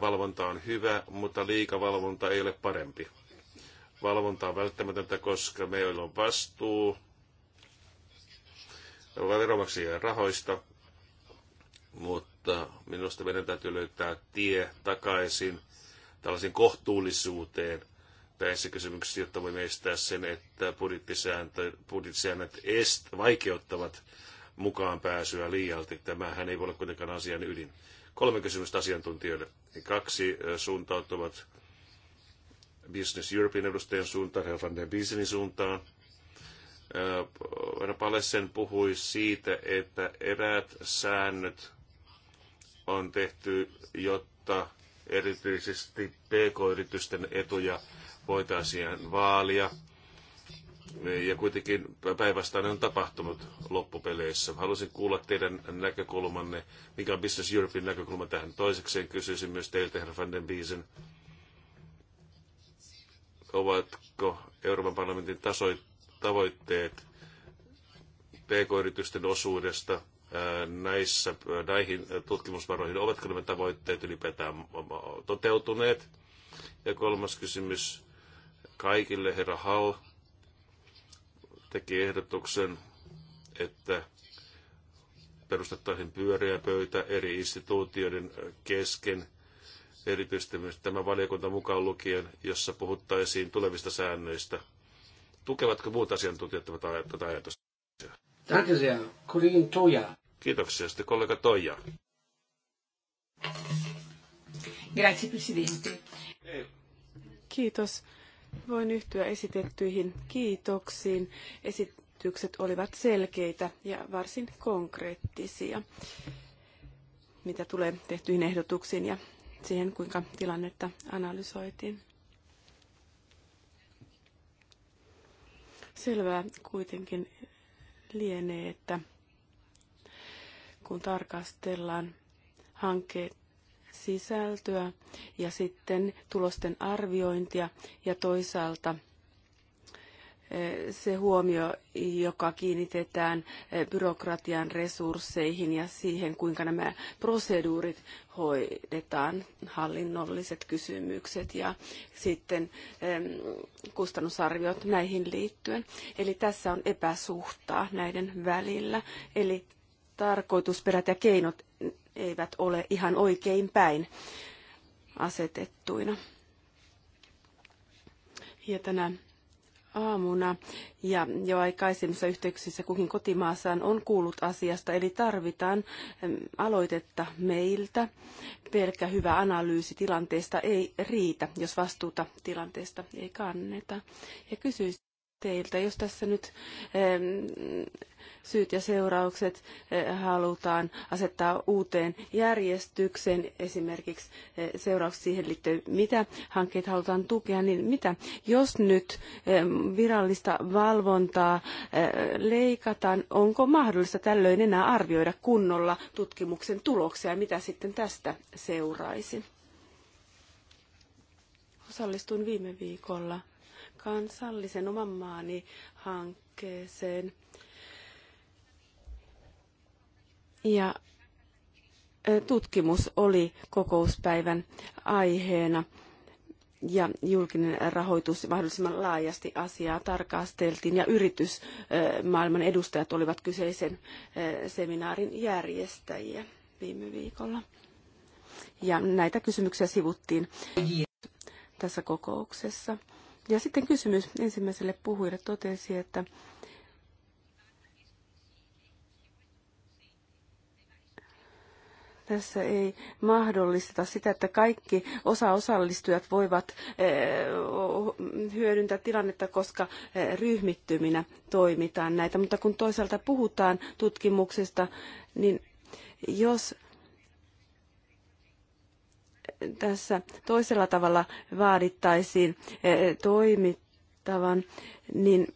valvonta on hyvä, mutta liikavalvonta ei ole parempi. Valvonta on välttämätöntä, koska meillä on vastuu veronmaksajien rahoista, mutta minusta meidän täytyy löytää tie takaisin tällaisen kohtuullisuuteen näissä kysymyksissä, jotta voimme estää sen, että budjettisäännöt est, vaikeuttavat mukaan pääsyä liialti. Tämähän ei voi olla kuitenkaan asian ydin. Kolme kysymystä asiantuntijoille. Kaksi suuntautuvat Business Europein edustajan suuntaan, Herr van den Biesenin suuntaan. Herra Palessen puhui siitä, että eräät säännöt on tehty, jotta erityisesti pk-yritysten etuja voitaisiin vaalia – ja kuitenkin päinvastainen on tapahtunut loppupeleissä. Haluaisin kuulla teidän näkökulmanne, mikä on Business Europein näkökulma tähän. Toisekseen kysyisin myös teiltä, herra Van den Biesen, ovatko Euroopan parlamentin taso, tavoitteet pk-yritysten osuudesta näissä, näihin tutkimusvaroihin, ovatko nämä tavoitteet ylipäätään toteutuneet? Ja kolmas kysymys kaikille, herra Hall, teki ehdotuksen, että perustettaisiin pyöreä pöytä eri instituutioiden kesken, erityisesti myös tämä valiokunta mukaan lukien, jossa puhuttaisiin tulevista säännöistä. Tukevatko muut asiantuntijat tätä ajatusta? Kiitoksia. Kollegin Toja. Kiitoksia. Sitten kollega Toija. Grazie, Presidente. Kiitos. Voin yhtyä esitettyihin kiitoksiin. Esitykset olivat selkeitä ja varsin konkreettisia, mitä tulee tehtyihin ehdotuksiin ja siihen, kuinka tilannetta analysoitiin. Selvää kuitenkin lienee, että kun tarkastellaan hankkeet sisältöä ja sitten tulosten arviointia ja toisaalta eh, se huomio, joka kiinnitetään eh, byrokratian resursseihin ja siihen, kuinka nämä proseduurit hoidetaan, hallinnolliset kysymykset ja sitten kustannusarviot näihin liittyen. Eli tässä on epäsuhtaa näiden välillä. Eli tarkoitusperät ja keinot eivät ole ihan oikein päin asetettuina. Ja tänä aamuna ja jo aikaisemmissa yhteyksissä kukin kotimaassaan on kuullut asiasta, eli tarvitaan aloitetta meiltä. Pelkkä hyvä analyysi tilanteesta ei riitä, jos vastuuta tilanteesta ei kanneta. Ja kysyisin teiltä, jos tässä nyt syyt ja seuraukset eh, halutaan asettaa uuteen järjestykseen, esimerkiksi eh, seuraukset siihen liittyen, mitä hankkeita halutaan tukea, niin mitä, jos nyt eh, virallista valvontaa leikataan, onko mahdollista tällöin enää arvioida kunnolla tutkimuksen tuloksia ja mitä sitten tästä seuraisi? Osallistuin viime viikolla kansallisen oman maani hankkeeseen – Ja e, tutkimus oli kokouspäivän aiheena ja julkinen rahoitus mahdollisimman laajasti asiaa tarkasteltiin ja yritysmaailman edustajat olivat kyseisen e, seminaarin järjestäjiä viime viikolla. Ja näitä kysymyksiä sivuttiin tässä kokouksessa. Ja sitten kysymys ensimmäiselle puhujalle totesi, että tässä ei mahdollisteta sitä, että kaikki osa osallistujat voivat eh, hyödyntää tilannetta, koska eh, ryhmittyminä toimitaan näitä. Mutta kun toisaalta puhutaan tutkimuksesta, niin jos tässä toisella tavalla vaadittaisiin eh, toimittavan, niin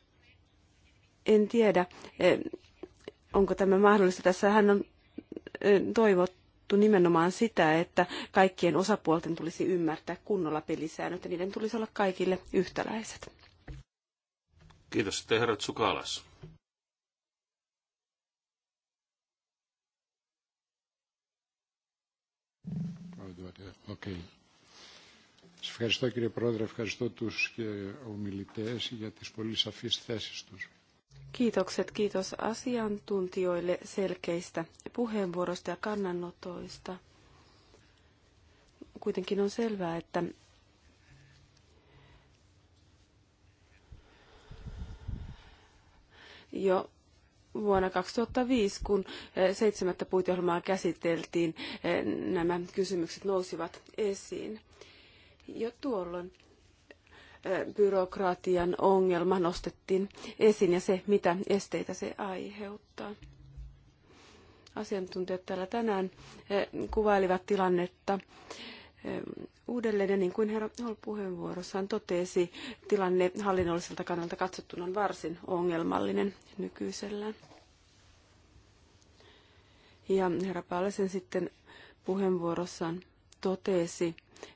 en tiedä, onko tämä mahdollista. Tässähän on toivottu tarkoitettu nimenomaan sitä, että kaikkien osapuolten tulisi ymmärtää kunnolla pelisäännöt ja niiden tulisi olla kaikille yhtäläiset. Kiitos sitten herra Tsukalas. Okay. Σας ευχαριστώ κύριε Πρόεδρε, ευχαριστώ τους και ομιλητές για τις πολύ σαφείς θέσεις τους. Kiitokset, kiitos asiantuntijoille selkeistä puheenvuoroista ja kannanotoista. Kuitenkin on selvää, että jo vuonna 2005, kun eh, seitsemättä puiteohjelmaa käsiteltiin, eh, nämä kysymykset nousivat esiin. Jo tuolloin byrokratian ongelma nostettiin esiin ja se, mitä esteitä se aiheuttaa. Asiantuntijat täällä tänään kuvailivat tilannetta uudelleen ja niin kuin herra Hol puheenvuorossaan totesi, tilanne hallinnolliselta kannalta katsottuna on varsin ongelmallinen nykyisellään. Ja herra Pallesen sitten puheenvuorossaan totesi,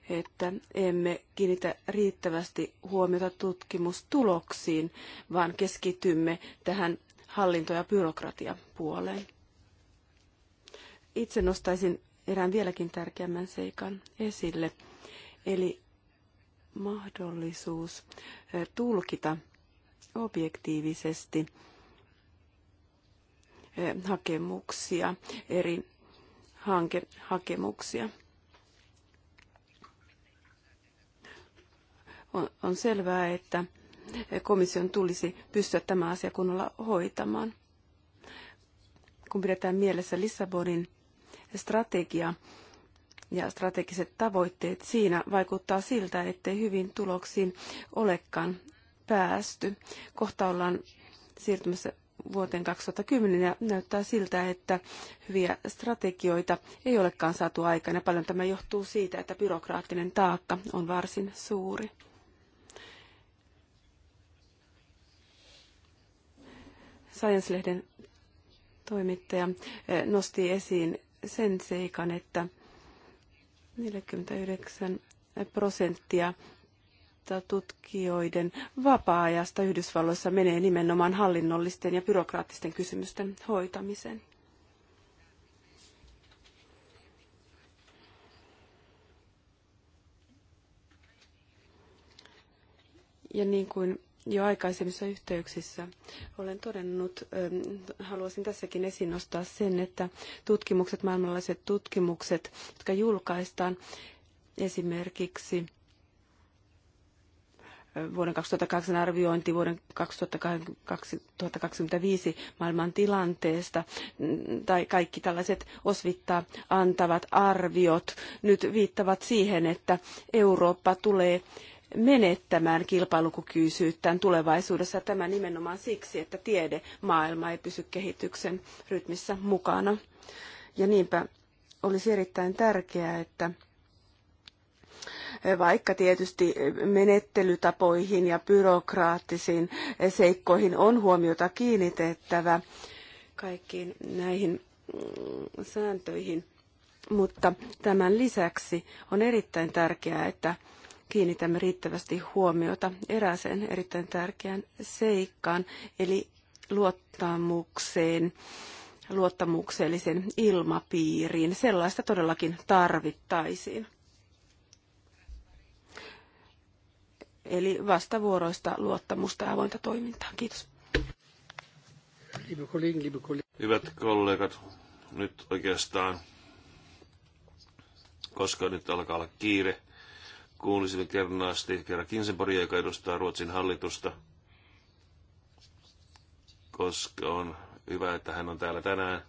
että emme kiinnitä riittävästi huomiota tutkimustuloksiin, vaan keskitymme tähän hallinto- ja byrokratiapuoleen. Itse nostaisin erään vieläkin tärkeämmän seikan esille, eli mahdollisuus eh, tulkita objektiivisesti eh, hakemuksia, eri hankehakemuksia. on, on selvää, että komission tulisi pystyä tämä asia kunnolla hoitamaan. Kun pidetään mielessä Lissabonin strategia ja strategiset tavoitteet, siinä vaikuttaa siltä, ettei hyvin tuloksiin olekaan päästy. Kohta ollaan siirtymässä vuoteen 2010 ja näyttää siltä, että hyviä strategioita ei olekaan saatu aikaan ja paljon tämä johtuu siitä, että byrokraattinen taakka on varsin suuri. Science-lehden toimittaja eh, nosti esiin sen seikan, että 49 prosenttia tutkijoiden vapaa-ajasta Yhdysvalloissa menee nimenomaan hallinnollisten ja byrokraattisten kysymysten hoitamiseen. Ja niin kuin jo aikaisemmissa yhteyksissä olen todennut, ähm, haluaisin tässäkin esiin nostaa sen, että tutkimukset, maailmanlaiset tutkimukset, jotka julkaistaan esimerkiksi äh, vuoden 2008 arviointi vuoden 2025 maailman tilanteesta mm, tai kaikki tällaiset osvittaa antavat arviot nyt viittavat siihen, että Eurooppa tulee menettämään kilpailukykyisyyttään tulevaisuudessa. Tämä nimenomaan siksi, että tiedemaailma ei pysy kehityksen rytmissä mukana. Ja niinpä olisi erittäin tärkeää, että vaikka tietysti menettelytapoihin ja byrokraattisiin seikkoihin on huomiota kiinnitettävä kaikkiin näihin mm, sääntöihin, mutta tämän lisäksi on erittäin tärkeää, että kiinnitämme riittävästi huomiota erääseen erittäin tärkeään seikkaan, eli luottamukseen, luottamuksellisen ilmapiiriin. Sellaista todellakin tarvittaisiin. Eli vastavuoroista luottamusta ja avointa toimintaa. Kiitos. Hyvät kollegat, nyt oikeastaan, koska nyt alkaa olla kiire, kuulisimme kernaasti kerran Kinsenborgia, joka edustaa Ruotsin hallitusta, koska on hyvä, että hän on täällä tänään.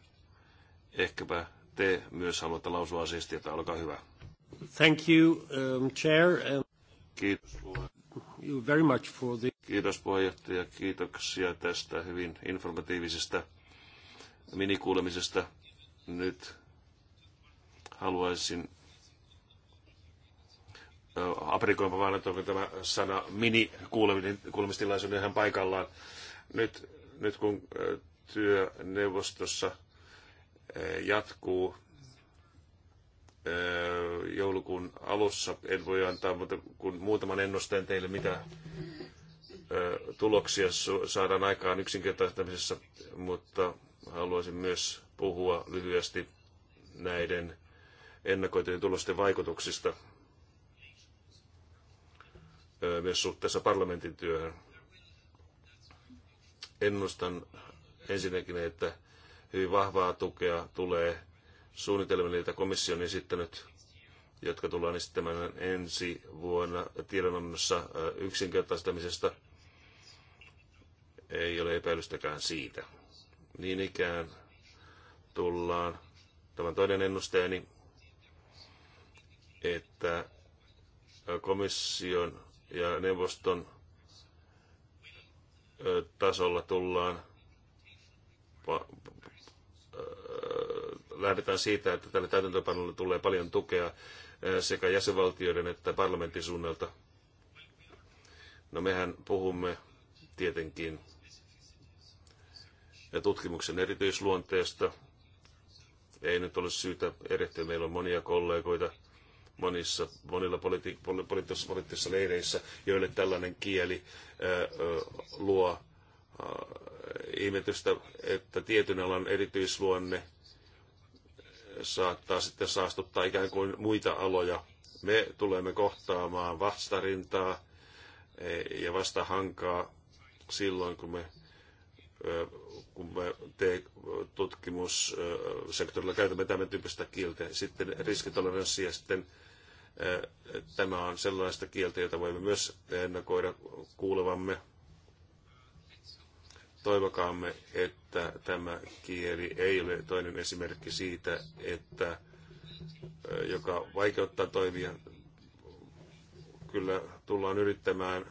Ehkäpä te myös haluatte lausua asiasta, että olkaa hyvä. Thank you, um, Chair. And... Um, Kiitos. You very much for the... Kiitos puheenjohtaja, kiitoksia tästä hyvin informatiivisesta minikuulemisesta. Nyt haluaisin aprikoipa vaan, että onko tämä sana mini-kuulemistilaisuuden ihan paikallaan. Nyt, nyt kun työneuvostossa jatkuu joulukuun alussa, en voi antaa mutta kun muutaman ennusteen teille, mitä tuloksia saadaan aikaan yksinkertaistamisessa, mutta haluaisin myös puhua lyhyesti näiden ennakoitujen tulosten vaikutuksista myös suhteessa parlamentin työhön. Ennustan ensinnäkin, että hyvin vahvaa tukea tulee suunnitelmille, joita komissio on esittänyt, jotka tullaan esittämään ensi vuonna tiedonannossa yksinkertaistamisesta. Ei ole epäilystäkään siitä. Niin ikään tullaan, tämän toinen ennusteeni, että komission ja neuvoston tasolla tullaan lähdetään siitä, että tälle täytäntöpanolle tulee paljon tukea sekä jäsenvaltioiden että parlamentin suunnalta. No mehän puhumme tietenkin ja tutkimuksen erityisluonteesta. Ei nyt ole syytä erehtyä. Meillä on monia kollegoita, monissa, monilla politi- poli- poliittisissa, poliittisissa leireissä, joille tällainen kieli ö, ö, luo ö, ihmetystä, että tietyn alan erityisluonne saattaa sitten saastuttaa ikään kuin muita aloja. Me tulemme kohtaamaan vastarintaa e, ja vastahankaa silloin, kun me kun me te, tutkimussektorilla käytämme tämän tyyppistä kieltä. Sitten riskitoleranssi ja sitten Tämä on sellaista kieltä, jota voimme myös ennakoida kuulevamme. Toivokaamme, että tämä kieli ei ole toinen esimerkki siitä, että joka vaikeuttaa toimia. Kyllä tullaan yrittämään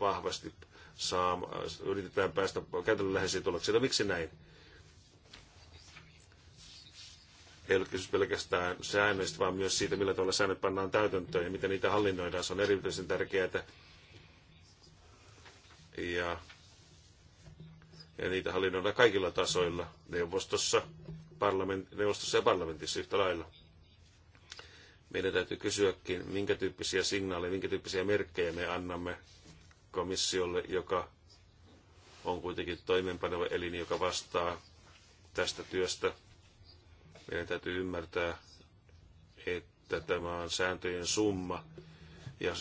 vahvasti saamaan, yritetään päästä käytännönläheisiin tuloksiin. No miksi näin? Ei ole kysymys pelkästään säännöistä, vaan myös siitä, millä tavalla säännöt pannaan täytäntöön ja miten niitä hallinnoidaan. Se on erityisen tärkeää. Ja, ja niitä hallinnoidaan kaikilla tasoilla, neuvostossa, parlament, neuvostossa ja parlamentissa yhtä lailla. Meidän täytyy kysyäkin, minkä tyyppisiä signaaleja, minkä tyyppisiä merkkejä me annamme komissiolle, joka on kuitenkin toimeenpaneva elin, joka vastaa tästä työstä Meidän täytyy ymmärtää, että tämä on sääntöjen summa ja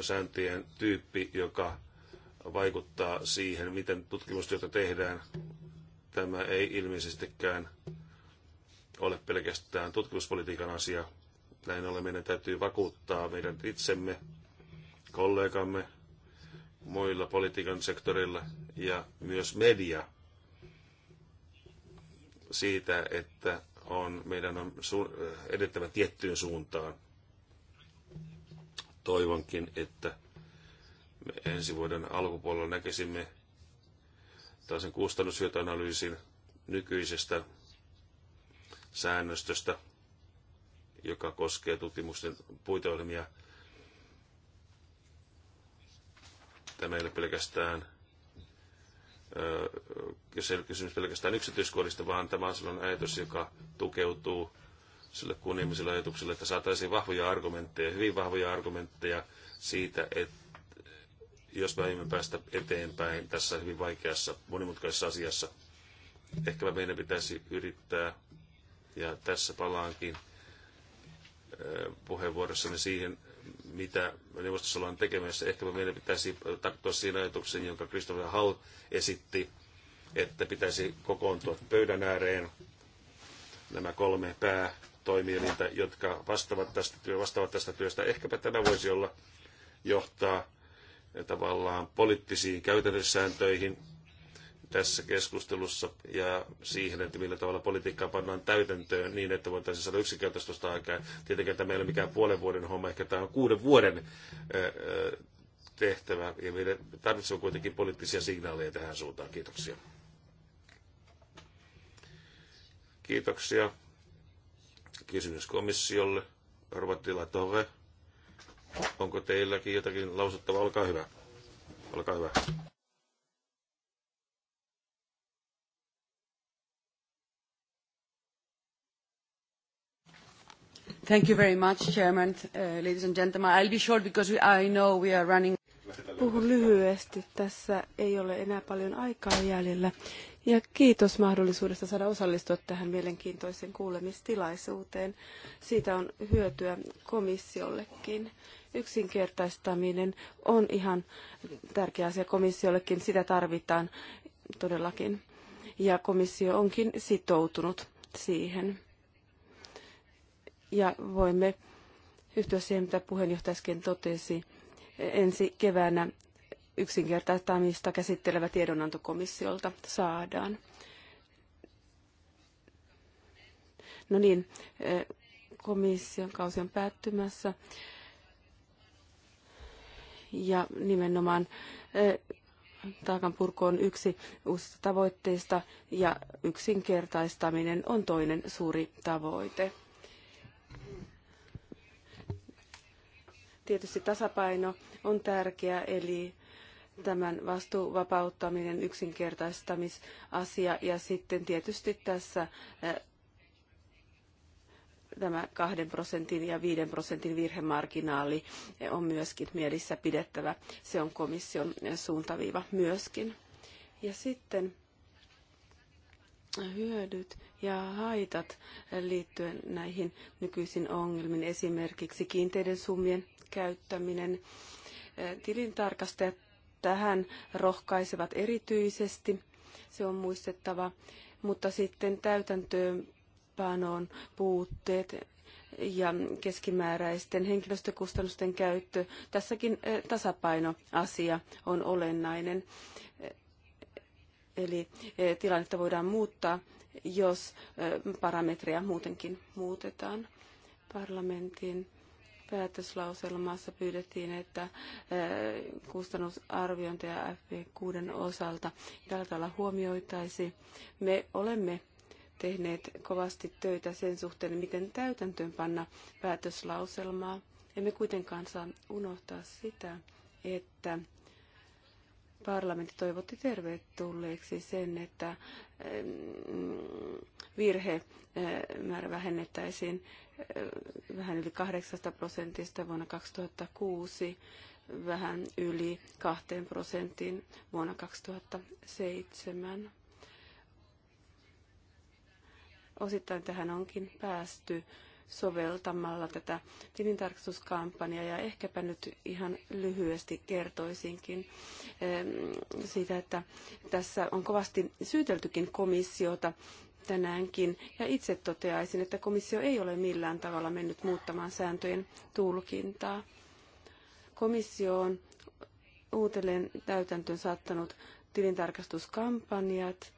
sääntöjen tyyppi, joka vaikuttaa siihen, miten tutkimustyötä tehdään. Tämä ei ilmeisestikään ole pelkästään tutkimuspolitiikan asia. Näin ollen meidän täytyy vakuuttaa meidän itsemme, kollegamme, muilla politiikan sektorilla ja myös media siitä, että on, meidän on edettävä tiettyyn suuntaan. Toivonkin, että me ensi vuoden alkupuolella näkisimme taas sen kustannushyötyanalyysin nykyisestä säännöstöstä, joka koskee tutkimusten puiteohjelmia. Tämä ei ole pelkästään jos ei ole kysymys pelkästään yksityiskohdista, vaan tämä on sellainen ajatus, joka tukeutuu sille kunnimiselle ajatukselle, että saataisiin vahvoja argumentteja, hyvin vahvoja argumentteja siitä, että jos me emme päästä eteenpäin tässä hyvin vaikeassa, monimutkaisessa asiassa, ehkä meidän pitäisi yrittää, ja tässä palaankin puheenvuorossani siihen mitä neuvostossa ollaan tekemässä. Ehkä meidän pitäisi tarttua siinä ajatukseen, jonka Christopher Hall esitti, että pitäisi kokoontua pöydän ääreen nämä kolme päätoimielintä, jotka vastaavat tästä, työ, vastaavat tästä työstä. Ehkäpä tämä voisi olla johtaa tavallaan poliittisiin käytännössääntöihin, tässä keskustelussa ja siihen, että millä tavalla politiikkaa pannaan täytäntöön niin, että voitaisiin saada yksinkertaistusta aikaan. Tietenkin tämä ei ole mikään puolen vuoden homma, ehkä tämä on kuuden vuoden tehtävä ja meidän tarvitsemme kuitenkin poliittisia signaaleja tähän suuntaan. Kiitoksia. Kiitoksia. Kysymys komissiolle. Robert Latore, onko teilläkin jotakin lausuttavaa? Olkaa hyvä. Olkaa hyvä. Thank you very much, Chairman, uh, ladies and gentlemen. I'll be short because we, I know we are running. Puhun lyhyesti. Tässä ei ole enää paljon aikaa jäljellä. Ja kiitos mahdollisuudesta saada osallistua tähän mielenkiintoiseen kuulemistilaisuuteen. Siitä on hyötyä komissiollekin. Yksinkertaistaminen on ihan tärkeä asia komissiollekin. Sitä tarvitaan todellakin. Ja komissio onkin sitoutunut siihen ja voimme yhtyä siihen, mitä puheenjohtaja äsken totesi. Ensi keväänä yksinkertaistamista käsittelevä tiedonantokomissiolta saadaan. No niin, komission kausi on päättymässä. Ja nimenomaan e, taakan purku on yksi uusista tavoitteista ja yksinkertaistaminen on toinen suuri tavoite. tietysti tasapaino on tärkeä, eli tämän vastuuvapauttaminen, yksinkertaistamisasia ja sitten tietysti tässä eh, tämä kahden prosentin ja viiden prosentin virhemarginaali eh, on myöskin mielissä pidettävä. Se on komission eh, suuntaviiva myöskin. Ja sitten hyödyt ja haitat liittyen näihin nykyisiin ongelmiin, esimerkiksi kiinteiden summien käyttäminen. Tilintarkastajat tähän rohkaisevat erityisesti, se on muistettava, mutta sitten täytäntöönpanoon puutteet ja keskimääräisten henkilöstökustannusten käyttö. Tässäkin tasapainoasia on olennainen. Eli tilannetta voidaan muuttaa, jos parametreja muutenkin muutetaan parlamentin päätöslauselmassa pyydettiin, että eh, kustannusarviointia FP6 osalta tällä tavalla huomioitaisiin. Me olemme tehneet kovasti töitä sen suhteen, miten täytäntöön panna päätöslauselmaa. Emme kuitenkaan saa unohtaa sitä, että parlamentti toivotti tervetulleeksi sen, että virhemäärä eh, vähennettäisiin eh, vähän yli 8 prosentista vuonna 2006 vähän yli 2 prosenttiin vuonna 2007. Osittain tähän onkin päästy soveltamalla tätä tilintarkastuskampanjaa. Ja ehkäpä nyt ihan lyhyesti kertoisinkin siitä, että tässä on kovasti syyteltykin komissiota tänäänkin. Ja itse toteaisin, että komissio ei ole millään tavalla mennyt muuttamaan sääntöjen tulkintaa. Komissio on uudelleen täytäntöön saattanut tilintarkastuskampanjat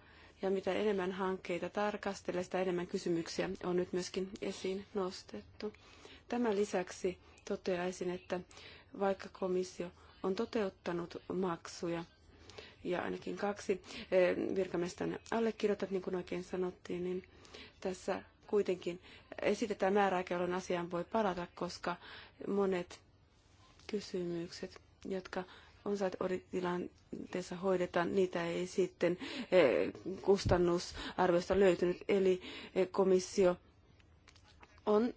Ja mitä enemmän hankkeita tarkastelee, sitä enemmän kysymyksiä on nyt myöskin esiin nostettu. Tämän lisäksi toteaisin, että vaikka komissio on toteuttanut maksuja, ja ainakin kaksi eh, virkamiestä on allekirjoittanut, niin kuin oikein sanottiin, niin tässä kuitenkin esitetään määräaika, jolloin asiaan voi palata, koska monet kysymykset, jotka on tilanteessa hoidetaan, niitä ei sitten eh, kustannusarviosta löytynyt. Eli eh, komissio on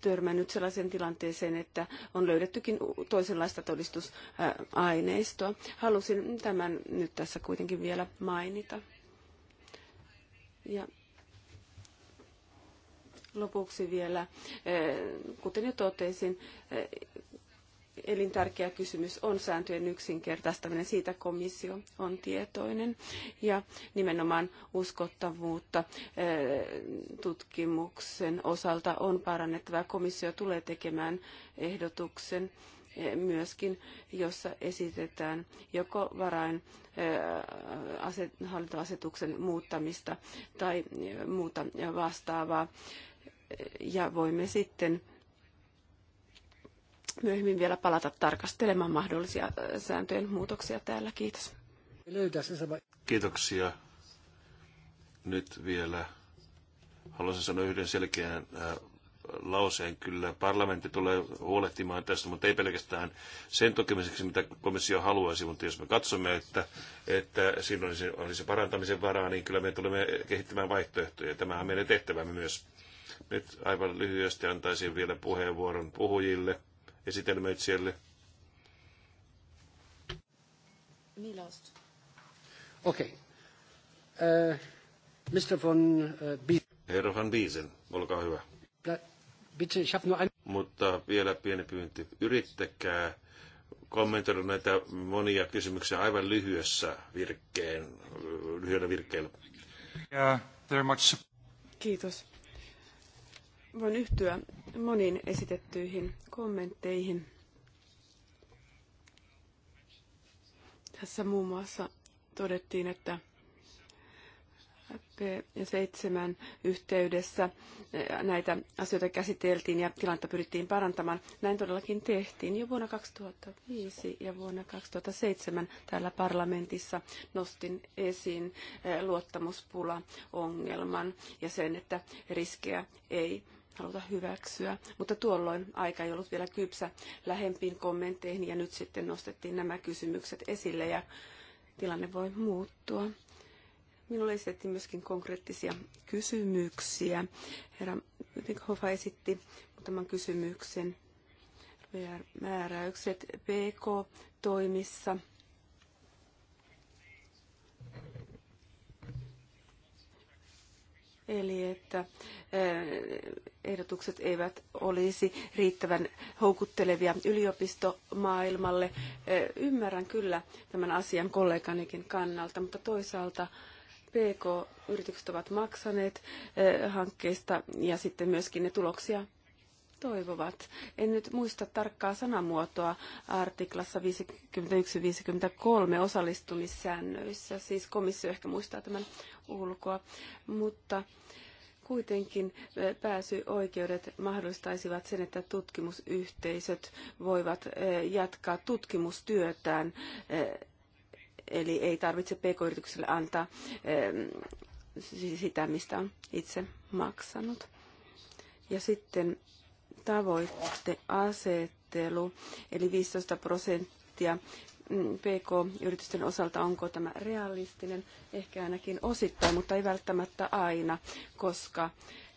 törmännyt sellaiseen tilanteeseen, että on löydettykin toisenlaista todistusaineistoa. Halusin tämän nyt tässä kuitenkin vielä mainita. Ja lopuksi vielä, eh, kuten jo totesin, elintärkeä kysymys on sääntöjen yksinkertaistaminen. Siitä komissio on tietoinen ja nimenomaan uskottavuutta eh, tutkimuksen osalta on parannettava. Komissio tulee tekemään ehdotuksen eh, myöskin, jossa esitetään joko varain eh, hallintoasetuksen muuttamista tai muuta vastaavaa. Ja voimme sitten myöhemmin vielä palata tarkastelemaan mahdollisia sääntöjen muutoksia täällä. Kiitos. Kiitoksia. Nyt vielä haluaisin sanoa yhden selkeän lauseen. Kyllä parlamentti tulee huolehtimaan tästä, mutta ei pelkästään sen tukemiseksi, mitä komissio haluaisi, mutta jos me katsomme, että, että siinä olisi, olisi parantamisen varaa, niin kyllä me tulemme kehittämään vaihtoehtoja. Tämä on meidän tehtävämme myös. Nyt aivan lyhyesti antaisin vielä puheenvuoron puhujille esitelmöitsijälle. Milost. Okei. Okay. Uh, Mr. von uh, Biesen. Herra van Biesen, olkaa hyvä. Bitte, ich nur ein... Mutta vielä pieni pyynti. Yrittäkää kommentoida näitä monia kysymyksiä aivan lyhyessä virkkeen, lyhyellä virkkeellä. Yeah, very much. Kiitos. Voin yhtyä moniin esitettyihin kommentteihin. Tässä muun muassa todettiin, että P7 yhteydessä näitä asioita käsiteltiin ja tilannetta pyrittiin parantamaan. Näin todellakin tehtiin jo vuonna 2005 ja vuonna 2007 täällä parlamentissa nostin esiin luottamuspula-ongelman ja sen, että riskejä ei haluta hyväksyä, mutta tuolloin aika ei ollut vielä kypsä lähempiin kommentteihin ja nyt sitten nostettiin nämä kysymykset esille ja tilanne voi muuttua. Minulle esitettiin myöskin konkreettisia kysymyksiä. Herra Hoffa esitti muutaman kysymyksen määräykset PK-toimissa. Eli että ehdotukset eivät olisi riittävän houkuttelevia yliopistomaailmalle. Ymmärrän kyllä tämän asian kolleganikin kannalta, mutta toisaalta PK-yritykset ovat maksaneet hankkeista ja sitten myöskin ne tuloksia toivovat. En nyt muista tarkkaa sanamuotoa artiklassa 51-53 osallistumissäännöissä, siis komissio ehkä muistaa tämän ulkoa, mutta Kuitenkin eh, pääsyoikeudet mahdollistaisivat sen, että tutkimusyhteisöt voivat eh, jatkaa tutkimustyötään, eh, eli ei tarvitse pk-yritykselle antaa sitä, mistä on itse maksanut. Ja sitten tavoitteasettelu, eli 15 prosenttia PK-yritysten osalta, onko tämä realistinen, ehkä ainakin osittain, mutta ei välttämättä aina, koska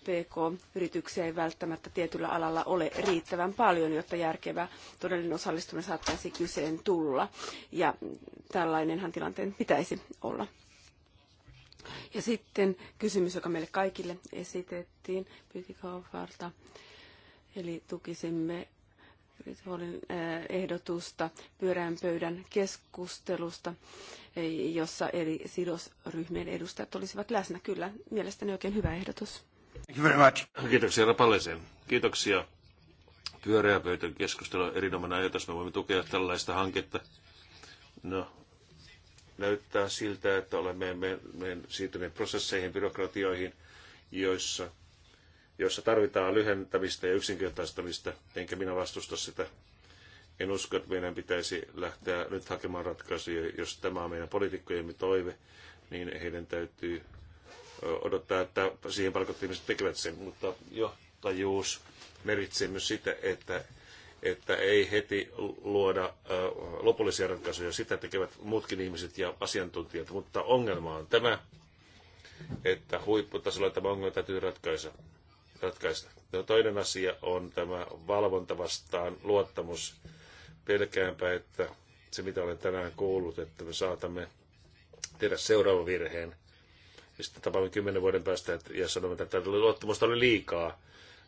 PK-yrityksiä ei välttämättä tietyllä alalla ole riittävän paljon, jotta järkevä todellinen osallistuminen saattaisi kyseen tulla. Ja tällainenhan tilanteen pitäisi olla. Ja sitten kysymys, joka meille kaikille esitettiin Pytikaufarta. Eli tukisimme Vitvolin ehdotusta pyörään pöydän keskustelusta, e, jossa eri sidosryhmien edustajat olisivat läsnä. Kyllä, mielestäni oikein hyvä ehdotus. Thank you very much. Kiitoksia Rapalliseen. Kiitoksia pyöreä pöytän keskustelu on erinomainen ajatus. Me voimme tukea tällaista hanketta. No, näyttää siltä, että olemme me, me siirtyneet prosesseihin, byrokratioihin, joissa joissa tarvitaan lyhentämistä ja yksinkertaistamista, enkä minä vastusta sitä. En usko, että meidän pitäisi lähteä nyt hakemaan ratkaisuja. Jos tämä on meidän poliitikkojemme toive, niin heidän täytyy odottaa, että siihen palkattu ihmiset tekevät sen. Mutta johtajuus meritsee myös sitä, että, että ei heti luoda lopullisia ratkaisuja. Sitä tekevät muutkin ihmiset ja asiantuntijat. Mutta ongelma on tämä, että huipputasolla tämä ongelma täytyy ratkaista ratkaista. Toinen asia on tämä valvonta vastaan luottamus. Pelkäänpä, että se mitä olen tänään kuullut, että me saatamme tehdä seuraavan virheen. Ja sitten tapaamme kymmenen vuoden päästä ja sanomme, että luottamusta oli liikaa.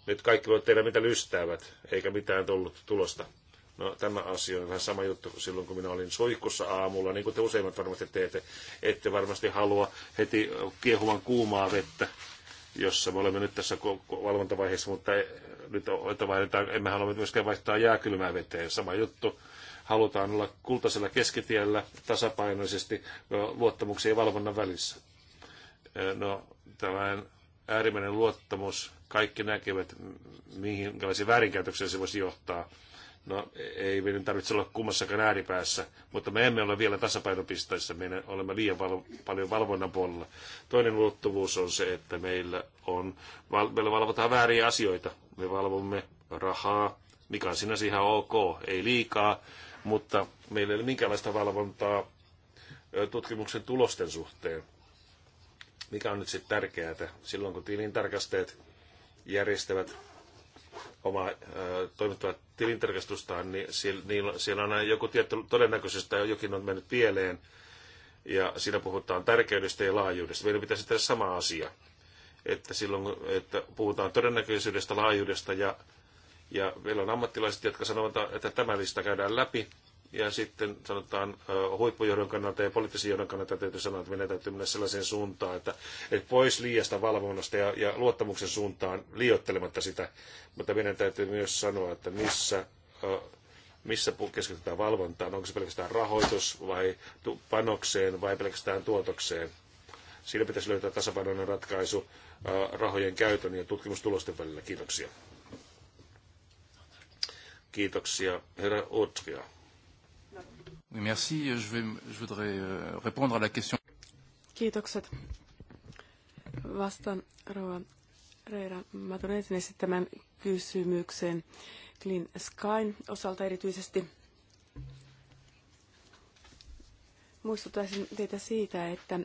Nyt kaikki voivat tehdä mitä lystäävät, eikä mitään tullut tulosta. No tämä asia on vähän sama juttu kuin silloin, kun minä olin suihkussa aamulla, niin kuin te useimmat varmasti teette. Ette varmasti halua heti kiehuvan kuumaa vettä, jossa me olemme nyt tässä valvontavaiheessa, mutta nyt emme halua myöskään vaihtaa jääkylmää veteen. Sama juttu. Halutaan olla kultaisella keskitiellä tasapainoisesti luottamuksen ja valvonnan välissä. No, tällainen äärimmäinen luottamus, kaikki näkevät, mihinlaisiin väärinkäytöksiä se voisi johtaa. No ei meidän tarvitse olla kummassakaan ääripäässä, mutta me emme ole vielä tasapainopisteessä, me olemme liian val- paljon valvonnan puolella. Toinen ulottuvuus on se, että meillä on, val- meillä valvotaan vääriä asioita. Me valvomme rahaa, mikä on sinänsä ihan ok, ei liikaa, mutta meillä ei ole minkäänlaista valvontaa tutkimuksen tulosten suhteen. Mikä on nyt sitten tärkeää, että silloin kun tilintarkastajat järjestävät omaa toimittua tilintarkastustaan, niin siellä on aina joku tietty todennäköisyys, että jokin on mennyt pieleen. Ja siinä puhutaan tärkeydestä ja laajuudesta. Meidän pitäisi tehdä sama asia. Että silloin että puhutaan todennäköisyydestä, laajuudesta ja, ja meillä on ammattilaiset, jotka sanovat, että tämä lista käydään läpi Ja sitten sanotaan huippujohdon kannalta ja poliittisen johdon kannalta täytyy sanoa, että meidän täytyy mennä sellaiseen suuntaan, että, että pois liiasta valvonnasta ja, ja luottamuksen suuntaan liiottelematta sitä. Mutta meidän täytyy myös sanoa, että missä missä keskitytään valvontaan, onko se pelkästään rahoitus vai panokseen vai pelkästään tuotokseen. Siinä pitäisi löytää tasapainoinen ratkaisu rahojen käytön ja tutkimustulosten välillä. Kiitoksia. Kiitoksia, herra Otria. Merci. Je, vais, je voudrais euh, répondre à la question. Kiitokset. Vastaan Rova Reera Matuneetin esittämään kysymykseen Clean Skyn osalta erityisesti. Muistuttaisin teitä siitä, että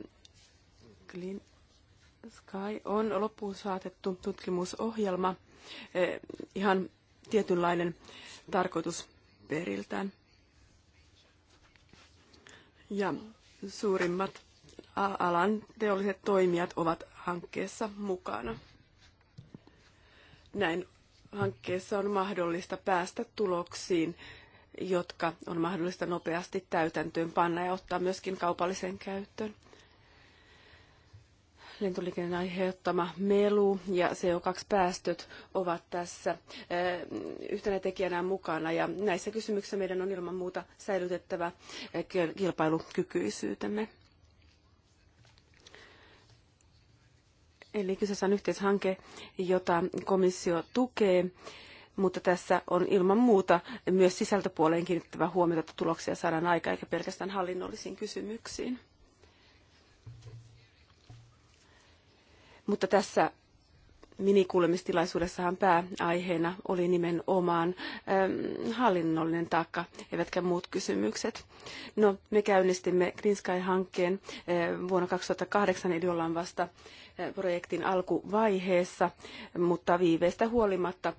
Clean Sky on loppuun saatettu tutkimusohjelma, eh, ihan tietynlainen tarkoitus periltään ja suurimmat alan teolliset toimijat ovat hankkeessa mukana. Näin hankkeessa on mahdollista päästä tuloksiin, jotka on mahdollista nopeasti täytäntöön panna ja ottaa myöskin kaupalliseen käyttöön lentoliikenteen aiheuttama melu ja CO2-päästöt ovat tässä eh, yhtenä tekijänä mukana. Ja näissä kysymyksissä meidän on ilman muuta säilytettävä eh, kilpailukykyisyytemme. Eli kyseessä on yhteishanke, jota komissio tukee, mutta tässä on ilman muuta myös sisältöpuoleen kiinnittävä huomiota, että tuloksia saadaan aikaa eikä pelkästään hallinnollisiin kysymyksiin. Mutta tässä minikuulemistilaisuudessahan pääaiheena oli nimenomaan äm, hallinnollinen taakka, eivätkä muut kysymykset. No, me käynnistimme Green Sky-hankkeen ä, äh, vuonna 2008, eli ollaan vasta ä, äh, projektin alkuvaiheessa, mutta viiveistä huolimatta ä,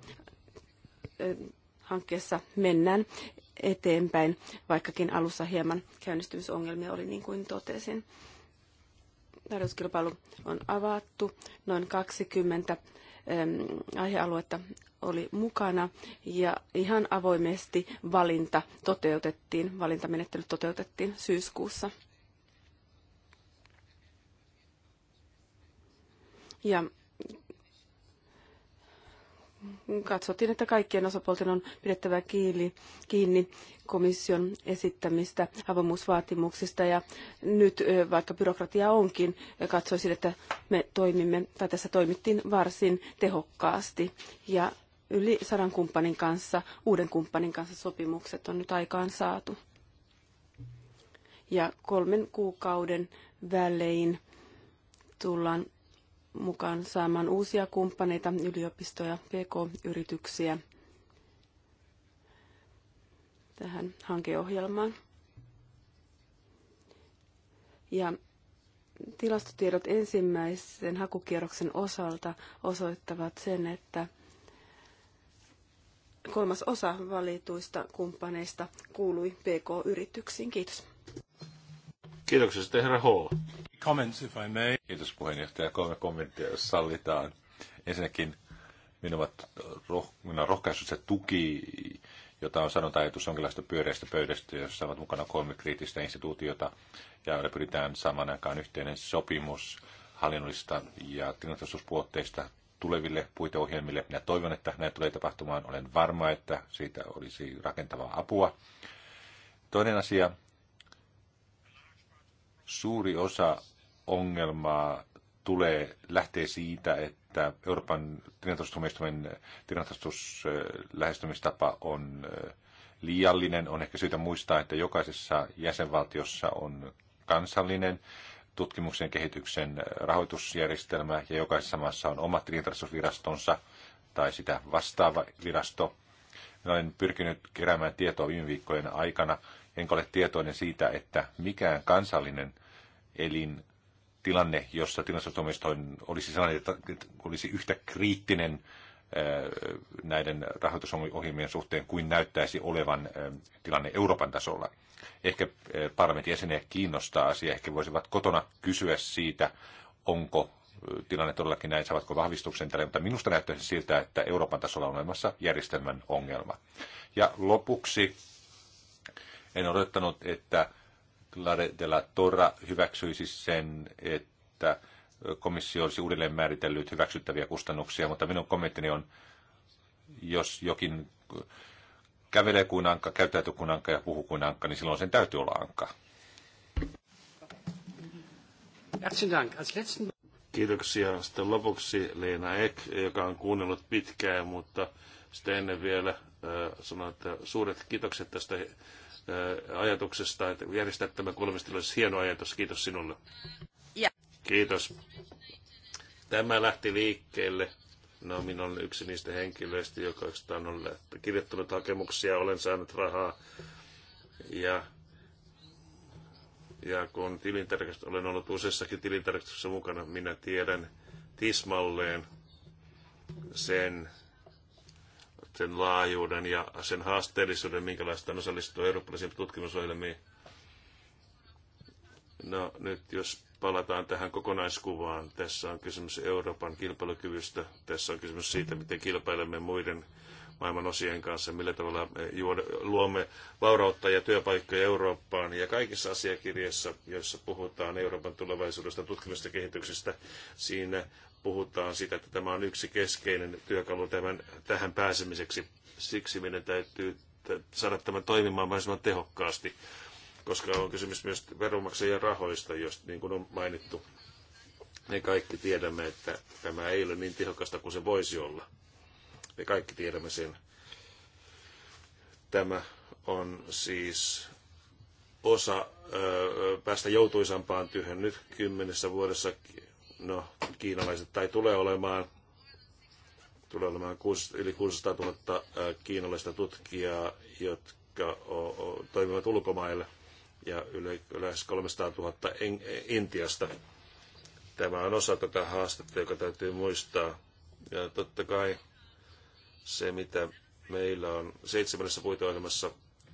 äh, hankkeessa mennään eteenpäin, vaikkakin alussa hieman käynnistymisongelmia oli, niin kuin totesin. Tarjouskilpailu on avattu. Noin 20 aihealuetta oli mukana ja ihan avoimesti valinta toteutettiin, valintamenettely toteutettiin syyskuussa. Ja katsottiin, että kaikkien osapuolten on pidettävä kiinni, kiinni komission esittämistä avoimuusvaatimuksista. Ja nyt, vaikka byrokratia onkin, katsoisin, että me toimimme, tai tässä toimittiin varsin tehokkaasti. Ja yli sadan kumppanin kanssa, uuden kumppanin kanssa sopimukset on nyt aikaan saatu. Ja kolmen kuukauden välein tullaan mukaan saamaan uusia kumppaneita, yliopistoja, pk-yrityksiä tähän hankeohjelmaan. Ja tilastotiedot ensimmäisen hakukierroksen osalta osoittavat sen, että kolmas osa valituista kumppaneista kuului PK-yrityksiin. Kiitos. Kiitoksia sitten herra H comments, if I may. Kiitos puheenjohtaja. Kolme kommenttia, jos sallitaan. Ensinnäkin minut roh, minua rohkaissut se tuki, jota on sanonut ajatus jonkinlaista pyöreästä pöydästä, jossa ovat mukana kolme kriittistä instituutiota, ja joilla pyritään saamaan aikaan yhteinen sopimus hallinnollista ja tilintarkastuspuotteista tuleville puiteohjelmille. Minä toivon, että näin tulee tapahtumaan. Olen varma, että siitä olisi rakentavaa apua. Toinen asia. Suuri osa ongelmaa tulee lähtee siitä, että Euroopan tilintarkastustuomioistuimen tilintarkastuslähestymistapa on äh, liiallinen. On ehkä syytä muistaa, että jokaisessa jäsenvaltiossa on kansallinen tutkimuksen kehityksen äh, rahoitusjärjestelmä ja jokaisessa maassa on oma tilintarkastusvirastonsa tai sitä vastaava virasto. Minä olen pyrkinyt keräämään tietoa viime viikkojen aikana, enkä ole tietoinen siitä, että mikään kansallinen elin tilanne, jossa tilastotoimistoin olisi sellainen, että olisi yhtä kriittinen äh, näiden rahoitusohjelmien suhteen kuin näyttäisi olevan äh, tilanne Euroopan tasolla. Ehkä äh, parlamentin jäseniä kiinnostaa asia, ehkä voisivat kotona kysyä siitä, onko tilanne todellakin näin, saavatko vahvistuksen tälle, mutta minusta näyttäisi siltä, että Euroopan tasolla on olemassa järjestelmän ongelma. Ja lopuksi en odottanut, että Clare de la Torra hyväksyi siis sen, että komissio olisi uudelleen määritellyt hyväksyttäviä kustannuksia, mutta minun kommenttini on, jos jokin kävelee kuin ankka, käyttäytyy kuin ankka ja puhuu kuin ankka, niin silloin sen täytyy olla ankka. Kiitoksia. Sitten lopuksi Leena Ek, joka on kuunnellut pitkään, mutta sitä ennen vielä äh, sanon, että suuret kiitokset tästä ajatuksesta, että järjestät tämä kuulemistila olisi hieno ajatus. Kiitos sinulle. Ja. Kiitos. Tämä lähti liikkeelle. No, minä olen yksi niistä henkilöistä, joka on kirjoittanut hakemuksia, olen saanut rahaa. Ja, ja kun tilintarkastus, olen ollut useassakin tilintarkastuksessa mukana, minä tiedän tismalleen sen, sen laajuuden ja sen haasteellisuuden, minkälaista on osallistua eurooppalaisiin tutkimusohjelmiin. No nyt jos palataan tähän kokonaiskuvaan, tässä on kysymys Euroopan kilpailukyvystä, tässä on kysymys siitä, miten kilpailemme muiden maailman osien kanssa, millä tavalla luomme vaurautta ja työpaikkoja Eurooppaan. Ja kaikissa asiakirjoissa, joissa puhutaan Euroopan tulevaisuudesta, tutkimusta ja kehityksestä, siinä puhutaan siitä, että tämä on yksi keskeinen työkalu tämän, tähän pääsemiseksi. Siksi meidän täytyy saada tämän toimimaan mahdollisimman tehokkaasti, koska on kysymys myös veronmaksajien rahoista, jos niin kuin on mainittu. Me kaikki tiedämme, että tämä ei ole niin tehokasta kuin se voisi olla. Me kaikki tiedämme sen. Tämä on siis osa ö, päästä joutuisampaan työhön. Nyt kymmenessä vuodessa no kiinalaiset, tai tulee olemaan, tulee olemaan kuusi, yli 600 000 kiinalaista tutkijaa, jotka toimivat ulkomaille, ja yleensä 300 000 Intiasta. Tämä on osa tätä haastetta, joka täytyy muistaa. Ja totta kai se, mitä meillä on seitsemännessä puiteohjelmassa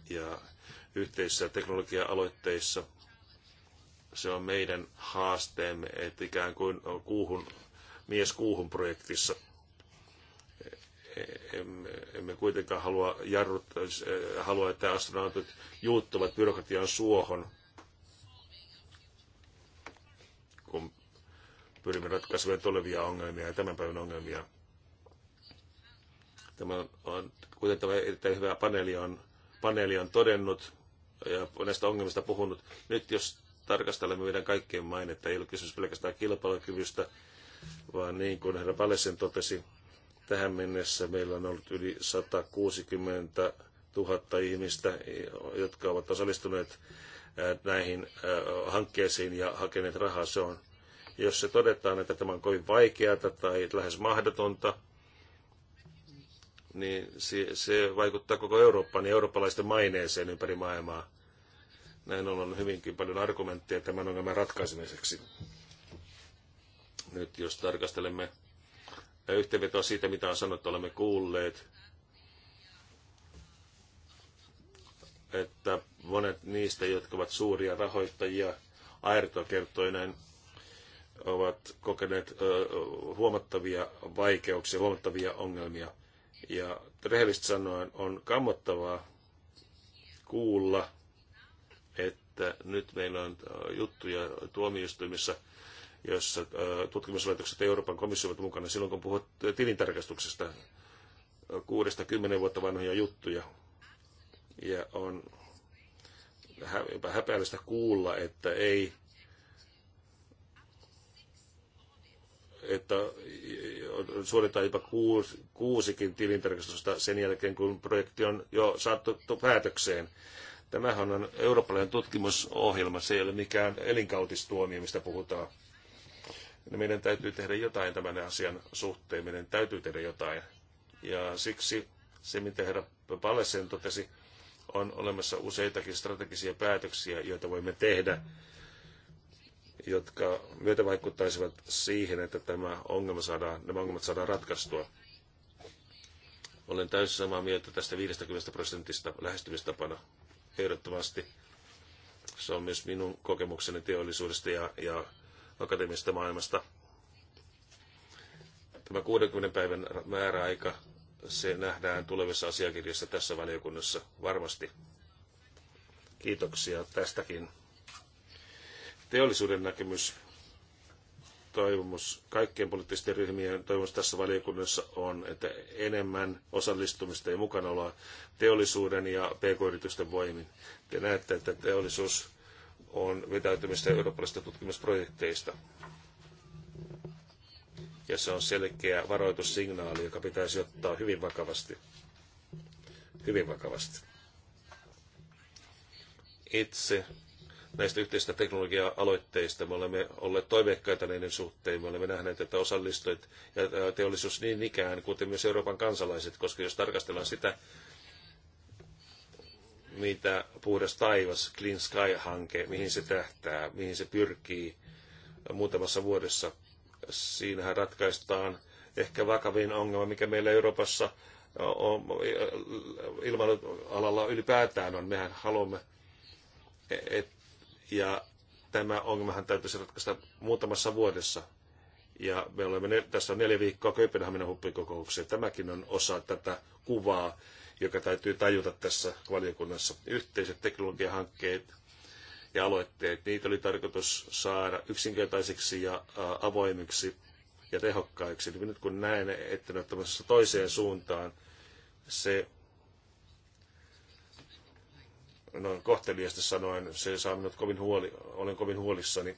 ja yhteisissä teknologia-aloitteissa se on meidän haasteemme, että ikään kuin kuuhun, mies kuuhun projektissa e, emme, emme kuitenkaan halua jarruttaa, e, halua, että astronautit juuttuvat byrokratian suohon, kun pyrimme ratkaisemaan tulevia ongelmia ja tämän päivän ongelmia. Tämä on, kuten tämä erittäin hyvä paneeli on, paneeli on todennut ja näistä ongelmista puhunut, nyt jos tarkastelemme meidän kaikkien mainetta. Ei ole kysymys pelkästään kilpailukyvystä, vaan niin kuin herra Palesen totesi, tähän mennessä meillä on ollut yli 160 000 ihmistä, jotka ovat osallistuneet näihin hankkeisiin ja hakeneet rahaa. Se on, jos se todetaan, että tämä on kovin vaikeaa tai lähes mahdotonta, niin se, se vaikuttaa koko Eurooppaan ja eurooppalaisten maineeseen ympäri maailmaa. Näin ollen hyvinkin paljon argumentteja tämän ongelman ratkaisemiseksi. Nyt jos tarkastelemme yhteenvetoa siitä, mitä on sanottu, olemme kuulleet, että monet niistä, jotka ovat suuria rahoittajia, Aerto kertoi näin, ovat kokeneet huomattavia vaikeuksia, huomattavia ongelmia. Ja rehellisesti sanoen on kammottavaa kuulla että nyt meillä on äh, juttuja tuomioistuimissa, jossa äh, tutkimuslaitokset Euroopan komissio ovat mukana silloin, kun puhut tilintarkastuksesta kuudesta kymmenen vuotta vanhoja juttuja. Ja on jopa häpeällistä kuulla, että ei että suoritetaan jopa kuusi, kuusikin tilintarkastusta sen jälkeen, kun projekti on jo saattu päätökseen. Tämähän on eurooppalainen tutkimusohjelma, se ei ole mikään elinkautistuomio, mistä puhutaan. Meidän täytyy tehdä jotain tämän asian suhteen, meidän täytyy tehdä jotain. Ja siksi se, mitä herra Palesen totesi, on olemassa useitakin strategisia päätöksiä, joita voimme tehdä, jotka myötävaikuttaisivat siihen, että tämä ongelma saadaan, nämä ongelmat saadaan ratkaistua. Olen täysin samaa mieltä tästä 50 prosentista lähestymistapana ehdottomasti. Se on myös minun kokemukseni teollisuudesta ja, ja akateemisesta maailmasta. Tämä 60 päivän määräaika, se nähdään tulevissa asiakirjoissa tässä valiokunnassa varmasti. Kiitoksia tästäkin. Teollisuuden näkemys toivomus kaikkien poliittisten ryhmien toivomus tässä valiokunnassa on, että enemmän osallistumista ja mukanaoloa teollisuuden ja pk-yritysten voimin. Te näette, että teollisuus on vetäytymistä eurooppalaisista tutkimusprojekteista. Ja se on selkeä varoitussignaali, joka pitäisi ottaa hyvin vakavasti. Hyvin vakavasti. Itse näistä yhteistä teknologia-aloitteista. Me olemme olleet toiveikkaita niiden suhteen. Me olemme nähneet, että osallistujat ja teollisuus niin ikään, kuten myös Euroopan kansalaiset, koska jos tarkastellaan sitä, mitä Puhdas taivas, Clean Sky-hanke, mihin se tähtää, mihin se pyrkii muutamassa vuodessa. Siinähän ratkaistaan ehkä vakavin ongelma, mikä meillä Euroopassa on, ilmailualalla ylipäätään on. Mehän haluamme, e, että Ja tämä ongelmahan täytyisi ratkaista muutamassa vuodessa. Ja me olemme, tässä on neljä viikkoa Kööpenhaminan huppikokoukseen. Tämäkin on osa tätä kuvaa, joka täytyy tajuta tässä valiokunnassa. Yhteiset teknologiahankkeet ja aloitteet, niitä oli tarkoitus saada yksinkertaisiksi ja avoimiksi ja tehokkaiksi. Nyt kun näen, että ne on toiseen suuntaan, se noin kohteliasti sanoen, se saa minut kovin huoli, olen kovin huolissani.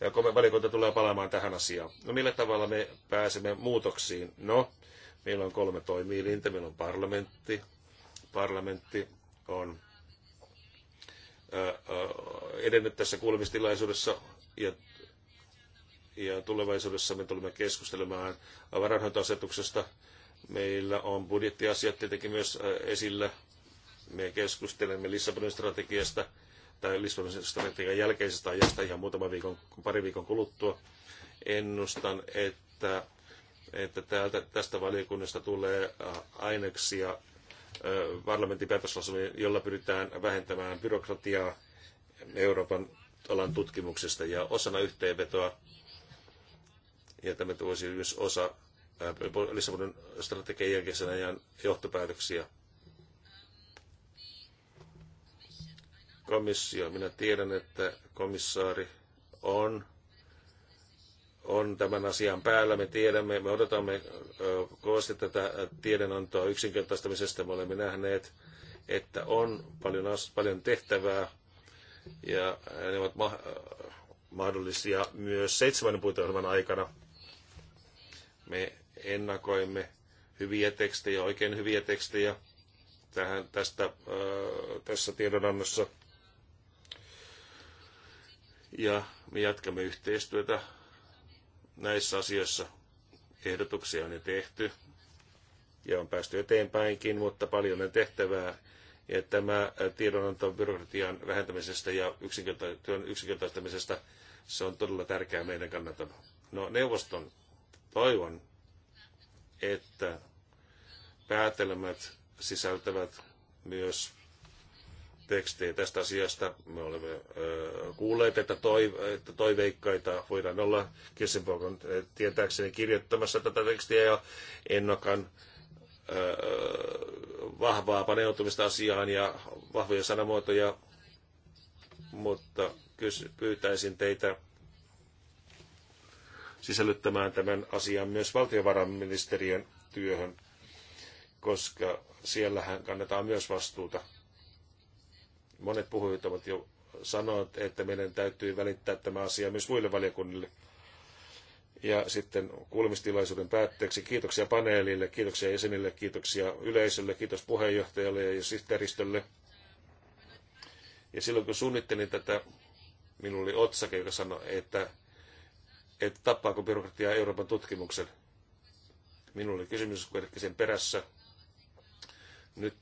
Ja valiokunta tulee palaamaan tähän asiaan. No millä tavalla me pääsemme muutoksiin? No, meillä on kolme toimielintä, meillä on parlamentti. Parlamentti on edennyt tässä kuulemistilaisuudessa ja, ja tulevaisuudessa me tulemme keskustelemaan varainhoitoasetuksesta. Meillä on budjettiasiat tietenkin myös esillä Me keskustelemme Lissabonin strategiasta tai Lissabonin strategian jälkeisestä ajasta ihan muutaman viikon, pari viikon kuluttua. Ennustan, että, että täältä, tästä valiokunnasta tulee äh, aineksia äh, parlamentin päätöslausumiin, jolla pyritään vähentämään byrokratiaa Euroopan alan tutkimuksesta ja osana yhteenvetoa. Ja tämä voisi myös osa äh, Lissabonin strategian jälkeisen ajan johtopäätöksiä komissio. Minä tiedän, että komissaari on, on tämän asian päällä. Me tiedämme, me odotamme kovasti tätä tiedonantoa yksinkertaistamisesta. Me olemme nähneet, että on paljon, paljon tehtävää ja ne ovat ma- mahdollisia myös seitsemännen puiteohjelman aikana. Me ennakoimme hyviä tekstejä, oikein hyviä tekstejä tähän, tästä, äh, tässä tiedonannossa – ja me jatkamme yhteistyötä näissä asioissa. Ehdotuksia on jo tehty ja on päästy eteenpäinkin, mutta paljon on tehtävää. Ja tämä tiedonanto byrokratian vähentämisestä ja työn yksinkertaistamisesta, se on todella tärkeää meidän kannaltamme. No neuvoston toivon, että päätelmät sisältävät myös tekstejä tästä asiasta. Me olemme äh, kuulleet, että, toive, että toiveikkaita voidaan olla. Kissenborg on äh, tietääkseni kirjoittamassa tätä tekstiä ja ennokan äh, vahvaa paneutumista asiaan ja vahvoja sanamuotoja, mutta pyytäisin teitä sisällyttämään tämän asian myös valtiovarainministeriön työhön, koska siellähän kannetaan myös vastuuta Monet puhujat ovat jo sanoneet, että meidän täytyy välittää tämä asia myös muille valiokunnille. Ja sitten kuulemistilaisuuden päätteeksi kiitoksia paneelille, kiitoksia jäsenille, kiitoksia yleisölle, kiitos puheenjohtajalle ja sihteeristölle. Ja silloin kun suunnittelin tätä, minulla oli otsake, joka sanoi, että, että tappaako byrokratia Euroopan tutkimuksen. Minulla oli kysymys sen perässä. Nyt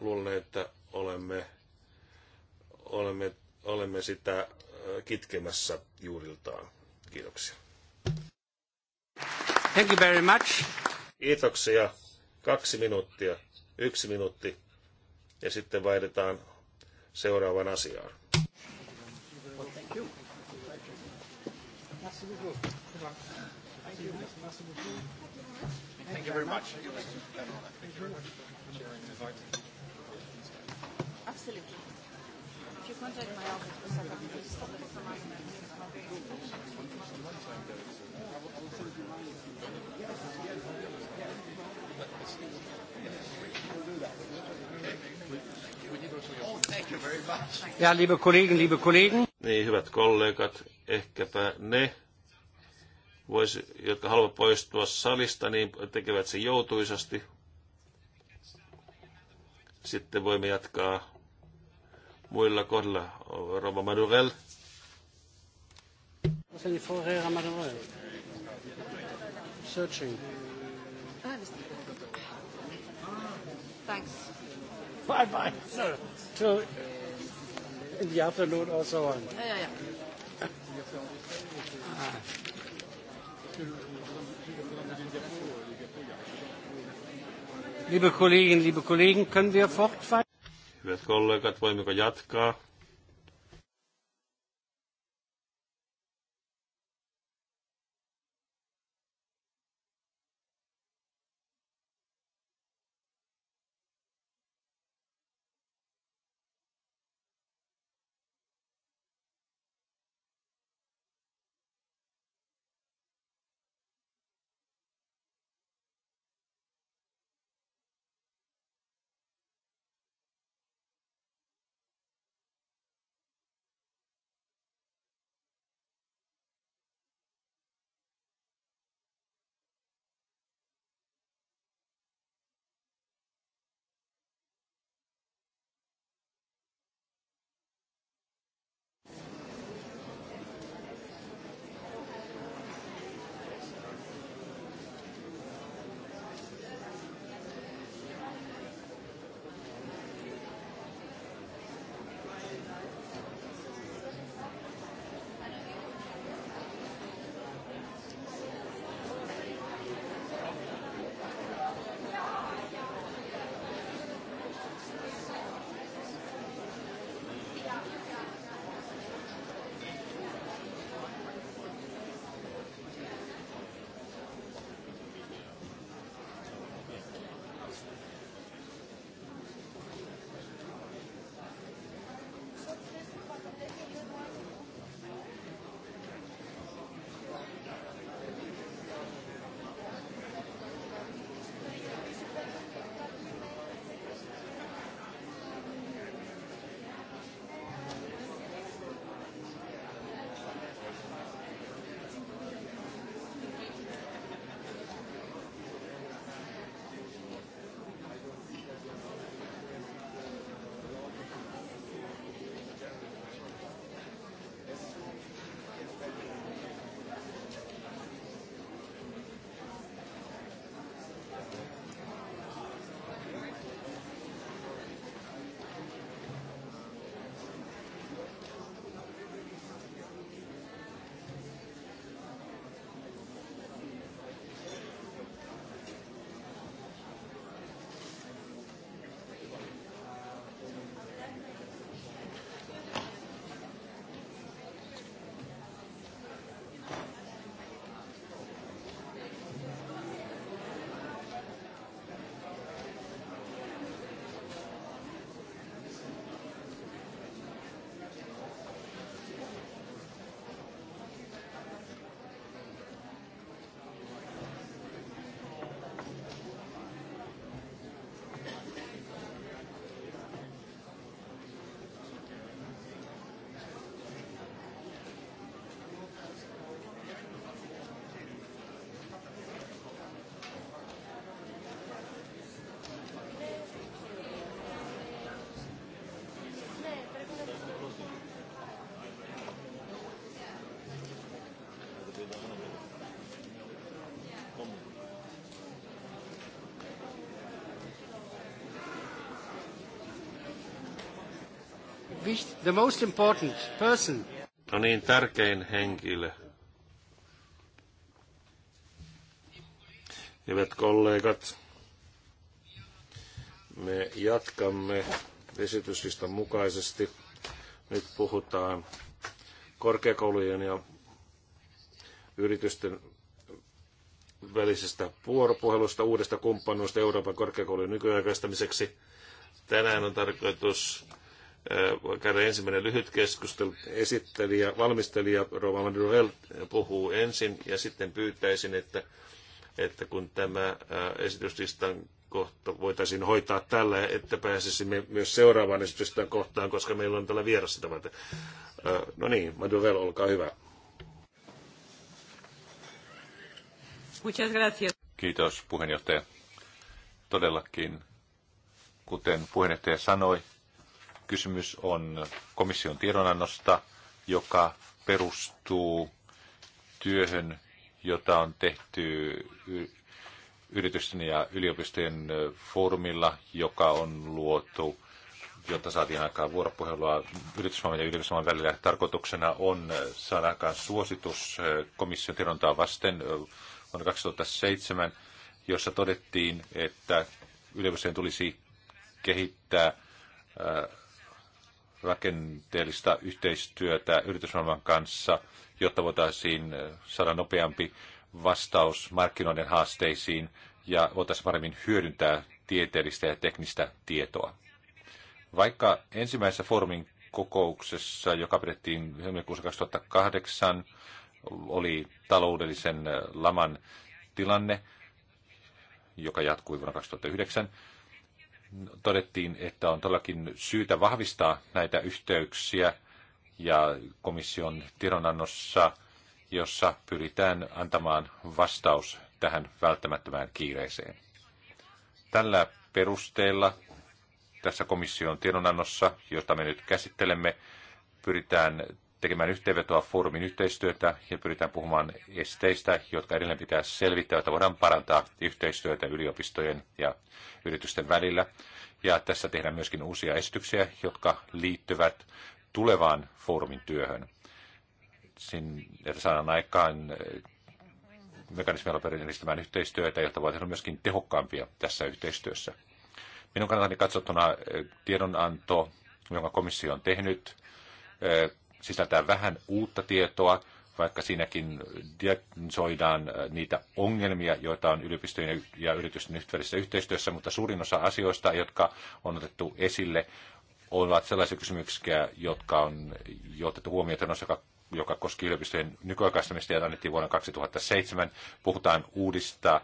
luulen, että olemme olemme, olemme sitä kitkemässä juuriltaan. Kiitoksia. Thank you very much. Kiitoksia. Kaksi minuuttia, yksi minuutti ja sitten vaihdetaan seuraavaan asiaan. Thank you very much. Absolutely you contact my office for second, please stop it from my Ja, liebe Kollegen, liebe Kollegen. Niin, hyvät kollegat, ehkäpä ne, vois, jotka haluavat poistua salista, niin tekevät sen joutuisasti. Sitten voimme jatkaa muilla kohdilla. Rova Madurell. Searching. Ah, Thanks. Bye bye. No, to in the afternoon or so on. Yeah, yeah, yeah. Ah. Liebe Kolleginnen, liebe Kollegen, können wir fortfahren? Hyvät kollegat, voimmeko jatkaa? the most important person. No niin, tärkein henkilö. Hyvät kollegat, me jatkamme esityslistan mukaisesti. Nyt puhutaan korkeakoulujen ja yritysten välisestä vuoropuhelusta, uudesta kumppanuudesta Euroopan korkeakoulujen nykyaikaistamiseksi. Tänään on tarkoitus Äh, käydä ensimmäinen lyhyt keskustelu. Esittelijä, valmistelija Rova Manuel puhuu ensin ja sitten pyytäisin, että, että kun tämä äh, esityslistan kohta voitaisiin hoitaa tällä, että pääsisimme myös seuraavaan esityslistan kohtaan, koska meillä on tällä vieressä tämä. Äh, no niin, Manuel, olkaa hyvä. Muchas gracias. Kiitos puheenjohtaja. Todellakin, kuten puheenjohtaja sanoi, Kysymys on komission tiedonannosta, joka perustuu työhön, jota on tehty yritysten ja yliopistojen foorumilla, joka on luotu, jotta saatiin aikaan vuoropuhelua yritysmaailman ja yritysmaailman välillä. Tarkoituksena on saada aikaan suositus komission tiedontaa vasten vuonna 2007, jossa todettiin, että yliopistojen tulisi kehittää rakenteellista yhteistyötä yritysmaailman kanssa, jotta voitaisiin saada nopeampi vastaus markkinoiden haasteisiin ja voitaisiin paremmin hyödyntää tieteellistä ja teknistä tietoa. Vaikka ensimmäisessä foorumin kokouksessa, joka pidettiin helmikuussa 2008, oli taloudellisen laman tilanne, joka jatkui vuonna 2009, todettiin, että on todellakin syytä vahvistaa näitä yhteyksiä ja komission tiedonannossa, jossa pyritään antamaan vastaus tähän välttämättömään kiireeseen. Tällä perusteella tässä komission tiedonannossa, jota me nyt käsittelemme, pyritään tekemään yhteenvetoa foorumin yhteistyötä ja pyritään puhumaan esteistä, jotka edelleen pitää selvittää, että voidaan parantaa yhteistyötä yliopistojen ja yritysten välillä. Ja tässä tehdään myöskin uusia esityksiä, jotka liittyvät tulevaan foorumin työhön. Sin, että saadaan aikaan eh, mekanismeilla edistämään yhteistyötä, jotta voi tehdä myöskin tehokkaampia tässä yhteistyössä. Minun kannaltani katsottuna eh, tiedonanto, jonka komissio on tehnyt, eh, sisältää vähän uutta tietoa, vaikka siinäkin diagnosoidaan äh, niitä ongelmia, joita on yliopistojen ja yritysten välisessä yhteistyössä, mutta suurin osa asioista, jotka on otettu esille, ovat sellaisia kysymyksiä, jotka on jo otettu huomioon joka, joka koski yliopistojen nykyaikaistamista ja annettiin vuonna 2007. Puhutaan uudista äh,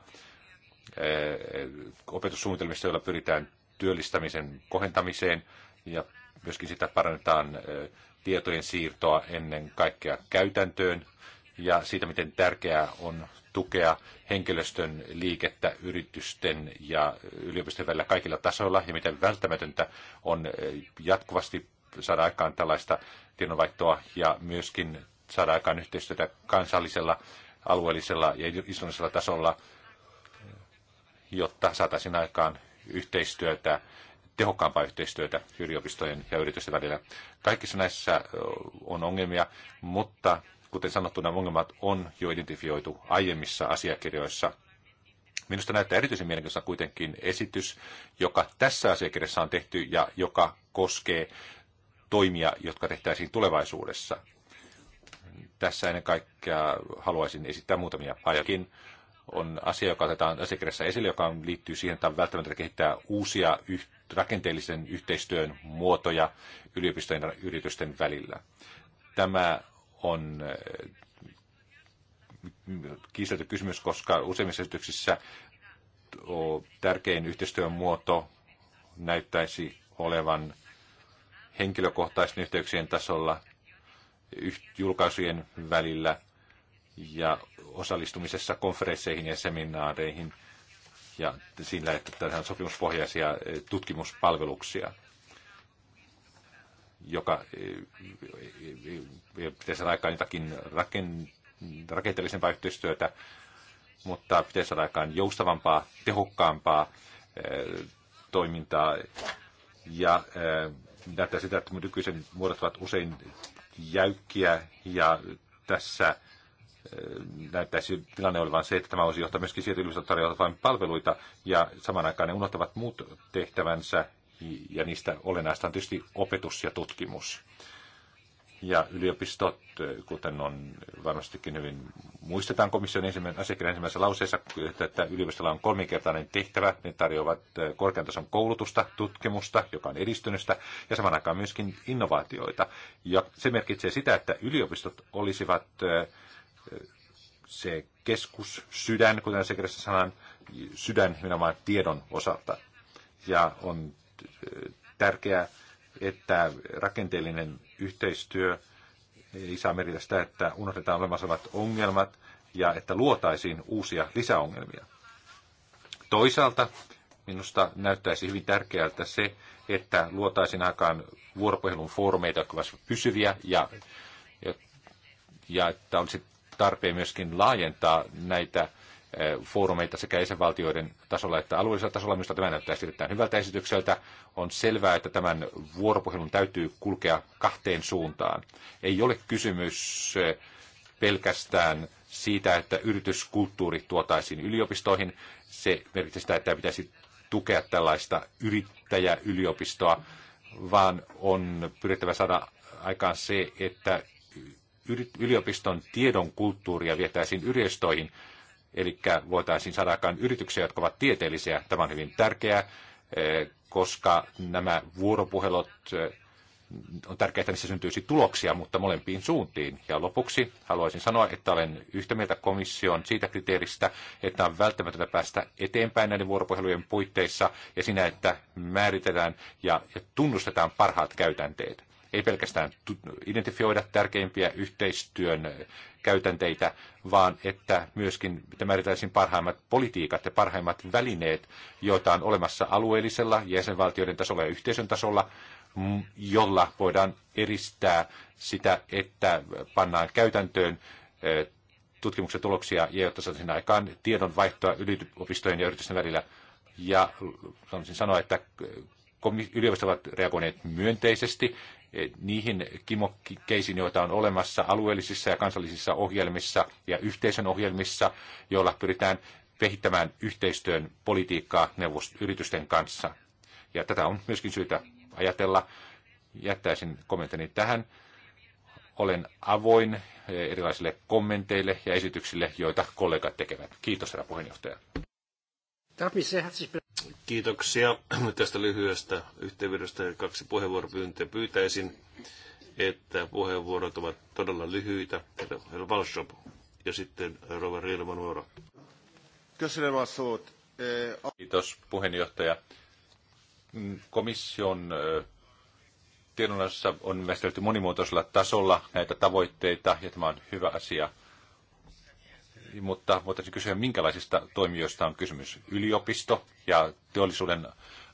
opetussuunnitelmista, joilla pyritään työllistämisen kohentamiseen ja myöskin sitä parannetaan äh, tietojen siirtoa ennen kaikkea käytäntöön ja siitä, miten tärkeää on tukea henkilöstön liikettä yritysten ja yliopistojen välillä kaikilla tasoilla ja miten välttämätöntä on eh, jatkuvasti saada aikaan tällaista tiedonvaihtoa ja myöskin saada aikaan yhteistyötä kansallisella, alueellisella ja islamisella tasolla, jotta saataisiin aikaan yhteistyötä tehokkaampaa yhteistyötä yliopistojen ja yritysten välillä. Kaikissa näissä on ongelmia, mutta kuten sanottu, nämä ongelmat on jo identifioitu aiemmissa asiakirjoissa. Minusta näyttää erityisen mielenkiintoista kuitenkin esitys, joka tässä asiakirjassa on tehty ja joka koskee toimia, jotka tehtäisiin tulevaisuudessa. Tässä ennen kaikkea haluaisin esittää muutamia ajakin on asia, joka otetaan asiakirjassa esille, joka liittyy siihen, että on välttämättä kehittää uusia yh- rakenteellisen yhteistyön muotoja yliopistojen ja yritysten välillä. Tämä on äh, kiistelty kysymys, koska useimmissa esityksissä tärkein yhteistyön muoto näyttäisi olevan henkilökohtaisten yhteyksien tasolla, julkaisujen välillä – ja osallistumisessa konferensseihin ja seminaareihin ja sillä, että tehdään sopimuspohjaisia eh, tutkimuspalveluksia, joka eh, eh, pitäisi saada aikaan jotakin rakenteellisempaa yhteistyötä, mutta pitäisi saada aikaan joustavampaa, tehokkaampaa toimintaa ja näyttää sitä, että nykyisen muodot ovat usein jäykkiä ja tässä näyttäisi tilanne olevan se, että tämä olisi johtaa myöskin siihen, että yliopistot tarjoavat vain palveluita ja saman aikaan ne unohtavat muut tehtävänsä ja niistä olennaista on tietysti opetus ja tutkimus. Ja yliopistot, kuten on varmastikin hyvin, muistetaan komission ensimmäinen, asiakirjan ensimmäisessä lauseessa, että yliopistolla on kolminkertainen tehtävä. Ne tarjoavat korkean tason koulutusta, tutkimusta, joka on edistynystä, ja saman aikaan myöskin innovaatioita. Ja se merkitsee sitä, että yliopistot olisivat se keskus, sydän, kuten se kirjassa sanan, sydän nimenomaan tiedon osalta. Ja on eh, tärkeää, että rakenteellinen yhteistyö ei saa merkitä sitä, että unohdetaan olemassa olevat ongelmat ja että luotaisiin uusia lisäongelmia. Toisaalta minusta näyttäisi hyvin tärkeältä se, että luotaisiin aikaan vuoropuhelun foorumeita, jotka ovat pysyviä ja, ja, ja että olisi tarpeen myöskin laajentaa näitä eh, foorumeita sekä jäsenvaltioiden tasolla että alueellisella tasolla. Minusta tämä näyttää erittäin hyvältä esitykseltä. On selvää, että tämän vuoropuhelun täytyy kulkea kahteen suuntaan. Ei ole kysymys eh, pelkästään siitä, että yrityskulttuuri tuotaisiin yliopistoihin. Se merkitsee sitä, että pitäisi tukea tällaista yrittäjäyliopistoa, vaan on pyrittävä saada aikaan se, että yliopiston tiedon kulttuuria vietäisiin yliopistoihin, eli voitaisiin saada aikaan yrityksiä, jotka ovat tieteellisiä. Tämä on hyvin tärkeää, eh, koska nämä vuoropuhelut eh, on tärkeää, että niissä syntyisi tuloksia, mutta molempiin suuntiin. Ja lopuksi haluaisin sanoa, että olen yhtä mieltä komission siitä kriteeristä, että on välttämätöntä päästä eteenpäin näiden vuoropuhelujen puitteissa ja siinä, että määritetään ja, tunnustetaan parhaat käytänteet ei pelkästään identifioida tärkeimpiä yhteistyön käytänteitä, vaan että myöskin määriteltäisiin parhaimmat politiikat ja parhaimmat välineet, joita on olemassa alueellisella, jäsenvaltioiden tasolla ja yhteisön tasolla, jolla voidaan eristää sitä, että pannaan käytäntöön tutkimuksen tuloksia ja jotta saataisiin aikaan tiedonvaihtoa yliopistojen ja yritysten välillä. Ja haluaisin sanoa, että yliopistot ovat reagoineet myönteisesti Eh, niihin kimokkeisiin, joita on olemassa alueellisissa ja kansallisissa ohjelmissa ja yhteisön ohjelmissa, joilla pyritään kehittämään yhteistyön politiikkaa neuvost- yritysten kanssa. Ja tätä on myöskin syytä ajatella. Jättäisin kommenttini tähän. Olen avoin eh, erilaisille kommenteille ja esityksille, joita kollegat tekevät. Kiitos, herra puheenjohtaja. Kiitoksia tästä lyhyestä yhteenvedosta ja kaksi puheenvuoropyyntöä. Pyytäisin, että puheenvuorot ovat todella lyhyitä. Herra Valshop ja sitten Rova Rielmanuora. Kiitos puheenjohtaja. Mm, komission tiedonannossa on määritelty monimuotoisella tasolla näitä tavoitteita ja tämä on hyvä asia – mutta voitaisiin kysyä, minkälaisista toimijoista on kysymys. Yliopisto ja teollisuuden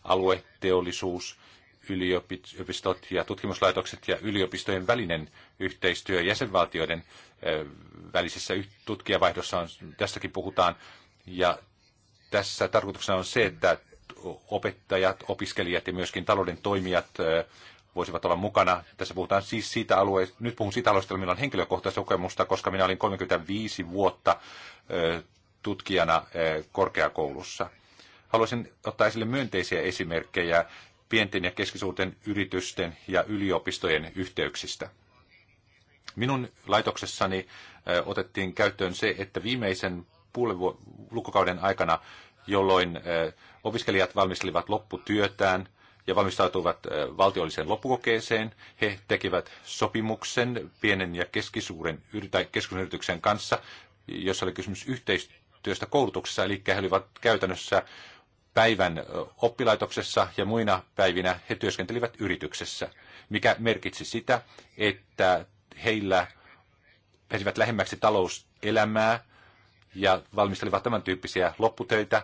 alue, teollisuus, yliopistot ja tutkimuslaitokset ja yliopistojen välinen yhteistyö jäsenvaltioiden välisessä tutkijavaihdossa on, tästäkin puhutaan. Ja tässä tarkoituksena on se, että opettajat, opiskelijat ja myöskin talouden toimijat voisivat olla mukana. Tässä puhutaan siis siitä alueesta, nyt puhun siitä alueesta, millä on henkilökohtaista kokemusta, koska minä olin 35 vuotta tutkijana korkeakoulussa. Haluaisin ottaa esille myönteisiä esimerkkejä pienten ja keskisuurten yritysten ja yliopistojen yhteyksistä. Minun laitoksessani otettiin käyttöön se, että viimeisen puolen lukukauden aikana, jolloin opiskelijat valmistelivat lopputyötään, ja valmistautuivat valtiolliseen loppukokeeseen. He tekivät sopimuksen pienen ja keskisuuren tai keskisuuren yrityksen kanssa, jossa oli kysymys yhteistyöstä koulutuksessa, eli he olivat käytännössä päivän oppilaitoksessa ja muina päivinä he työskentelivät yrityksessä, mikä merkitsi sitä, että heillä pesivät lähemmäksi talouselämää ja valmistelivat tämän tyyppisiä lopputöitä,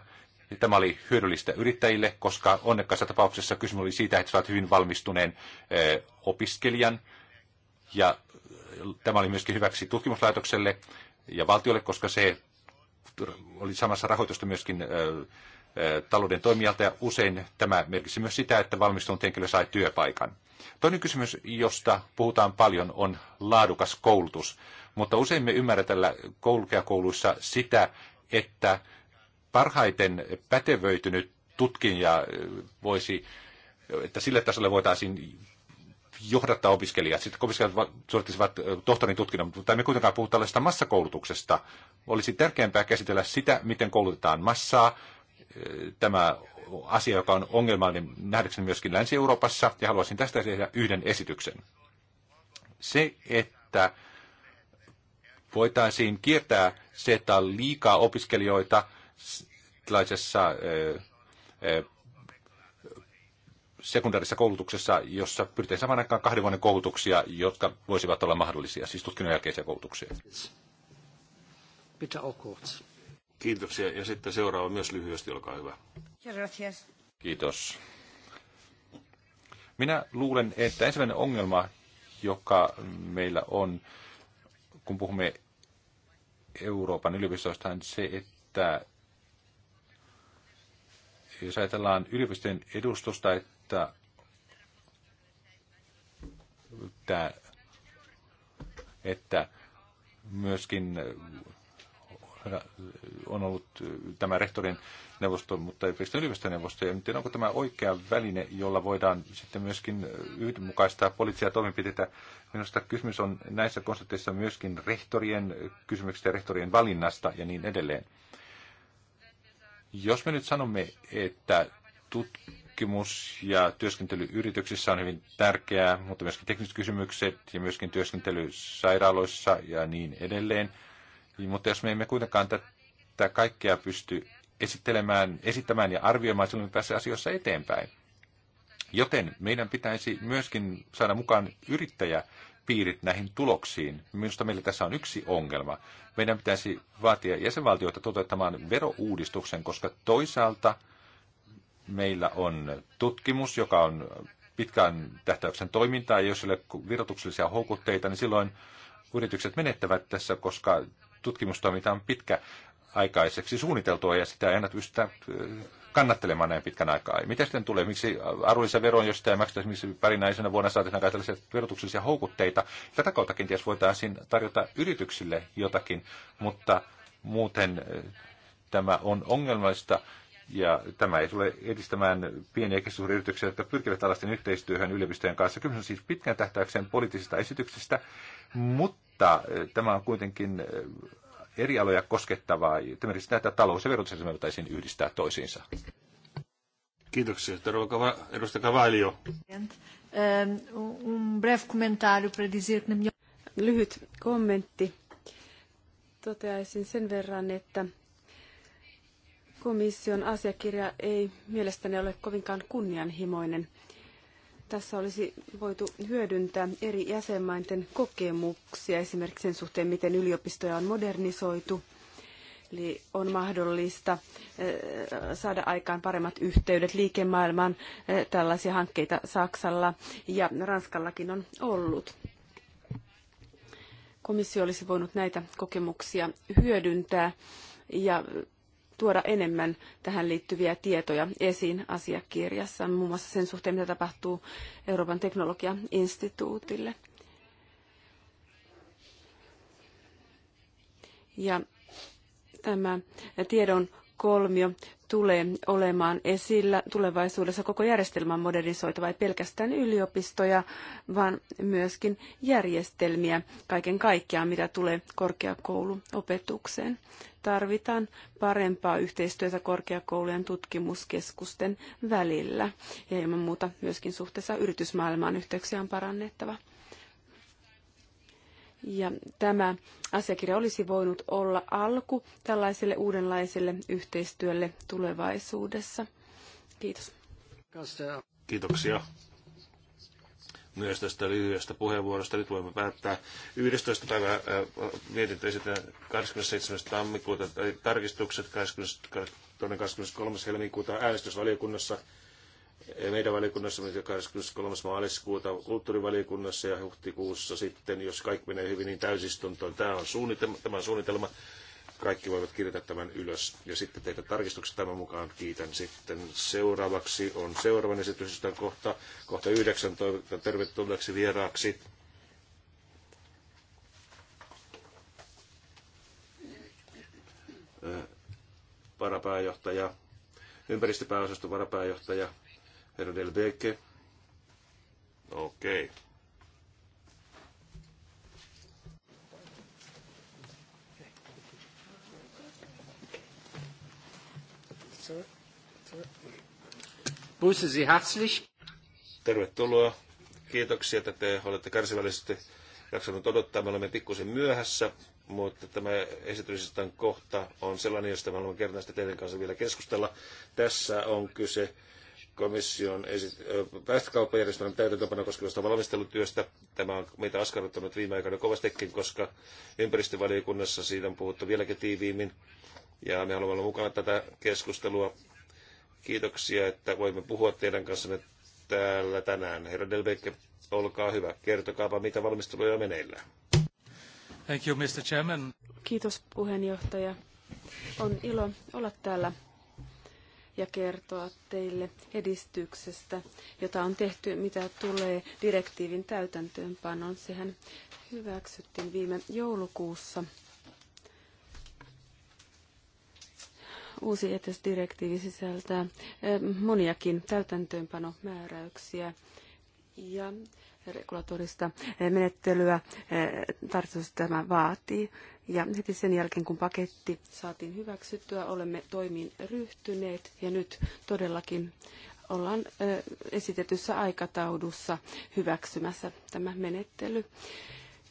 Ja tämä oli hyödyllistä yrittäjille, koska onnekkaassa tapauksessa kysymys oli siitä, että saat hyvin valmistuneen eh, opiskelijan. Ja eh, tämä oli myöskin hyväksi tutkimuslaitokselle ja valtiolle, koska se oli samassa rahoitusta myöskin eh, talouden toimijalta ja usein tämä merkitsi myös sitä, että valmistunut henkilö sai työpaikan. Toinen kysymys, josta puhutaan paljon, on laadukas koulutus, mutta usein me ymmärretään koulukeakouluissa sitä, että parhaiten pätevöitynyt tutkinja voisi, että sille tasolle voitaisiin johdattaa opiskelijat. Sitten opiskelijat suorittaisivat tohtorin tutkinnon, mutta emme kuitenkaan puhu tällaista massakoulutuksesta. Olisi tärkeämpää käsitellä sitä, miten koulutetaan massaa. Tämä asia, joka on ongelmallinen niin nähdäkseni myöskin Länsi-Euroopassa, ja haluaisin tästä tehdä yhden esityksen. Se, että voitaisiin kiertää se, että on liikaa opiskelijoita, tällaisessa sekundaarissa koulutuksessa, jossa pyritään saman aikaan kahden vuoden koulutuksia, jotka voisivat olla mahdollisia, siis tutkinnon jälkeisiä koulutuksia. Kiitoksia. Ja sitten seuraava myös lyhyesti, olkaa hyvä. Kiitos. Minä luulen, että ensimmäinen ongelma, joka meillä on, kun puhumme Euroopan yliopistoista, on se, että jos ajatellaan yliopistojen edustusta, että että, että myöskin äh, on ollut tämä rehtorin neuvosto, mutta ei Princeton yliopistoneuvosto. Ja nyt onko tämä oikea väline, jolla voidaan sitten myöskin yhdenmukaistaa poliittisia toimenpiteitä. Minusta kysymys on näissä konsulteissa myöskin rehtorien kysymyksistä ja rehtorien valinnasta ja niin edelleen. Jos me nyt sanomme, että tutkimus ja työskentely yrityksissä on hyvin tärkeää, mutta myöskin tekniset kysymykset ja myöskin työskentely sairaaloissa ja niin edelleen, mutta jos me emme kuitenkaan tätä kaikkea pysty esittelemään, esittämään ja arvioimaan, silloin me pääsemme asioissa eteenpäin. Joten meidän pitäisi myöskin saada mukaan yrittäjä, piirit näihin tuloksiin. Minusta meillä tässä on yksi ongelma. Meidän pitäisi vaatia jäsenvaltioita toteuttamaan verouudistuksen, koska toisaalta meillä on tutkimus, joka on pitkään tähtäyksen toimintaa, ja jos ei ole virotuksellisia houkutteita, niin silloin yritykset menettävät tässä, koska tutkimustoiminta on pitkä aikaiseksi suunniteltua ja sitä ei aina pystytä kannattelemaan näin pitkän aikaa. Miten sitten tulee, miksi arvonlisäveron, jos tämä maksetaan esimerkiksi pärinäisenä vuonna saataisiin aikaa tällaisia verotuksellisia houkutteita, tätä kautta kenties voitaisiin tarjota yrityksille jotakin, mutta muuten eh, tämä on ongelmallista ja tämä ei tule edistämään pieniä ja keskisuuria yrityksiä, jotka pyrkivät tällaisten yhteistyöhön yliopistojen kanssa. Kysymys on siis pitkän tähtäyksen poliittisista esityksistä, mutta eh, tämä on kuitenkin eh, eri aloja koskettavaa, esimerkiksi sitä, että talous- ja verotus voitaisiin yhdistää toisiinsa. Kiitoksia. Tervetuloa edustaja Cavalio. Um, Lyhyt kommentti. Toteaisin sen verran, että komission asiakirja ei mielestäni ole kovinkaan kunnianhimoinen tässä olisi voitu hyödyntää eri jäsenmaiden kokemuksia esimerkiksi sen suhteen, miten yliopistoja on modernisoitu. Eli on mahdollista eh, saada aikaan paremmat yhteydet liikemaailmaan. Eh, tällaisia hankkeita Saksalla ja Ranskallakin on ollut. Komissio olisi voinut näitä kokemuksia hyödyntää ja tuoda enemmän tähän liittyviä tietoja esiin asiakirjassa, muun muassa sen suhteen, mitä tapahtuu Euroopan teknologiainstituutille. Ja tämä tiedon kolmio tulee olemaan esillä tulevaisuudessa koko järjestelmän modernisoitava, ei pelkästään yliopistoja, vaan myöskin järjestelmiä kaiken kaikkiaan, mitä tulee korkeakouluopetukseen. Tarvitaan parempaa yhteistyötä korkeakoulujen tutkimuskeskusten välillä ja ilman muuta myöskin suhteessa yritysmaailmaan yhteyksiä on parannettava. Ja tämä asiakirja olisi voinut olla alku tällaiselle uudenlaiselle yhteistyölle tulevaisuudessa. Kiitos. Kiitoksia myös tästä lyhyestä puheenvuorosta. Nyt voimme päättää 11. päivä mietintö esitetään 27. tammikuuta, tarkistukset 20, 23. helmikuuta äänestysvaliokunnassa meidän valiokunnassamme 23. maaliskuuta kulttuurivaliokunnassa ja huhtikuussa sitten, jos kaikki menee hyvin, niin täysistuntoon. Tämä on suunnitelma, tämä on suunnitelma. Kaikki voivat kirjata tämän ylös ja sitten tehdä tarkistukset tämän mukaan. Kiitän sitten. Seuraavaksi on seuraavan esitys, josta on kohta, kohta yhdeksän. Toivotan tervetulleeksi vieraaksi. Äh, varapääjohtaja, ympäristöpääosaston varapääjohtaja Herra Del Beke. Okei. Okay. Pusse Sie herzlich. Tervetuloa. Kiitoksia, että te olette kärsivällisesti jaksanut odottaa. Me olemme pikkusen myöhässä, mutta tämä esityslistan kohta on sellainen, josta me haluamme kertaa teidän kanssa vielä keskustella. Tässä on kyse komission esit- päästökauppajärjestelmän täytäntöönpanoa koskevasta valmistelutyöstä. Tämä on meitä askarruttanut viime aikoina kovastikin, koska ympäristövaliokunnassa siitä on puhuttu vieläkin tiiviimmin. Ja me haluamme olla mukana tätä keskustelua. Kiitoksia, että voimme puhua teidän kanssanne täällä tänään. Herra Delbecke, olkaa hyvä. Kertokaapa, mitä valmisteluja on meneillään. Thank you, Mr. Chairman. Kiitos puheenjohtaja. On ilo olla täällä ja kertoa teille edistyksestä, jota on tehty, mitä tulee direktiivin täytäntöönpanoon. Sehän hyväksyttiin viime joulukuussa. Uusi ETS-direktiivi sisältää eh, moniakin täytäntöönpanomääräyksiä ja regulatorista eh, menettelyä eh, tarkoitus tämä vaatii. Ja heti sen jälkeen, kun paketti saatiin hyväksyttyä, olemme toimiin ryhtyneet ja nyt todellakin ollaan eh, esitetyssä aikataudussa hyväksymässä tämä menettely.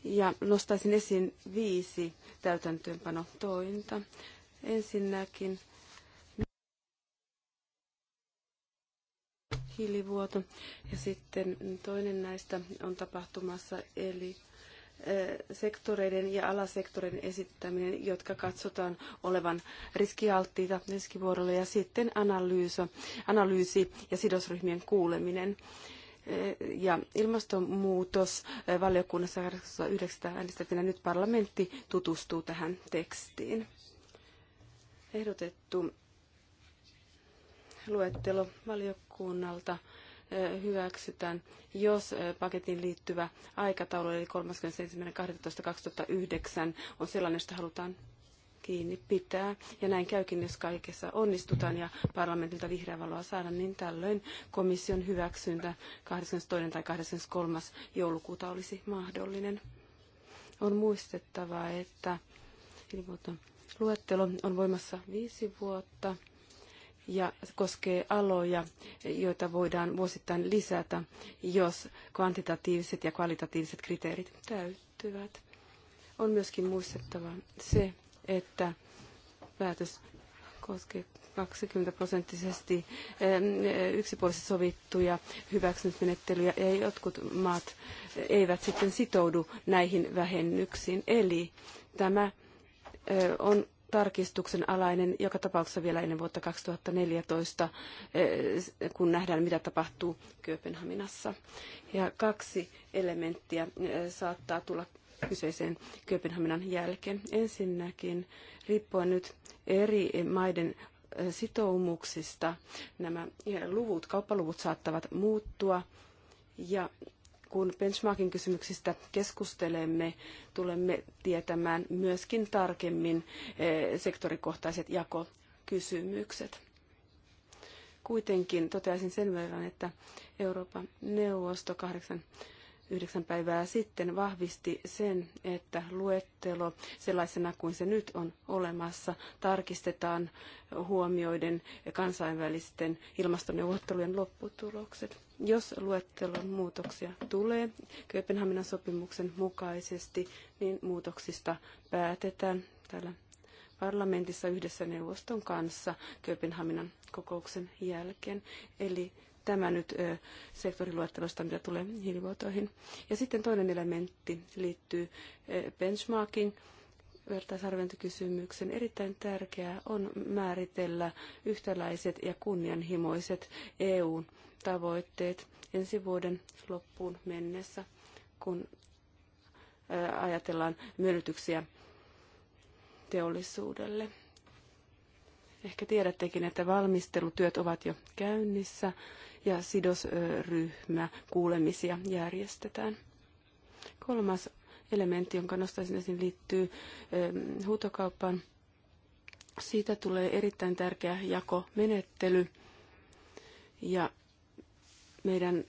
Ja nostaisin esiin viisi täytäntöönpanotointa. Ensinnäkin hiilivuoto. Ja sitten toinen näistä on tapahtumassa, eli eh, sektoreiden ja alasektoreiden esittäminen, jotka katsotaan olevan riskialttiita riskivuorolle, ja sitten analyysi, analyysi ja sidosryhmien kuuleminen. Eh, ja ilmastonmuutos eh, valiokunnassa 89 äänestettiin, ja nyt parlamentti tutustuu tähän tekstiin. Ehdotettu luettelo valiokunnalta hyväksytään, jos paketin liittyvä aikataulu, eli 31.12.2009, on sellainen, josta halutaan kiinni pitää. Ja näin käykin, jos kaikessa onnistutaan ja parlamentilta vihreä valoa saadaan, niin tällöin komission hyväksyntä 22. tai 23. joulukuuta olisi mahdollinen. On muistettava, että luettelo on voimassa viisi vuotta ja se koskee aloja, joita voidaan vuosittain lisätä, jos kvantitatiiviset ja kvalitatiiviset kriteerit täyttyvät. On myöskin muistettava se, että päätös koskee 20 prosenttisesti yksipuolisesti sovittuja hyväksymismenettelyjä ja jotkut maat eivät sitten sitoudu näihin vähennyksiin. Eli tämä on tarkistuksen alainen joka tapauksessa vielä ennen vuotta 2014, eh, kun nähdään mitä tapahtuu Kööpenhaminassa. Ja kaksi elementtiä eh, saattaa tulla kyseiseen Kööpenhaminan jälkeen. Ensinnäkin riippuen nyt eri maiden eh, sitoumuksista nämä luvut, kauppaluvut saattavat muuttua ja kun benchmarkin kysymyksistä keskustelemme, tulemme tietämään myöskin tarkemmin eh, sektorikohtaiset jakokysymykset. Kuitenkin toteaisin sen verran, että Euroopan neuvosto 8 yhdeksän päivää sitten vahvisti sen, että luettelo sellaisena kuin se nyt on olemassa tarkistetaan huomioiden kansainvälisten ilmastoneuvottelujen lopputulokset. Jos luettelon muutoksia tulee Kööpenhaminan sopimuksen mukaisesti, niin muutoksista päätetään täällä parlamentissa yhdessä neuvoston kanssa Kööpenhaminan kokouksen jälkeen. Eli tämä nyt ö, sektoriluettelosta, mitä tulee hiilivuotoihin. Ja sitten toinen elementti liittyy benchmarking vertaisarviointikysymyksen. Erittäin tärkeää on määritellä yhtäläiset ja kunnianhimoiset EU-tavoitteet ensi vuoden loppuun mennessä, kun ajatellaan myönnytyksiä teollisuudelle. Ehkä tiedättekin, että valmistelutyöt ovat jo käynnissä ja sidosryhmä kuulemisia järjestetään. Kolmas elementti, jonka nostaisin esiin, liittyy huutokauppaan. Siitä tulee erittäin tärkeä jakomenettely ja meidän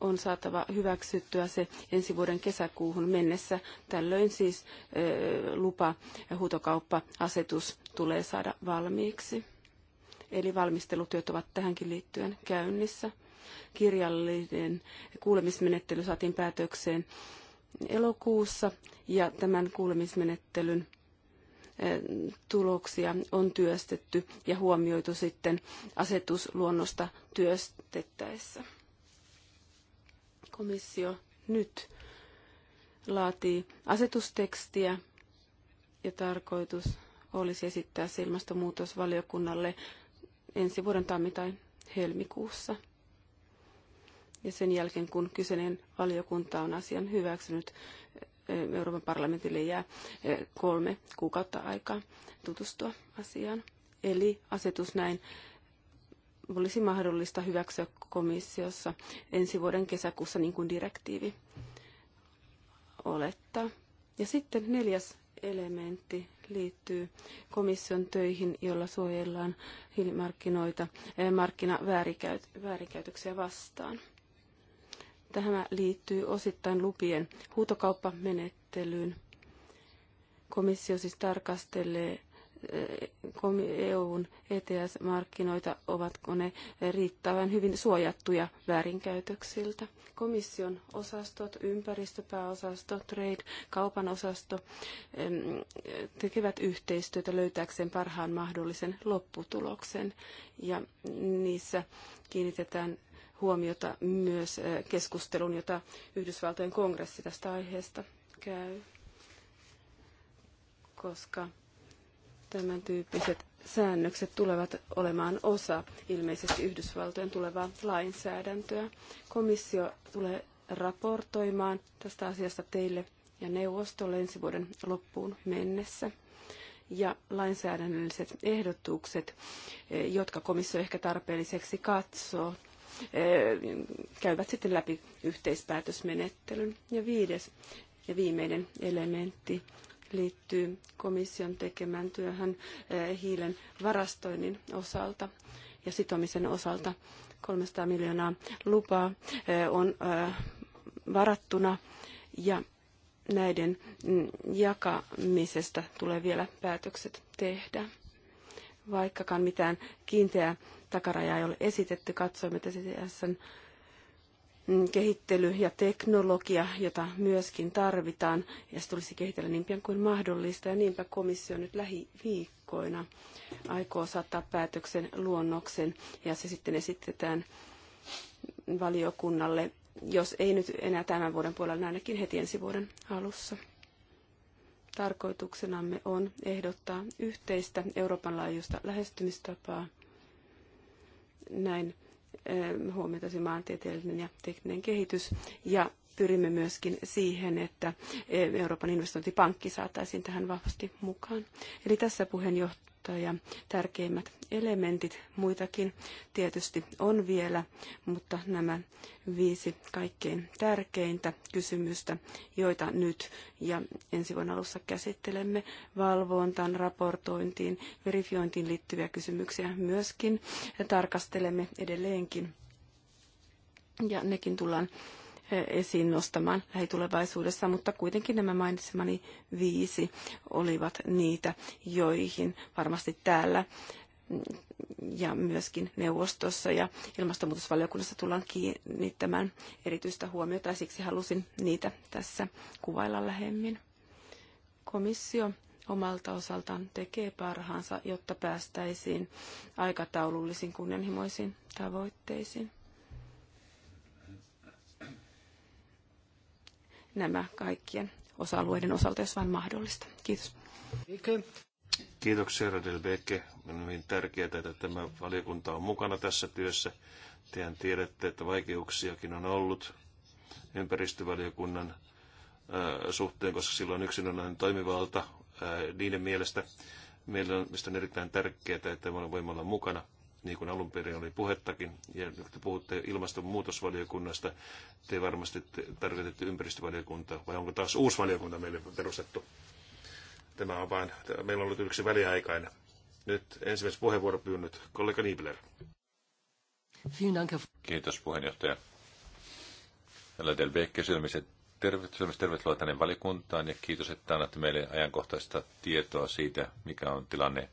on saatava hyväksyttyä se ensi vuoden kesäkuuhun mennessä. Tällöin siis e, lupa- ja huutokauppa-asetus tulee saada valmiiksi. Eli valmistelutyöt ovat tähänkin liittyen käynnissä. Kirjallinen kuulemismenettely saatiin päätökseen elokuussa ja tämän kuulemismenettelyn eh, tuloksia on työstetty ja huomioitu sitten asetusluonnosta työstettäessä. Komissio nyt laatii asetustekstiä ja tarkoitus olisi esittää se ilmastonmuutosvaliokunnalle ensi vuoden tammi- tai helmikuussa. Ja sen jälkeen, kun kyseinen valiokunta on asian hyväksynyt, Euroopan parlamentille jää eh, kolme kuukautta aikaa tutustua asiaan. Eli asetus näin olisi mahdollista hyväksyä komissiossa ensi vuoden kesäkuussa, niin kuin direktiivi olettaa. Ja sitten neljäs elementti liittyy komission töihin, jolla suojellaan hiilimarkkinoita eh, markkinaväärinkäytöksiä vastaan. Tämä liittyy osittain lupien huutokauppamenettelyyn. Komissio siis tarkastelee eh, EUn ETS-markkinoita, ovatko ne riittävän hyvin suojattuja väärinkäytöksiltä. Komission osastot, ympäristöpääosasto, trade, kaupan osasto tekevät yhteistyötä löytääkseen parhaan mahdollisen lopputuloksen ja niissä kiinnitetään huomiota myös eh, keskustelun, jota Yhdysvaltojen kongressi tästä aiheesta käy, koska tämän tyyppiset säännökset tulevat olemaan osa ilmeisesti Yhdysvaltojen tulevaa lainsäädäntöä. Komissio tulee raportoimaan tästä asiasta teille ja neuvostolle ensi vuoden loppuun mennessä. Ja lainsäädännölliset ehdotukset, eh, jotka komissio ehkä tarpeelliseksi katsoo, käyvät sitten läpi yhteispäätösmenettelyn. Ja viides ja viimeinen elementti liittyy komission tekemään työhön hiilen varastoinnin osalta ja sitomisen osalta. 300 miljoonaa lupaa on varattuna ja näiden mm, jakamisesta tulee vielä päätökset tehdä. Vaikkakaan mitään kiinteää takarajaa ei ole esitetty, katsoimme, että CCSn mm, kehittely ja teknologia, jota myöskin tarvitaan, ja se tulisi kehitellä niin pian kuin mahdollista, ja niinpä komissio nyt lähiviikkoina aikoo saattaa päätöksen luonnoksen, ja se sitten esitetään valiokunnalle, jos ei nyt enää tämän vuoden puolella, niin ainakin heti ensi vuoden alussa. Tarkoituksenamme on ehdottaa yhteistä Euroopan laajuista lähestymistapaa. Näin eh, huomioitaisiin maantieteellinen ja tekninen kehitys ja pyrimme myöskin siihen, että eh, Euroopan investointipankki saataisiin tähän vahvasti mukaan. Eli tässä puheenjohtaja ja tärkeimmät elementit. Muitakin tietysti on vielä, mutta nämä viisi kaikkein tärkeintä kysymystä, joita nyt ja ensi vuonna alussa käsittelemme valvontaan, raportointiin, verifiointiin liittyviä kysymyksiä myöskin tarkastelemme edelleenkin. Ja nekin tullaan esiin nostamaan lähitulevaisuudessa, mutta kuitenkin nämä mainitsemani viisi olivat niitä, joihin varmasti täällä ja myöskin neuvostossa ja ilmastonmuutosvaliokunnassa tullaan kiinnittämään erityistä huomiota ja siksi halusin niitä tässä kuvailla lähemmin. Komissio omalta osaltaan tekee parhaansa, jotta päästäisiin aikataulullisiin kunnianhimoisiin tavoitteisiin. nämä kaikkien osa-alueiden osalta, jos vain mahdollista. Kiitos. Kiitoksia, Rodel Beke. On hyvin tärkeää, että tämä valiokunta on mukana tässä työssä. Tehän tiedätte, että vaikeuksiakin on ollut ympäristövaliokunnan äh, suhteen, koska silloin yksinäinen toimivalta äh, niiden mielestä. Meillä on, mistä on erittäin tärkeää, että me voimme olla mukana niin kuin alun perin oli puhettakin. Ja nyt te puhutte ilmastonmuutosvaliokunnasta, te varmasti tarkoitatte ympäristövaliokuntaa, vai onko taas uusi valiokunta meille perustettu? Tämä on vain, meillä on ollut yksi väliaikainen. Nyt ensimmäiset puheenvuoropyynnöt, kollega Niebler. Kiitos puheenjohtaja. Hella Delbecke, sydämiset tervetuloa, tervetuloa tänne valikuntaan ja kiitos, että annatte meille ajankohtaista tietoa siitä, mikä on tilanne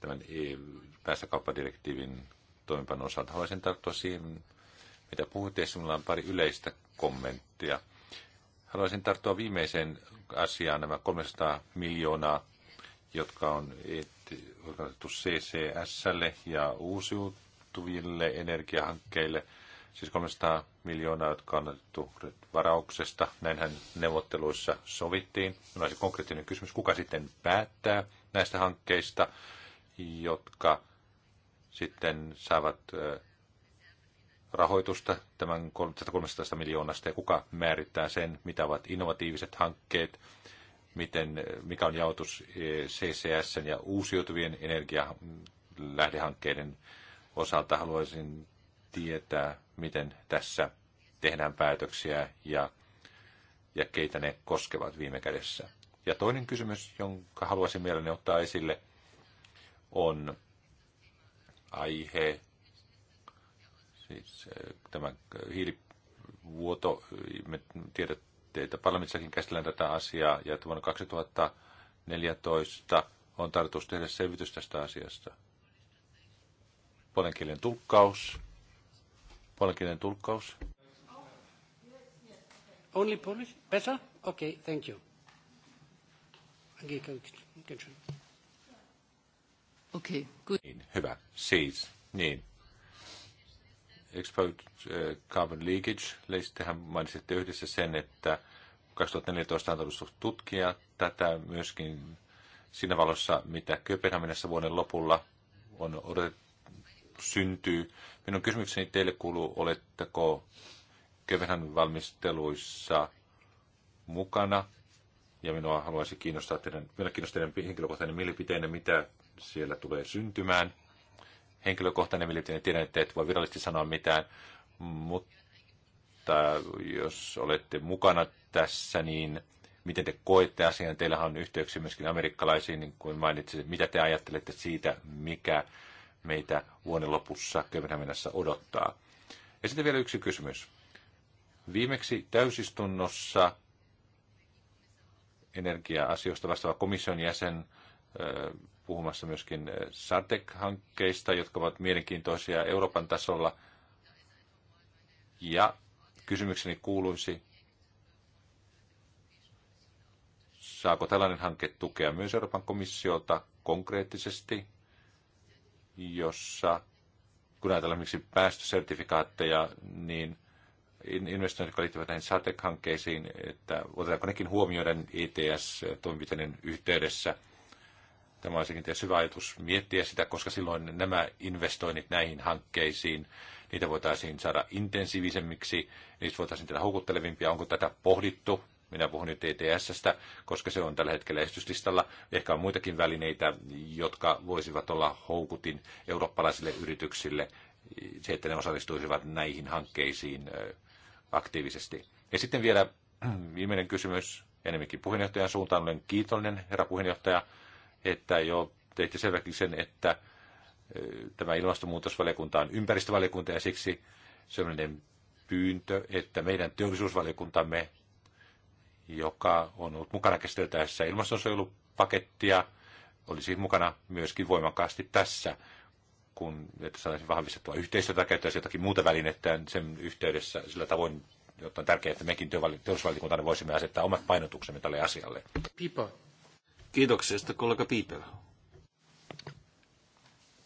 tämän päästökauppadirektiivin toimenpanon osalta. Haluaisin tarttua siihen, mitä puhuitte, ja minulla on pari yleistä kommenttia. Haluaisin tarttua viimeiseen asiaan, nämä 300 miljoonaa, jotka on organisoitu CCSlle ja uusiutuville energiahankkeille. Siis 300 miljoonaa, jotka on otettu varauksesta. Näinhän neuvotteluissa sovittiin. Minulla olisi konkreettinen kysymys, kuka sitten päättää näistä hankkeista jotka sitten saavat rahoitusta tämän 313 miljoonasta ja kuka määrittää sen, mitä ovat innovatiiviset hankkeet, miten, mikä on jaotus CCS ja uusiutuvien energialähdehankkeiden osalta. Haluaisin tietää, miten tässä tehdään päätöksiä ja, ja keitä ne koskevat viime kädessä. Ja toinen kysymys, jonka haluaisin mielelläni ottaa esille – on aihe, siis äh, tämä hiilivuoto, me tiedätte, että parlamentissakin käsitellään tätä asiaa, ja vuonna 2014 on tarkoitus tehdä selvitys tästä asiasta. Puolenkielinen tulkkaus. Puolenkielinen tulkkaus. Only Polish? Better? Okay, thank you. Okay, continue. Okei, okay, good. Niin, hyvä. Siis, niin. Exposed äh, Carbon Leakage, tehän mainitsitte yhdessä sen, että 2014 on tarkoitus tutkia tätä myöskin siinä valossa, mitä Kööpenhaminassa vuoden lopulla on odotettu, syntyy. Minun kysymykseni teille kuuluu, oletteko Kööpenhaminan valmisteluissa mukana? Ja minua haluaisi kiinnostaa teidän, minä kiinnostaa teidän henkilökohtainen mielipiteenne, mitä siellä tulee syntymään. Henkilökohtainen mielipiteeni tiedän, että et voi virallisesti sanoa mitään, mutta jos olette mukana tässä, niin miten te koette asian? Teillähän on yhteyksiä myöskin amerikkalaisiin, niin kuin mainitsin, mitä te ajattelette siitä, mikä meitä vuoden lopussa Kööpenhaminassa odottaa. Ja sitten vielä yksi kysymys. Viimeksi täysistunnossa energia-asioista vastaava komission jäsen puhumassa myöskin eh, SADEC-hankkeista, jotka ovat mielenkiintoisia Euroopan tasolla. Ja kysymykseni kuuluisi, saako tällainen hanke tukea myös Euroopan komissiolta konkreettisesti, jossa kun ajatellaan esimerkiksi päästösertifikaatteja, niin investoinnit, jotka liittyvät näihin SATEC-hankkeisiin, että otetaanko nekin huomioiden ETS-toimenpiteiden yhteydessä – Tämä olisi kenties hyvä ajatus miettiä sitä, koska silloin nämä investoinnit näihin hankkeisiin, niitä voitaisiin saada intensiivisemmiksi, niistä voitaisiin tehdä houkuttelevimpia. Onko tätä pohdittu? Minä puhun nyt ETSstä, koska se on tällä hetkellä esityslistalla. Ehkä on muitakin välineitä, jotka voisivat olla houkutin eurooppalaisille yrityksille, se, että ne osallistuisivat näihin hankkeisiin aktiivisesti. Ja sitten vielä viimeinen kysymys enemmänkin puheenjohtajan suuntaan. Olen kiitollinen, herra puheenjohtaja, että jo teitte selväksi sen, että tämä ilmastonmuutosvaliokunta on ympäristövaliokunta ja siksi sellainen pyyntö, että meidän teollisuusvaliokuntamme, joka on ollut mukana käsiteltäessä ilmastonsuojelupakettia, olisi mukana myöskin voimakkaasti tässä, kun, että saataisiin vahvistettua yhteistyötä, käyttäisiin jotakin muuta välinettä sen yhteydessä sillä tavoin, jotta on tärkeää, että mekin teollisuusvaliokuntana voisimme asettaa omat painotuksemme tälle asialle. Pipa. Kiitoksia. Sitten kollega Piipel.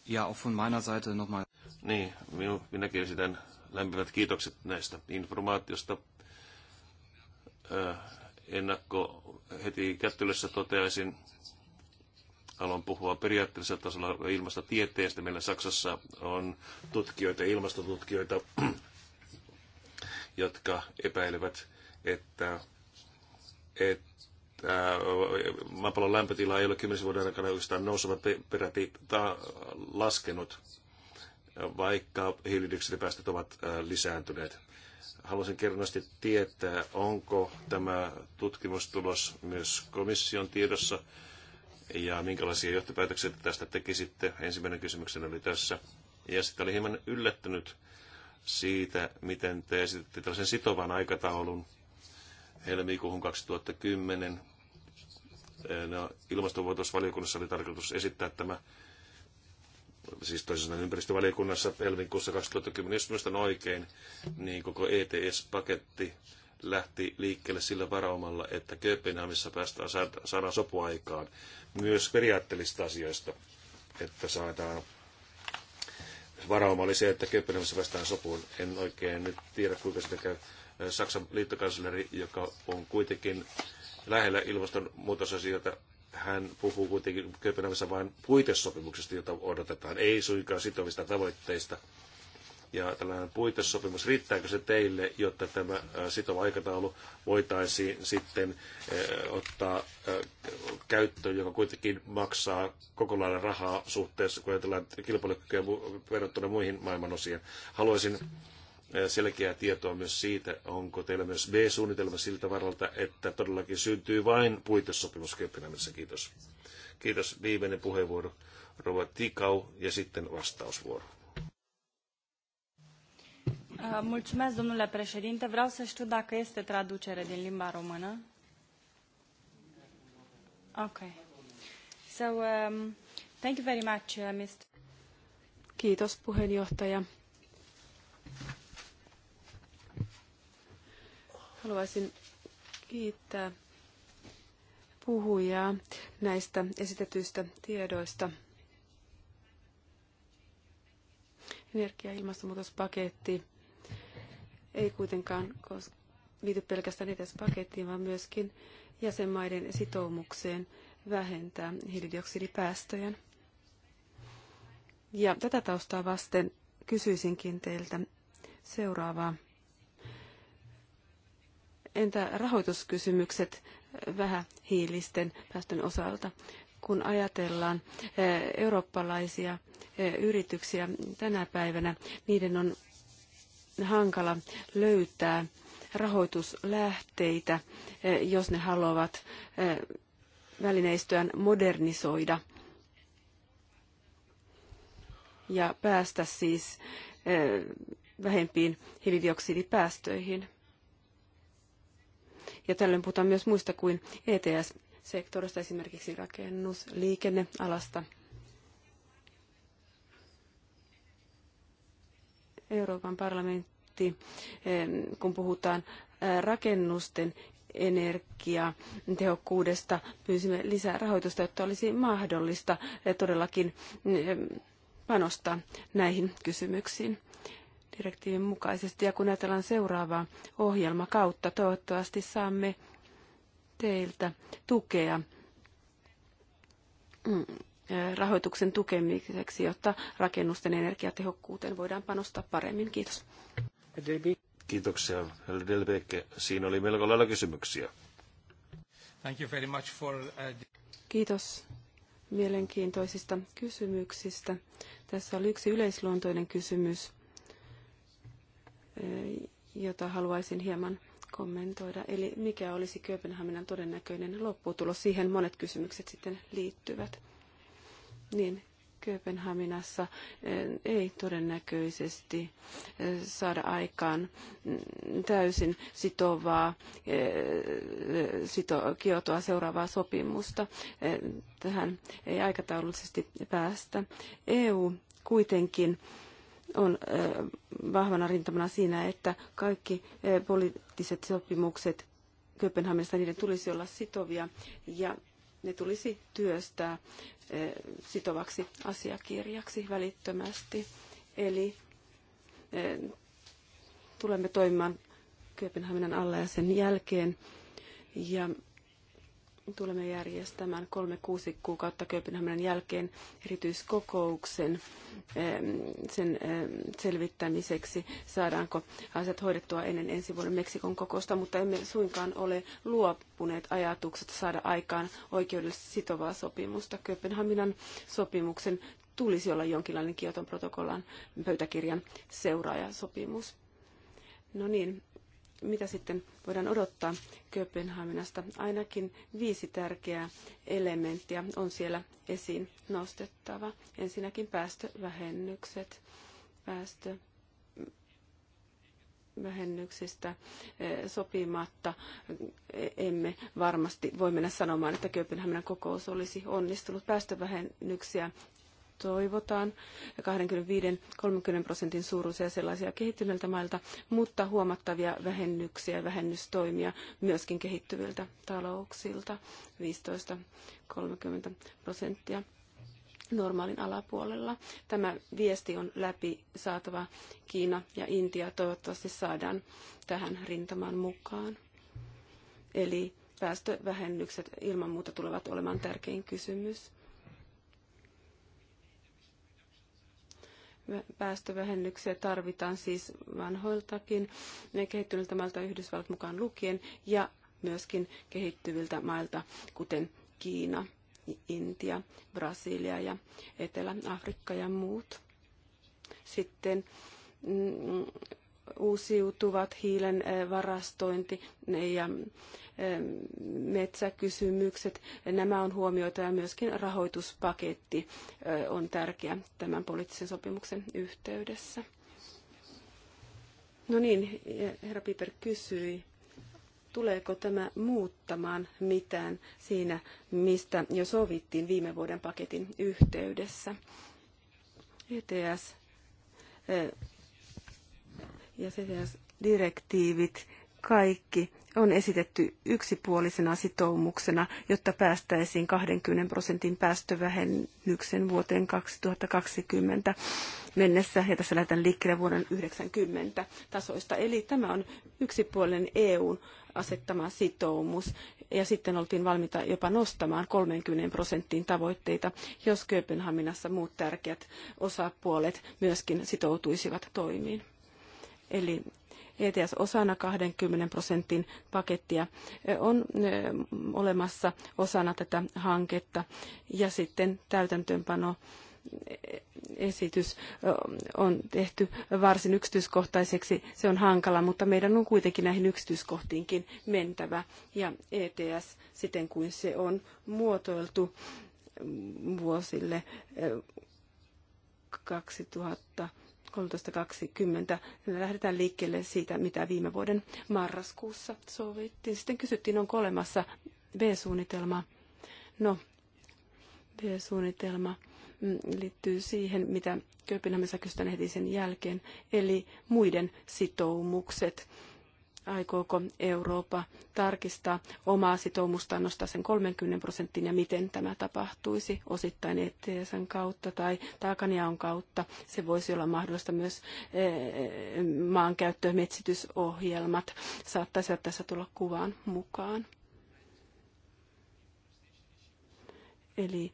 Ja auch von meiner Seite nochmal. Niin, minu, minäkin esitän lämpimät kiitokset näistä informaatiosta. Ö, ennakko heti kättelyssä toteaisin, haluan puhua periaatteellisella tasolla ilmastotieteestä. Meillä Saksassa on tutkijoita, ilmastotutkijoita, jotka epäilevät, että, että tämä maapallon lämpötila ei ole 10 vuoden aikana oikeastaan nousevat peräti laskenut, vaikka hiilidioksidipäästöt ovat lisääntyneet. Haluaisin kerronnasti tietää, onko tämä tutkimustulos myös komission tiedossa ja minkälaisia johtopäätöksiä tästä tekisitte. Ensimmäinen kysymyksenä oli tässä. Ja sitten olin hieman yllättynyt siitä, miten te esititte tällaisen sitovan aikataulun helmikuuhun 2010 No, ilmastonmuutosvaliokunnassa oli tarkoitus esittää tämä, siis toisessa ympäristövaliokunnassa helmikuussa 2010, jos muistan oikein, niin koko ETS-paketti lähti liikkeelle sillä varaumalla, että Kööpenhaminassa päästään saadaan sopuaikaan myös periaatteellisista asioista, että saadaan varauma oli se, että Kööpenhaminassa päästään sopuun. En oikein nyt tiedä, kuinka sitä käy. Saksan liittokansleri, joka on kuitenkin lähellä ilmastonmuutosasioita. Hän puhuu kuitenkin Kööpenhaminassa vain puitesopimuksesta, jota odotetaan, ei suinkaan sitovista tavoitteista. Ja tällainen puitesopimus, riittääkö se teille, jotta tämä äh, sitova aikataulu voitaisiin sitten äh, ottaa äh, käyttöön, joka kuitenkin maksaa koko lailla rahaa suhteessa, kun ajatellaan kilpailukykyä verrattuna muihin maailmanosiin. Haluaisin selkeää tietoa myös siitä, onko teillä myös B-suunnitelma siltä varalta, että todellakin syntyy vain puitesopimus Kööpenhaminassa. Kiitos. Kiitos. Viimeinen puheenvuoro. Rova Tikau ja sitten vastausvuoro. Mulțumesc, domnule președinte. Vreau să știu dacă este traducere din limba română. Okay. So, um, thank you very much, uh, Mr. Kiitos puheenjohtaja. Haluaisin kiittää puhujaa näistä esitetyistä tiedoista. Energia- ja ilmastonmuutospaketti ei kuitenkaan liity pelkästään edes pakettiin, vaan myöskin jäsenmaiden sitoumukseen vähentää hiilidioksidipäästöjä. Ja tätä taustaa vasten kysyisinkin teiltä seuraavaa. Entä rahoituskysymykset vähähiilisten päästön osalta? Kun ajatellaan eh, eurooppalaisia eh, yrityksiä tänä päivänä, niiden on hankala löytää rahoituslähteitä, eh, jos ne haluavat välineistöään modernisoida ja päästä siis vähempiin hiilidioksidipäästöihin ja tällöin puhutaan myös muista kuin ETS-sektorista, esimerkiksi rakennus- liikennealasta. Euroopan parlamentti, kun puhutaan rakennusten energiatehokkuudesta, pyysimme lisää rahoitusta, jotta olisi mahdollista todellakin panostaa näihin kysymyksiin direktiivin mukaisesti. Ja kun ajatellaan seuraavaa ohjelmakautta, toivottavasti saamme teiltä tukea mm, rahoituksen tukemiseksi, jotta rakennusten energiatehokkuuteen voidaan panostaa paremmin. Kiitos. Kiitoksia, Herr Delbeke. Siinä oli melko lailla kysymyksiä. Thank you very much for, uh... Kiitos mielenkiintoisista kysymyksistä. Tässä oli yksi yleisluontoinen kysymys, jota haluaisin hieman kommentoida. Eli mikä olisi Kööpenhaminan todennäköinen lopputulos? Siihen monet kysymykset sitten liittyvät. Niin, Kööpenhaminassa ei todennäköisesti saada aikaan mm, täysin sitovaa sito, kiotoa seuraavaa sopimusta. Tähän ei aikataulullisesti päästä. EU kuitenkin on eh, vahvana rintamana siinä, että kaikki eh, poliittiset sopimukset Kööpenhaminassa niiden tulisi olla sitovia ja ne tulisi työstää eh, sitovaksi asiakirjaksi välittömästi. Eli tulemme toimimaan Kööpenhaminan alla ja sen jälkeen. Ja tulemme järjestämään kolme kuusi kuukautta Kööpenhaminan jälkeen erityiskokouksen sen selvittämiseksi, saadaanko asiat hoidettua ennen ensi vuoden Meksikon kokousta, mutta emme suinkaan ole luopuneet ajatuksesta saada aikaan oikeudellisesti sitovaa sopimusta. Kööpenhaminan sopimuksen tulisi olla jonkinlainen Kioton protokollan pöytäkirjan seuraajasopimus. No niin, mitä sitten voidaan odottaa Kööpenhaminasta? Ainakin viisi tärkeää elementtiä on siellä esiin nostettava. Ensinnäkin päästövähennykset, päästö vähennyksistä e, sopimatta e, emme varmasti voi mennä sanomaan, että Kööpenhaminan kokous olisi onnistunut. Päästövähennyksiä toivotaan 25-30 prosentin suuruisia sellaisia kehittyneiltä mailta, mutta huomattavia vähennyksiä ja vähennystoimia myöskin kehittyviltä talouksilta 15-30 prosenttia normaalin alapuolella. Tämä viesti on läpi saatava Kiina ja Intia toivottavasti saadaan tähän rintamaan mukaan. Eli päästövähennykset ilman muuta tulevat olemaan tärkein kysymys. Päästövähennyksiä tarvitaan siis vanhoiltakin kehittyneiltä mailta Yhdysvallat mukaan lukien ja myöskin kehittyviltä mailta, kuten Kiina, Intia, Brasilia ja Etelä-Afrikka ja muut. Sitten mm, uusiutuvat hiilen eh, varastointi eh, ja eh, metsäkysymykset. Nämä on huomioita ja myöskin rahoituspaketti on tärkeä tämän poliittisen sopimuksen yhteydessä. No niin, herra Piper kysyi, tuleeko tämä muuttamaan mitään siinä, mistä jo sovittiin viime vuoden paketin yhteydessä. ETS ja direktiivit kaikki on esitetty yksipuolisena sitoumuksena, jotta päästäisiin 20 prosentin päästövähennyksen vuoteen 2020 mennessä, ja tässä lähdetään liikkeelle vuoden 90 tasoista. Eli tämä on yksipuolinen EUn asettama sitoumus, ja sitten oltiin valmiita jopa nostamaan 30 prosenttiin tavoitteita, jos Kööpenhaminassa muut tärkeät osapuolet myöskin sitoutuisivat toimiin. Eli ETS osana 20 prosentin pakettia on olemassa osana tätä hanketta ja sitten täytäntöönpano esitys on tehty varsin yksityiskohtaiseksi. Se on hankala, mutta meidän on kuitenkin näihin yksityiskohtiinkin mentävä. Ja ETS siten kuin se on muotoiltu vuosille 2000 13.20. Lähdetään liikkeelle siitä, mitä viime vuoden marraskuussa sovittiin. Sitten kysyttiin, onko olemassa B-suunnitelma. No, B-suunnitelma mm, liittyy siihen, mitä Kööpenhaminassa kysytään heti sen jälkeen, eli muiden sitoumukset aikooko Eurooppa tarkistaa omaa sitoumustaan, nostaa sen 30 prosenttiin ja miten tämä tapahtuisi osittain ETSn kautta tai taakanjaon kautta. Se voisi olla mahdollista myös eh, maankäyttö- ja metsitysohjelmat saattaisivat tässä tulla kuvaan mukaan. Eli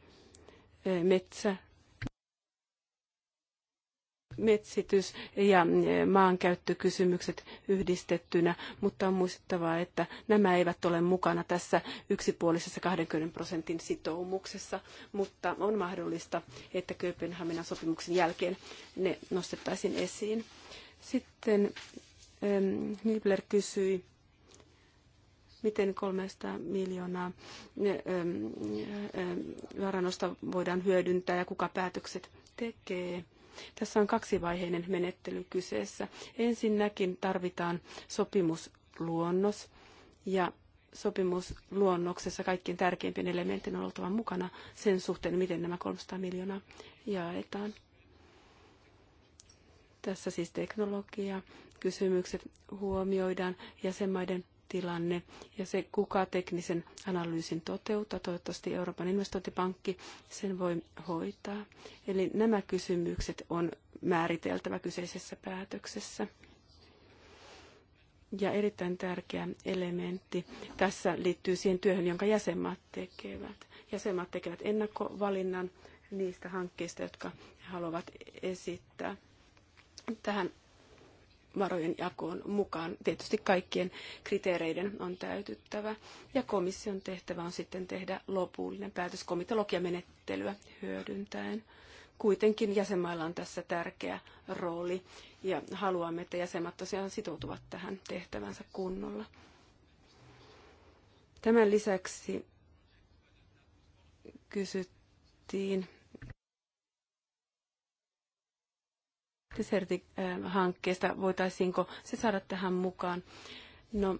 eh, metsä metsitys ja e, maankäyttökysymykset yhdistettynä, mutta on muistettava, että nämä eivät ole mukana tässä yksipuolisessa 20 prosentin sitoumuksessa, mutta on mahdollista, että Kööpenhaminan sopimuksen jälkeen ne nostettaisiin esiin. Sitten Nibler kysyi, miten 300 miljoonaa varannosta voidaan hyödyntää ja kuka päätökset tekee Tässä on kaksivaiheinen menettely kyseessä. Ensinnäkin tarvitaan sopimusluonnos ja sopimusluonnoksessa kaikkien tärkeimpien elementin on oltava mukana sen suhteen, miten nämä 300 miljoonaa jaetaan. Tässä siis teknologia, kysymykset huomioidaan jäsenmaiden tilanne ja se, kuka teknisen analyysin toteuttaa, toivottavasti Euroopan investointipankki sen voi hoitaa. Eli nämä kysymykset on määriteltävä kyseisessä päätöksessä. Ja erittäin tärkeä elementti tässä liittyy siihen työhön, jonka jäsenmaat tekevät. Jäsenmaat tekevät ennakkovalinnan niistä hankkeista, jotka he haluavat esittää. Tähän varojen jakoon mukaan. Tietysti kaikkien kriteereiden on täytyttävä. Ja komission tehtävä on sitten tehdä lopullinen päätös komitologiamenettelyä hyödyntäen. Kuitenkin jäsenmailla on tässä tärkeä rooli ja haluamme, että jäsenmaat tosiaan sitoutuvat tähän tehtävänsä kunnolla. Tämän lisäksi kysyttiin Deserti-hankkeesta, voitaisiinko se saada tähän mukaan. No,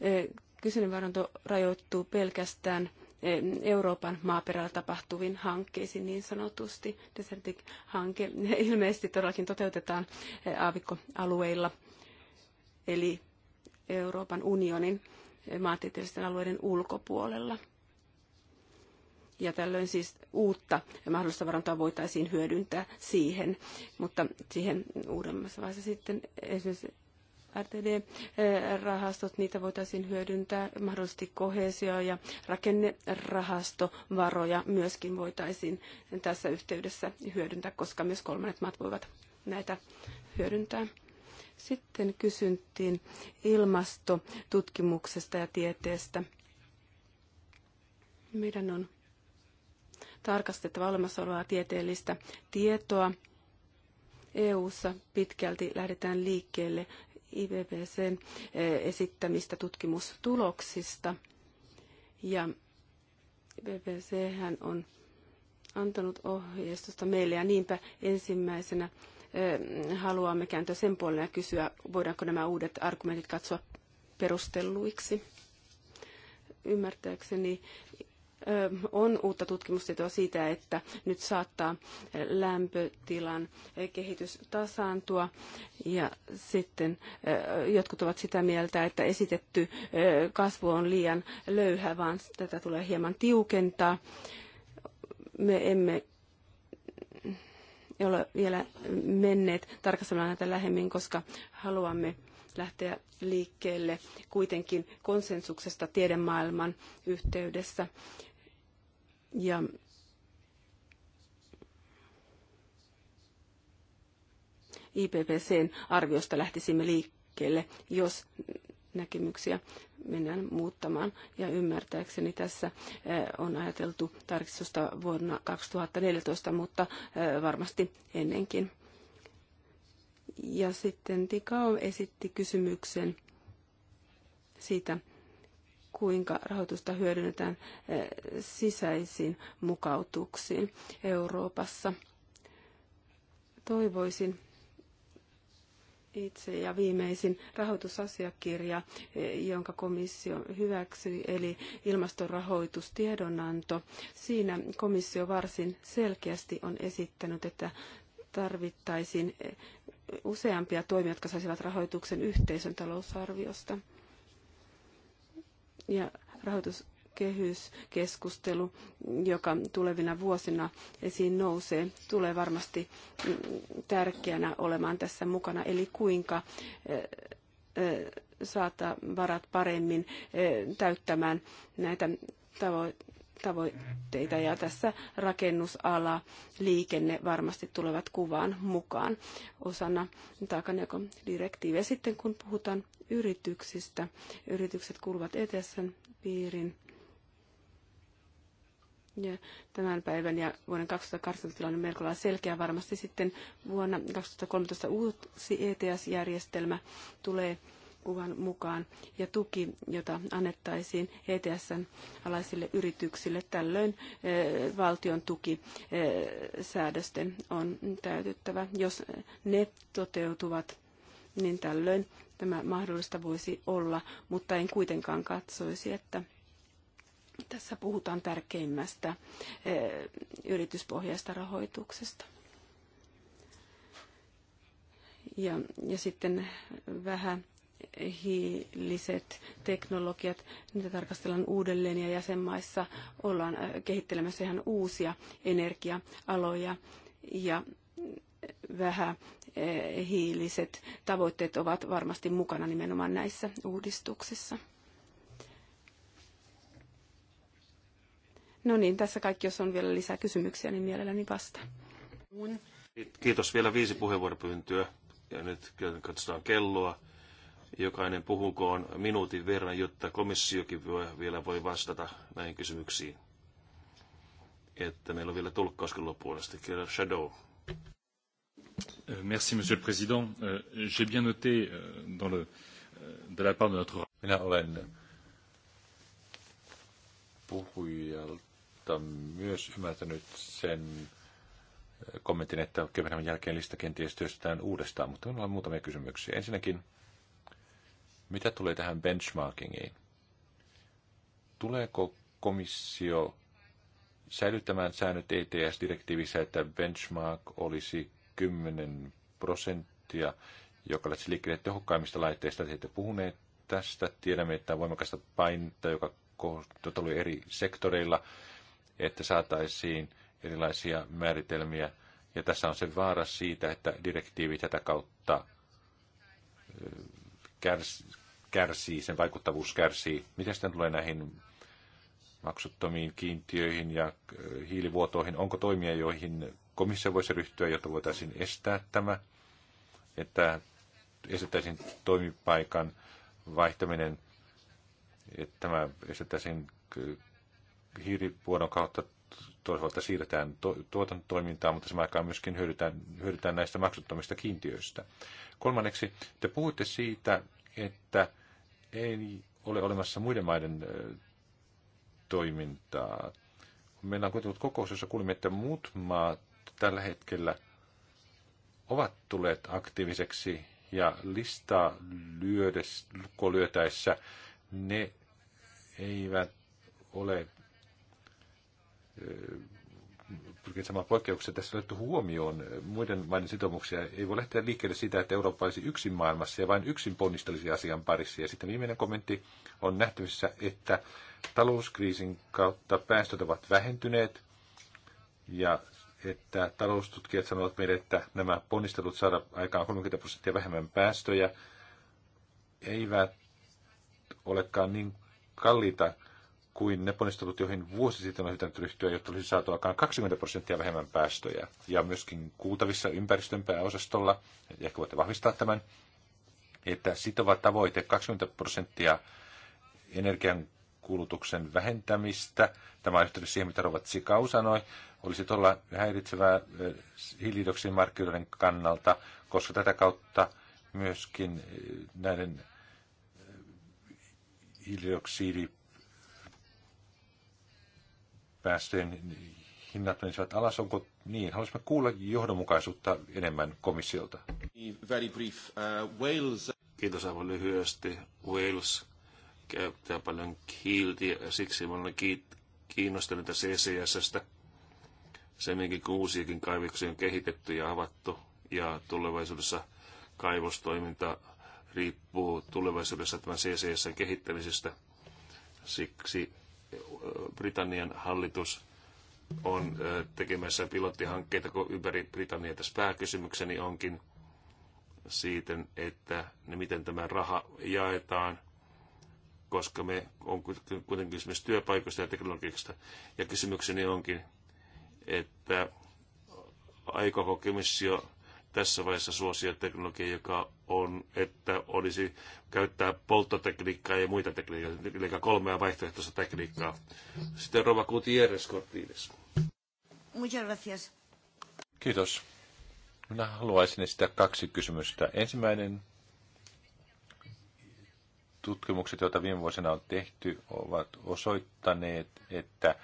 e, kysynnänvaranto rajoittuu pelkästään e, Euroopan maaperällä tapahtuviin hankkeisiin niin sanotusti. Desertic-hanke ilmeisesti todellakin toteutetaan e, aavikkoalueilla, eli Euroopan unionin maantieteellisten alueiden ulkopuolella ja tällöin siis uutta mahdollista varantoa voitaisiin hyödyntää siihen, mutta siihen uudemmassa vaiheessa sitten esimerkiksi RTD-rahastot, eh, niitä voitaisiin hyödyntää, mahdollisesti kohesio- ja rakennerahastovaroja myöskin voitaisiin tässä yhteydessä hyödyntää, koska myös kolmannet maat voivat näitä hyödyntää. Sitten kysyntiin ilmastotutkimuksesta ja tieteestä. Meidän on tarkastettava olemassa olevaa tieteellistä tietoa. EU:ssa pitkälti lähdetään liikkeelle IPPCn eh, esittämistä tutkimustuloksista. Ja IPPC on antanut ohjeistusta meille ja niinpä ensimmäisenä eh, haluamme kääntyä sen puolelle ja kysyä, voidaanko nämä uudet argumentit katsoa perustelluiksi. Ymmärtääkseni on uutta tutkimustietoa siitä, että nyt saattaa lämpötilan kehitys tasaantua. Ja sitten jotkut ovat sitä mieltä, että esitetty kasvu on liian löyhä, vaan tätä tulee hieman tiukentaa. Me emme ole vielä menneet tarkastelemaan näitä lähemmin, koska haluamme lähteä liikkeelle kuitenkin konsensuksesta tiedemaailman yhteydessä. Ja IPPCn arviosta lähtisimme liikkeelle, jos näkemyksiä mennään muuttamaan. Ja ymmärtääkseni tässä eh, on ajateltu tarkistusta vuonna 2014, mutta eh, varmasti ennenkin. Ja sitten Tikao esitti kysymyksen siitä, kuinka rahoitusta hyödynnetään eh, sisäisiin mukautuksiin Euroopassa. Toivoisin itse ja viimeisin rahoitusasiakirja, eh, jonka komissio hyväksyi, eli ilmastorahoitustiedonanto. Siinä komissio varsin selkeästi on esittänyt, että tarvittaisiin eh, useampia toimia, jotka saisivat rahoituksen yhteisön talousarviosta ja rahoituskehyskeskustelu, joka tulevina vuosina esiin nousee, tulee varmasti tärkeänä olemaan tässä mukana. Eli kuinka eh, eh, saata varat paremmin eh, täyttämään näitä tavoitteita tavoitteita ja tässä rakennusala, liikenne varmasti tulevat kuvaan mukaan osana taakanjakon direktiiviä. Sitten kun puhutaan yrityksistä, yritykset kuuluvat ETSn piirin ja tämän päivän ja vuoden 2018 tilanne on melko lailla selkeä. Varmasti sitten vuonna 2013 uusi ETS-järjestelmä tulee kuvan mukaan ja tuki, jota annettaisiin ETSn alaisille yrityksille. Tällöin eh, valtion tukisäädösten eh, on täytettävä. Jos ne toteutuvat, niin tällöin tämä mahdollista voisi olla, mutta en kuitenkaan katsoisi, että tässä puhutaan tärkeimmästä eh, yrityspohjaista rahoituksesta. Ja, ja sitten vähän hiiliset teknologiat, niitä tarkastellaan uudelleen ja jäsenmaissa ollaan äh, kehittelemässä ihan uusia energia-aloja ja äh, vähän äh, hiiliset tavoitteet ovat varmasti mukana nimenomaan näissä uudistuksissa. No niin, tässä kaikki, jos on vielä lisää kysymyksiä, niin mielelläni vastaan. Kiitos vielä viisi puheenvuoropyyntöä. Ja nyt katsotaan kelloa Jokainen puhukoon minuutin verran, jotta komissiokin voi, vielä voi vastata näihin kysymyksiin. Että meillä on vielä tulkkauskin loppuun asti. Shadow. Euh, merci, Monsieur le Président. Euh, j'ai bien noté euh, dans le, de la part de notre... Minä olen puhujalta myös ymmärtänyt sen äh, kommentin, että Kööpenhaminan jälkeen lista kenties työstetään uudestaan, mutta minulla on muutamia kysymyksiä. Ensinnäkin Mitä tulee tähän benchmarkingiin? Tuleeko komissio säilyttämään säännöt ETS-direktiivissä, että benchmark olisi 10 prosenttia, joka lähtisi liikkeelle tehokkaimmista laitteista. Te ette puhuneet tästä. Tiedämme, että on voimakasta painetta, joka tuli eri sektoreilla, että saataisiin erilaisia määritelmiä. Ja tässä on se vaara siitä, että direktiivi tätä kautta kärs, kärsii, sen vaikuttavuus kärsii. Miten sitten tulee näihin maksuttomiin kiintiöihin ja hiilivuotoihin? Onko toimia, joihin komissio voisi ryhtyä, jotta voitaisiin estää tämä, että estettäisiin toimipaikan vaihtaminen, että tämä estettäisiin hiilivuodon kautta toisaalta siirretään to, tuotantotoimintaa, mutta samaan aikaan myöskin hyödytään, hyödytään näistä maksuttomista kiintiöistä. Kolmanneksi, te puhutte siitä, että ei ole olemassa muiden maiden toimintaa. Meillä on kuitenkin kokous, jossa kuulimme, että muut maat tällä hetkellä ovat tulleet aktiiviseksi ja listaa lyödes, lukko lyötäessä ne eivät ole Äh, pyrkin samaan poikkeuksia tässä on otettu huomioon. Äh, muiden maiden sitoumuksia ei voi lähteä liikkeelle sitä, että Eurooppa olisi yksin maailmassa ja vain yksin ponnistelisi asian parissa. Ja sitten viimeinen kommentti on nähtävissä, että talouskriisin kautta päästöt ovat vähentyneet ja että taloustutkijat sanovat meille, että nämä ponnistelut saada aikaan 30 prosenttia vähemmän päästöjä eivät olekaan niin kalliita kuin ne ponnistelut, joihin vuosi sitten on pitänyt ryhtyä, jotta olisi saatu aikaan 20 prosenttia vähemmän päästöjä. Ja myöskin kuultavissa ympäristön pääosastolla, ehkä voitte vahvistaa tämän, että sitova tavoite 20 prosenttia energian kulutuksen vähentämistä. Tämä on yhteydessä siihen, mitä Rovat Sikau sanoi. Olisi todella häiritsevää eh, hiilidioksidimarkkinoiden kannalta, koska tätä kautta myöskin eh, näiden eh, hiilidioksidi päästöjen hinnat menisivät alas. Onko niin? Haluaisimme kuulla johdonmukaisuutta enemmän komissiolta. Very brief. Uh, Wales... Kiitos aivan lyhyesti. Wales käyttää paljon hiiltiä ja siksi olen kiinnostuneita CCSstä. Semminkin kun uusiakin kaivoksia on kehitetty ja avattu ja tulevaisuudessa kaivostoiminta riippuu tulevaisuudessa tämän CCSn kehittämisestä. Siksi Britannian hallitus on tekemässä pilottihankkeita ympäri Britanniaa. Tässä pääkysymykseni onkin siitä, että ne, miten tämä raha jaetaan, koska me on kuitenkin kysymys työpaikoista ja teknologiasta. Ja kysymykseni onkin, että aikooko komissio tässä vaiheessa suosia teknologia, joka on, että olisi käyttää polttotekniikkaa ja muita tekniikkaa, eli kolmea vaihtoehtoista tekniikkaa. Sitten Rova Gutierrez Cortines. Muchas gracias. Kiitos. Minä haluaisin esittää kaksi kysymystä. Ensimmäinen, tutkimukset, joita viime vuosina on tehty, ovat osoittaneet, että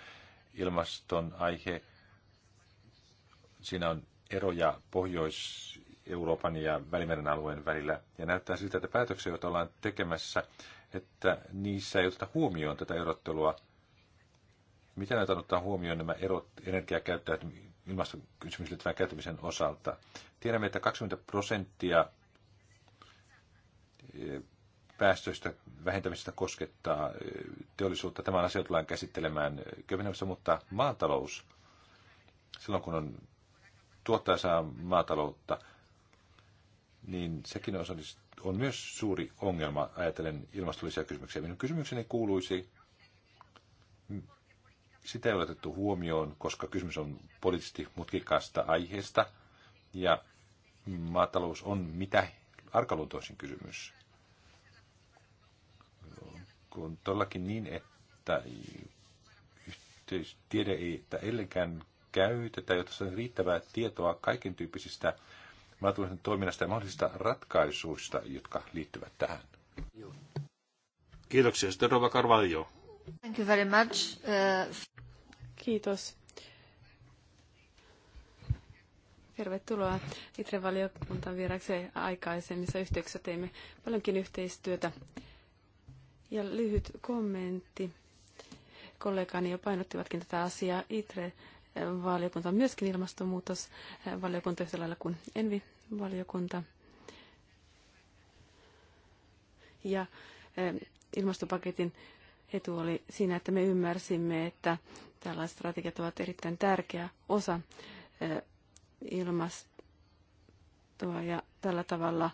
ilmaston aihe, siinä on eroja Pohjois-Euroopan ja Välimeren alueen välillä. Ja näyttää siltä, että päätöksiä, joita ollaan tekemässä, että niissä ei oteta huomioon tätä erottelua. Miten näitä ottaa huomioon nämä erot energiakäyttäytymisen ilmastokysymys liittyvän käyttämisen osalta? Tiedämme, että 20 prosenttia e, päästöistä vähentämisestä koskettaa e, teollisuutta. Tämä asia tullaan käsittelemään Kööpenhaminassa, mutta maatalous, silloin kun on tuottaisaa maataloutta, niin sekin on, on myös suuri ongelma, ajatellen ilmastollisia kysymyksiä. Minun kysymykseni kuuluisi, sitä ei ole otettu huomioon, koska kysymys on poliittisesti mutkikkaasta aiheesta, ja maatalous on mitä arkaluontoisin kysymys. On todellakin niin, että yhteistiede ei, että ellenkään käytetä, jotta on riittävää tietoa kaiken tyyppisistä maatalouden toiminnasta ja mahdollisista ratkaisuista, jotka liittyvät tähän. Kiitoksia. Sitten Rova Carvalho. Thank you very much. Uh... Kiitos. Tervetuloa ITRE-valiokuntaan vieraksi aikaisemmissa yhteyksissä teimme paljonkin yhteistyötä. Ja lyhyt kommentti. Kollegani jo painottivatkin tätä asiaa. ITRE valiokunta on myöskin ilmastonmuutosvaliokunta eh, yhtä lailla kuin Envi-valiokunta. Ja eh, ilmastopaketin etu oli siinä, että me ymmärsimme, että tällaiset strategiat ovat erittäin tärkeä osa eh, ilmastoa ja tällä tavalla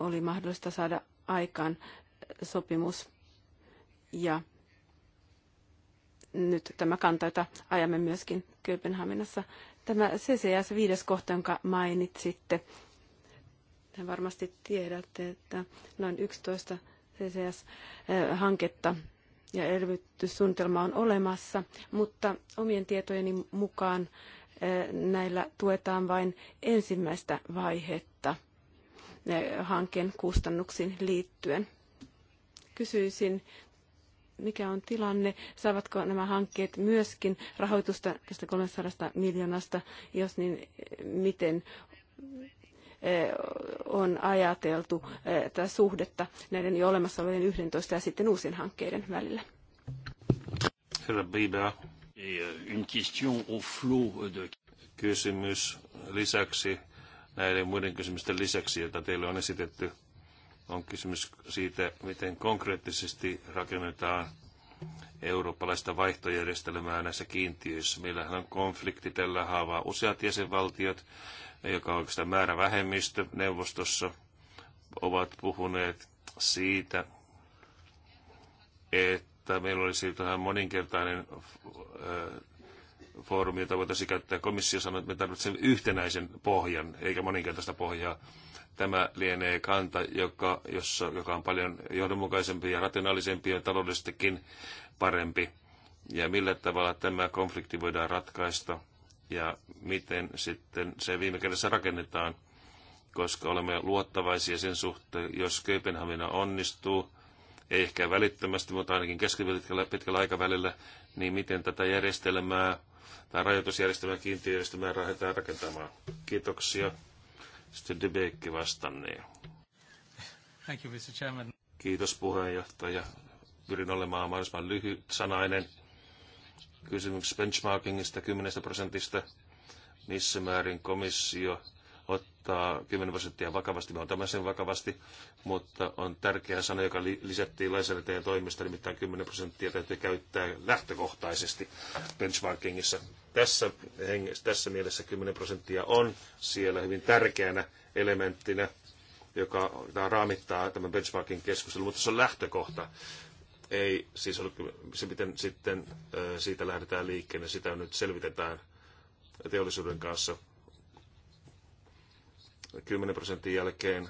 oli mahdollista saada aikaan sopimus ja nyt tämä kanta, jota ajamme myöskin Kööpenhaminassa. Tämä CCS viides kohta, jonka mainitsitte, te varmasti tiedätte, että noin 11 CCS-hanketta eh, ja elvytyssuunnitelma on olemassa, mutta omien tietojeni mukaan eh, näillä tuetaan vain ensimmäistä vaihetta eh, hankkeen kustannuksiin liittyen. Kysyisin mikä on tilanne, saavatko nämä hankkeet myöskin rahoitusta tästä 300 miljoonasta, jos niin miten eh, on ajateltu eh, tätä suhdetta näiden jo olemassa olevien 11 ja sitten uusien hankkeiden välillä. Herra Biba. Euh, Kysymys lisäksi näiden muiden kysymysten lisäksi, joita teille on esitetty on kysymys siitä, miten konkreettisesti rakennetaan eurooppalaista vaihtojärjestelmää näissä kiintiöissä. Meillähän on konflikti tällä haavaa useat jäsenvaltiot, joka on oikeastaan määrä vähemmistö neuvostossa, ovat puhuneet siitä, että meillä olisi tähän moninkertainen äh, foorumi, jota voitaisiin käyttää. Komissio sanoi, että me tarvitsemme yhtenäisen pohjan, eikä moninkertaista pohjaa. Tämä lienee kanta, joka, jossa, joka on paljon johdonmukaisempi ja rationaalisempi ja taloudellisestikin parempi. Ja millä tavalla tämä konflikti voidaan ratkaista ja miten sitten se viime kädessä rakennetaan, koska olemme luottavaisia sen suhteen, jos Kööpenhamina onnistuu, ei ehkä välittömästi, mutta ainakin keskipitkällä pitkällä aikavälillä, niin miten tätä järjestelmää tai rajoitusjärjestelmää, kiintiöjärjestelmää lähdetään rakentamaan. Kiitoksia. Sitten Debekki vastannee. Thank you, Mr. Chairman. Kiitos puheenjohtaja. Pyrin olemaan mahdollisimman lyhyt sanainen. Kysymys benchmarkingista 10 prosentista. Missä määrin komissio ottaa 10 prosenttia vakavasti. Me otamme sen vakavasti, mutta on tärkeä sana, joka lisättiin lainsäädäntöjen toimesta, nimittäin 10 prosenttia täytyy käyttää lähtökohtaisesti benchmarkingissa. Tässä, hengessä, tässä mielessä 10 prosenttia on siellä hyvin tärkeänä elementtinä, joka raamittaa tämän benchmarkin keskustelun, mutta se on lähtökohta ei siis ole se, miten sitten siitä lähdetään liikkeelle, sitä nyt selvitetään teollisuuden kanssa. 10 prosentin jälkeen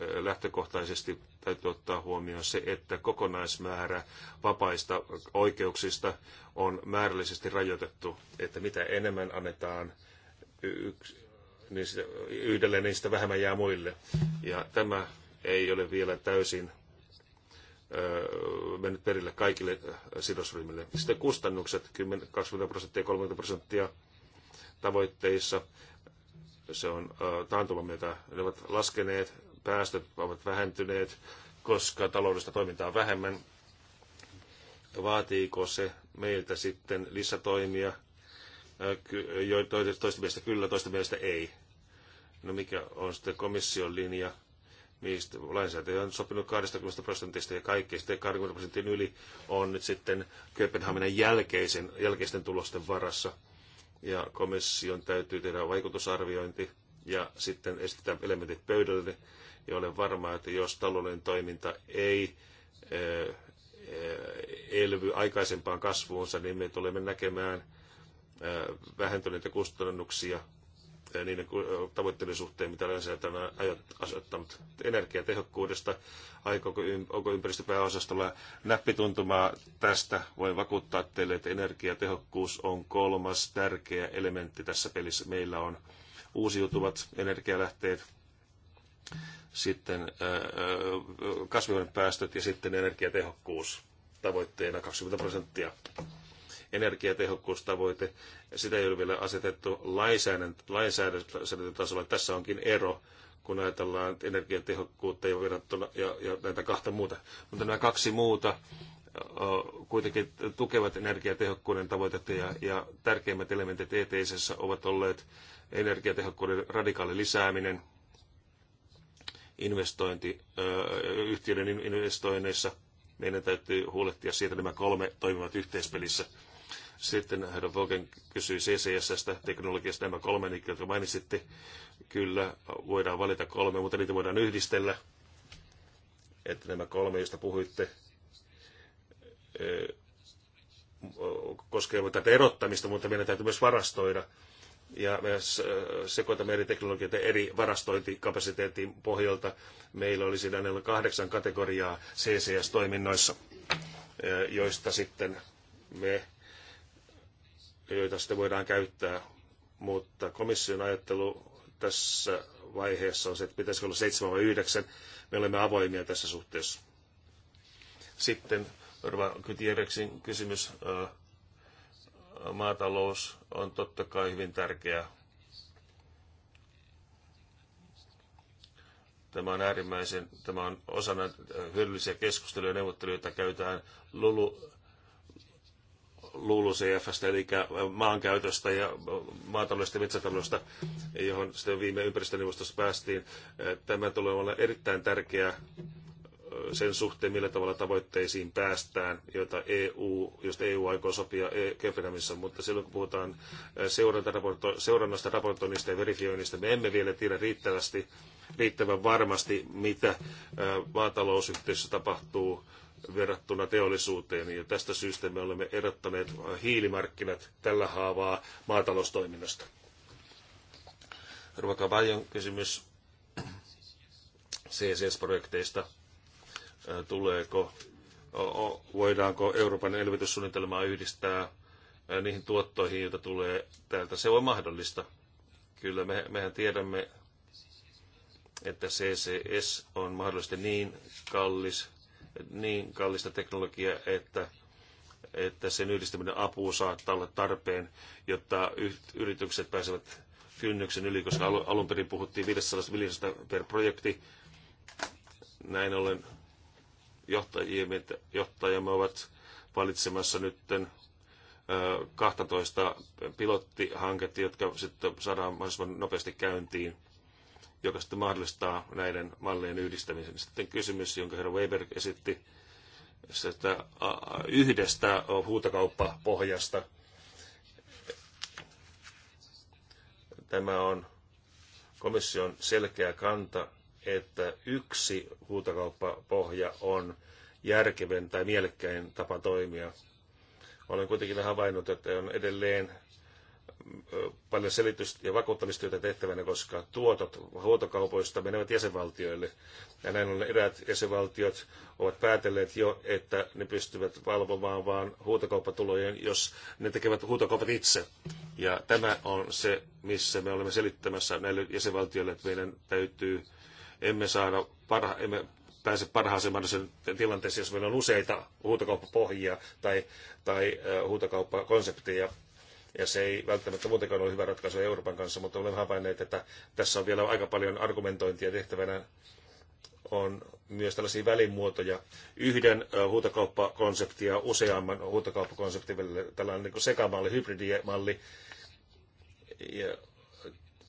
lähtökohtaisesti täytyy ottaa huomioon se, että kokonaismäärä vapaista oikeuksista on määrällisesti rajoitettu, että mitä enemmän annetaan niin sitä, yhdelle, niin sitä vähemmän jää muille. Ja tämä ei ole vielä täysin mennyt perille kaikille sidosryhmille. Sitten kustannukset, 10, 20 prosenttia, 30 prosenttia tavoitteissa se on taantuman myötä, ne ovat laskeneet, päästöt ovat vähentyneet, koska taloudellista toimintaa on vähemmän. Vaatiiko se meiltä sitten lisätoimia? Toista mielestä kyllä, toista mielestä ei. No mikä on sitten komission linja? Niistä lainsäätäjä on sopinut 20 prosentista ja kaikki sitten 20 prosentin yli on nyt sitten Kööpenhaminan jälkeisen, jälkeisten tulosten varassa – ja komission täytyy tehdä vaikutusarviointi ja sitten esitetään elementit pöydälle. Ja olen varma, että jos taloudellinen toiminta ei eh, eh, elvy aikaisempaan kasvuunsa, niin me tulemme näkemään eh, vähentyneitä kustannuksia niiden tavoitteiden suhteen, mitä lainsäädäntö on asettanut energiatehokkuudesta. Aikooko, onko ympäristöpääosastolla näppituntumaa tästä? Voin vakuuttaa teille, että energiatehokkuus on kolmas tärkeä elementti tässä pelissä. Meillä on uusiutuvat energialähteet, sitten kasvihuonepäästöt ja sitten energiatehokkuus tavoitteena 20 prosenttia energiatehokkuustavoite, sitä ei ole vielä asetettu lainsäädäntötasolla. Tässä onkin ero, kun ajatellaan energiatehokkuutta ja, verrattuna, ja, ja näitä kahta muuta. Mutta nämä kaksi muuta kuitenkin tukevat energiatehokkuuden tavoitetta ja, ja tärkeimmät elementit ETS ovat olleet energiatehokkuuden radikaali lisääminen, investointi, yhtiöiden investoinneissa. Meidän täytyy huolehtia siitä, että nämä kolme toimivat yhteispelissä. Sitten herra Vogen kysyi CCSstä, teknologiasta nämä kolme, niin, jotka mainitsitte. Kyllä, voidaan valita kolme, mutta niitä voidaan yhdistellä. Että nämä kolme, joista puhuitte, eh, koskevat tätä erottamista, mutta meidän täytyy myös varastoida ja me eh, sekoitamme eri teknologioita eri varastointikapasiteetin pohjalta. Meillä oli siinä kahdeksan kategoriaa CCS-toiminnoissa, eh, joista sitten me joita sitten voidaan käyttää, mutta komission ajattelu tässä vaiheessa on se, että pitäisikö olla 7 vai 9. Me olemme avoimia tässä suhteessa. Sitten Orva Kytiereksin kysymys. Maatalous on totta kai hyvin tärkeä. Tämä on äärimmäisen, tämä on osana hyödyllisiä keskusteluja ja neuvotteluja, joita käytään Lulu LULUCFstä, eli äh, maankäytöstä ja äh, maataloudesta ja metsätaloudesta, johon sitten viime ympäristöneuvostossa päästiin. Äh, tämä tulee olla erittäin tärkeä sen suhteen, millä tavalla tavoitteisiin päästään, joita EU, josta EU aikoo sopia e Kööpenhaminassa, mutta silloin kun puhutaan seurannasta, raportoinnista ja verifioinnista, me emme vielä tiedä riittävästi, riittävän varmasti, mitä maatalousyhteisössä tapahtuu verrattuna teollisuuteen. Ja tästä syystä me olemme erottaneet hiilimarkkinat tällä haavaa maataloustoiminnasta. Ruoka Vajon kysymys CCS-projekteista. Äh, tuleeko, voidaanko Euroopan elvytyssuunnitelmaa yhdistää äh, niihin tuottoihin, joita tulee täältä? Se on mahdollista. Kyllä me, mehän tiedämme, että CCS on mahdollisesti niin kallis niin kallista teknologiaa, että, että sen yhdistäminen apuun saattaa olla tarpeen, jotta yritykset pääsevät kynnyksen yli, koska alun perin puhuttiin 500 miljoonasta per projekti. Näin ollen johtajiemme, johtajamme ovat valitsemassa nyt 12 pilottihanketta, jotka sitten saadaan mahdollisimman nopeasti käyntiin joka sitten mahdollistaa näiden mallien yhdistämisen. Sitten kysymys, jonka herra Weber esitti, sitä yhdestä huutokauppapohjasta. Tämä on komission selkeä kanta, että yksi huutokauppapohja on järkevän tai mielekkäin tapa toimia. Olen kuitenkin havainnut, että on edelleen paljon selitys- ja vakuuttamistyötä tehtävänä, koska tuotot huoltokaupoista menevät jäsenvaltioille. Ja näin on eräät jäsenvaltiot ovat päätelleet jo, että ne pystyvät valvomaan vain huutokauppatulojen, jos ne tekevät huutokaupat itse. Ja tämä on se, missä me olemme selittämässä näille jäsenvaltioille, että meidän täytyy, emme saada parha, emme pääse parhaaseen mahdolliseen tilanteeseen, jos meillä on useita huutokauppapohjia tai, tai huutokauppakonsepteja ja se ei välttämättä muutenkaan ole hyvä ratkaisu Euroopan kanssa, mutta olemme havainneet, että tässä on vielä aika paljon argumentointia tehtävänä. On myös tällaisia välimuotoja, yhden huutokauppakonseptia useamman huutokauppakonseptin välillä, tällainen niin sekamaali, hybridimalli, ja